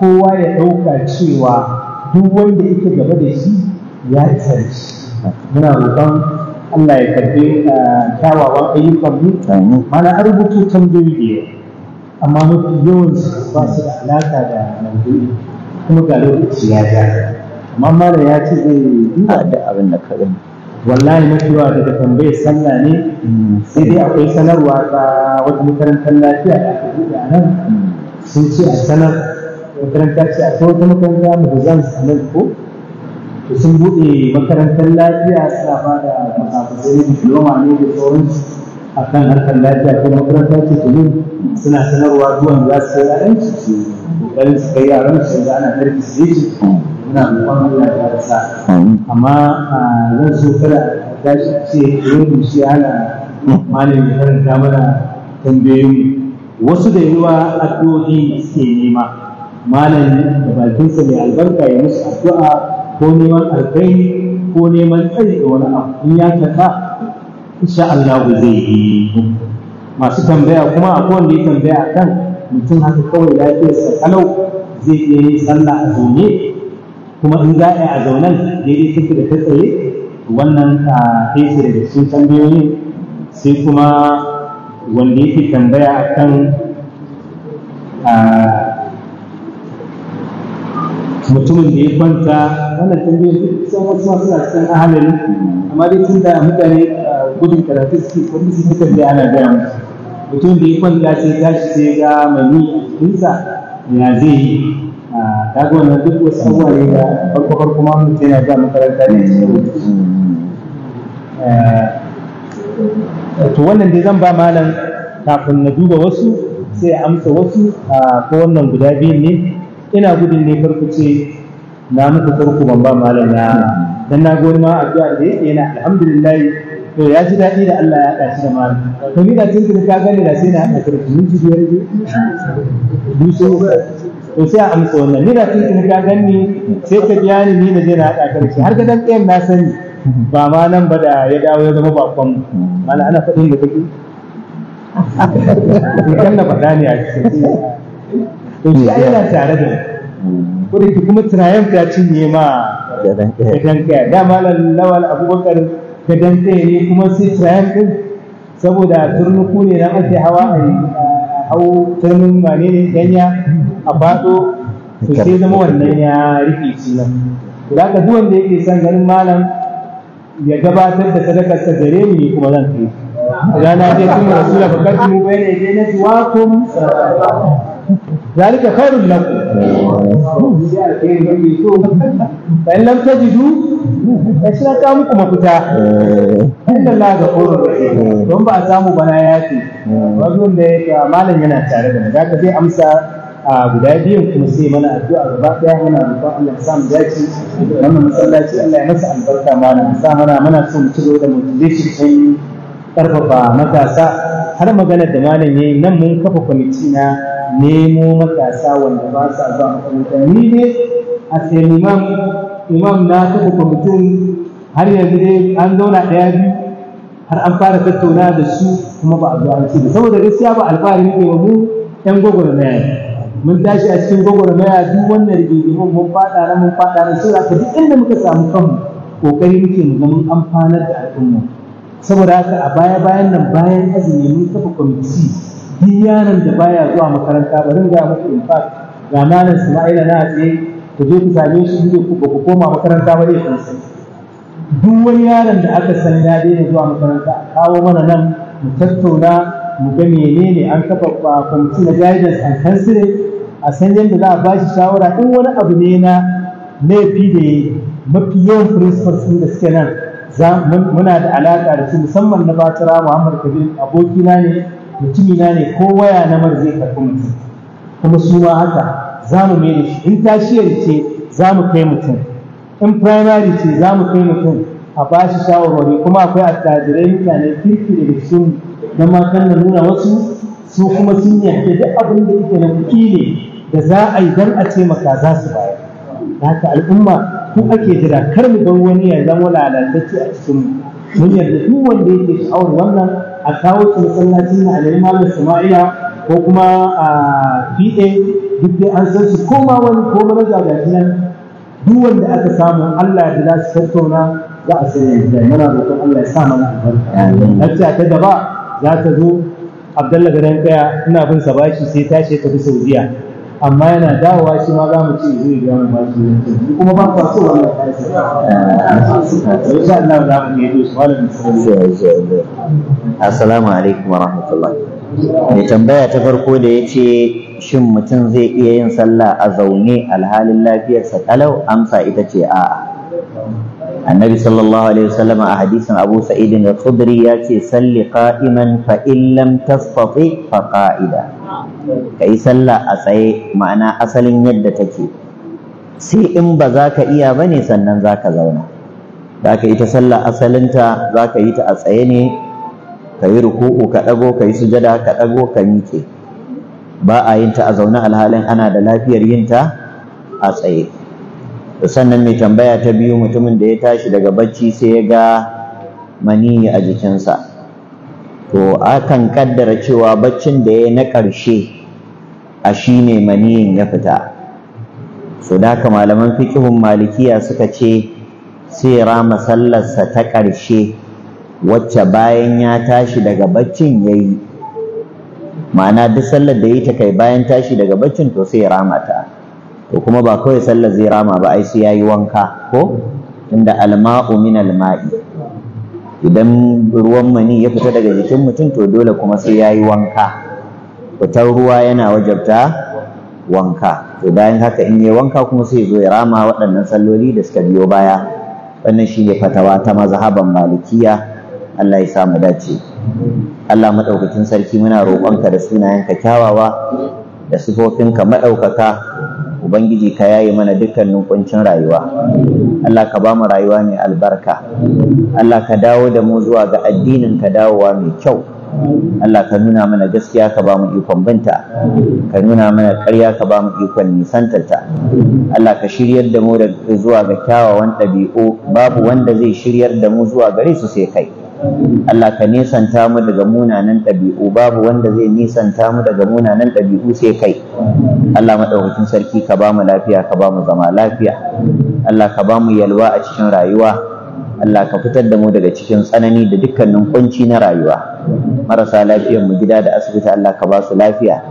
kowa ya ɗauka cewa duk wanda yake gaba da shi ya tsare shi muna roƙon Allah ya karbi ah, kyawawan ayyukan mu mana an rubuto tambayoyi biyar amma mafi yawan su ba su da alaƙa da maudu'i kuma ga lokaci ya ja Mamala ya ce zai eh, duba da abin da ka gani wallahi mafi yawa daga tambayar sallah ne sai dai akwai sanarwa ta wata makarantar lafiya da aka buɗe a nan sun ce a sanar makarantar ce a wata makaranta mu zan sanar ko to sun buɗe makarantar lafiya suna ba da masafasai na diploma ne da sauransu a kan harkar lafiya ko makaranta ce ne suna sanarwa zuwan za su kai yaran su su ƙoƙarin su kai yaran su da ana karfi su yi amma zan so kada ta ce yau shi hana malam ya karanta mana tambayoyi wasu da yawa addu'o'i suke nema malam da bakinsa mai albarka ya musu addu'a ko neman alkhairi ko neman tsari da wani abu in ya kaka insha Allah zai yi masu tambaya kuma akwai wanda ya tambaya kan mutum haka kawai lafiyarsa kalau zai iya yin sallah a zaune kuma in za a yi a zaunan daidai take da ta tsaye wannan a ɗaya da cikin tambayoyin sai kuma wanda yake tambaya a kan mutumin da ya kwanta wannan tambayoyin sun wasu masu na cikin ahalari amma dai tun da mutane gudun karatu suke kwanci su suka da ana gaya musu mutumin da ya kwanta sai tashi sai ga mani a jikinsa ya zai yi kaga wannan duk wasu abubuwa ne da farko farko ma mutum yana zuwa makaranta ne eh, to wannan dai zan ba malam kafin na duba wasu sai amsa wasu ko wannan guda biyun ne ina gudun ne farko ce na muku farko ban ba malam na dan na gori ma addu'a da yake yana alhamdulillah to ya ji daɗi da Allah ya ɗaci da mara to ni da tun ka gani da sai na haɗa ka mun ji biyar biyu. dusu to sai an amsa wannan ni da tun ka gani sai ka biya ni ni da je na haɗa karshe har ga dan tsayin na sani ba ma nan ba da ya dawo ya zama bakon mana ana faɗin da kake kan na faɗa ne a cikin to shi yana tare da kuma kuma tunayen ta cinye ma da dan kai da malam lawal abubakar Ka dantse ne kuma sai tirayan ɗin saboda turnuku ne na ake hawa a hau turnin mane ne danya a fado to sai zama wannan ya rike shi nan za ka duk wanda yake son ganin malam ya gabatar da sa gare ni kuma zan kai rana dai kuma rasula bakar mu bai ne dai na tuwakum ذلك خير لكم ta lam tajidu gashi ta muku mafita inda na ga ƙoro don ba a samu bana ya ce eh. wajen da ya malam yana tare da za zai amsa a guda biyun kuma sai mana addu'a gaba daya muna roƙon Allah ya samu dace wannan masallaci Allah ya masa albarka malam sa mana muna so mu ci da motivation karfafa matasa har maganar da malam yayi nan mun kafa kwamiti na nemo matasa wanda ba sa zuwa makaranta ni ne a sai imam na kafa kwamitin har yanzu dai an zauna ɗaya biyu har an fara tattauna da su kuma ba a zo da saboda gaskiya ba alfahari ne wa mu ƴan gwagwarmaya mun tashi a cikin gwagwarmaya duk wannan rigingimin mun faɗa na mun faɗa na sai ka duk inda muka samu kanmu kokari muke mu zama amfanar da al'umma saboda haka a baya bayan nan bayan azumi mun kafa kwamiti duk yaron da baya zuwa makaranta bari ga muku in fa ga malam Sama'ila na tsaye ku je ku same shi ne ku ku koma makaranta ba zai kansa duk wani yaron da aka san ya daina zuwa makaranta kawo mana nan mu tattauna mu ga menene an kafa kwamiti na guidance and counseling a san yadda za a ba shi shawara in wani abu ne na laifi da ya mafi yawan firinsifal ɗin da suke nan muna da alaƙa da su musamman na batura muhammad kabir abokina ne mutumina ne ko waya na marzai zai mutum kuma su ma haka za mu mai shi in tashiyar ce za mu kai mutum in primary ce za mu kai mutum a ba shi shawarwari kuma akwai attajirai mutane kirki da cikin na matan da nuna wasu su kuma sun yadda duk abin da yake na kuɗi ne da za a yi don a taimaka za su bayar haka al'umma ku ake jira kar mu bar wani ya zama lalatacce a cikin mu mun yarda duk wanda yake sha'awar wannan a kawo shi masallacin na alimar sama'ila ko kuma a PA duk dai an san su ko wani ko mana ga nan duk wanda aka samu Allah ya da su tattauna za a sanya da yana roƙon Allah ya sa mana albarka lacca ta gaba za ta zo Abdullahi garin kaya ina bin sa bashi sai tashi ta bi Saudiya amma yana dawowa shi ma za mu ce zai ga mu bashi yanzu kuma ba kwa so wannan kai sai insha Allah za mu yi dusu wannan sai assalamu alaikum wa rahmatullahi mai tambaya ta farko da ya ce shin mutum zai iya yin sallah a zaune alhalin lafiyarsa kalau amsa ita ce a'a annabi sallallahu alaihi wasallam a hadisin abu sa'idin da khudri ya ce salli qa'iman fa in lam tastati fa qa'ida kai sallah a tsaye ma'ana asalin yadda take sai in ba za ka iya bane sannan za ka zauna za ka yi ta sallah asalinta za ka yi ta a tsaye ne ka yi ruku'u ka ɗago ka yi sujada ka ɗago ka miƙe ba a yin ta a zaune alhalin ana da lafiyar yin ta a tsaye sannan mai tambaya ta biyu mutumin da ya tashi daga bacci sai ya ga maniyi a jikinsa to akan kaddara cewa baccin da ya na ƙarshe a shine ne maniyin ya fita so da haka malaman fikihun malikiya suka ce sai rama sallarsa ta ƙarshe wacce bayan ya tashi daga baccin ya yi ma'ana duk sallar da ya ta kai bayan tashi daga baccin to sai ya rama ta to kuma ba kawai sallar zai rama ba ai sai ya yi wanka ko inda alma'u min alma'i idan ruwan mani ya fita daga jikin mutum to dole kuma sai ya yi wanka fitar ruwa yana wajabta wanka to bayan haka in yi wanka kuma sai zo ya rama waɗannan salloli da suka biyo baya wannan shi ne fatawa ta mazhaban malikiya Allah ya sa mu dace Allah madaukakin sarki muna roƙonka da sunayenka kyawawa da sifofinka madaukaka ubangiji ka yayi mana dukkan nukuncin rayuwa Allah ka ba mu rayuwa mai albarka Allah ka dawo da mu zuwa ga addinin ka dawowa mai kyau Allah ka nuna mana gaskiya ka ba mu ikon binta ka nuna mana ƙarya ka ba mu ikon nisantarta Allah ka shiryar da mu zuwa ga kyawawan ɗabi'u babu wanda zai shiryar da mu zuwa gare su sai kai Allah ka nisanta mu daga munanan ɗabi'u babu wanda zai nisanta mu daga munanan ɗabi'u sai kai Allah maɗaukakin sarki ka ba mu lafiya ka ba mu zama lafiya Allah ka ba mu yalwa a cikin rayuwa Allah ka fitar da mu daga cikin tsanani da dukkanin kunci na rayuwa marasa lafiyar mu gida da asibiti Allah ka ba su lafiya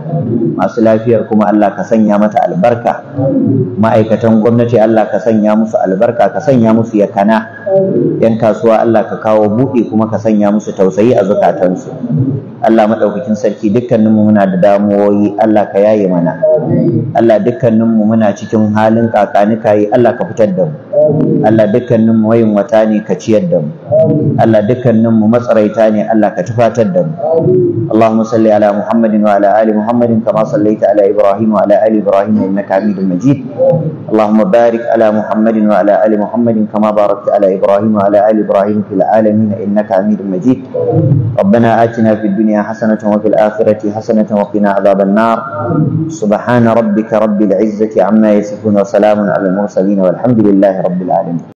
masu lafiyar kuma Allah ka sanya mata albarka ma'aikatan gwamnati Allah ka sanya musu albarka ka sanya musu yakana yan kasuwa Allah ka kawo buɗe kuma ka sanya musu tausayi a zukatansu Allah maɗaukakin sarki dukkaninmu muna da damuwoyi Allah ka yaye mana Allah dukkaninmu muna cikin halin kakanikayi Allah ka fitar da mu Allah dukkaninmu wayin wata ne ka ciyar da mu Allah dukkaninmu matsaraita ne Allah ka tafi tufatar da mu Allahumma salli ala Muhammadin wa ala ali Muhammadin kama sallaita ala Ibrahim wa ala ali Ibrahim innaka Majid Allahumma barik ala Muhammadin wa ala ali Muhammadin kama barakta ala Ibrahim wa ala ali Ibrahim fil alamin innaka Hamidum Majid ربنا آتنا في الدنيا حسنة وفي الآخرة حسنة وقنا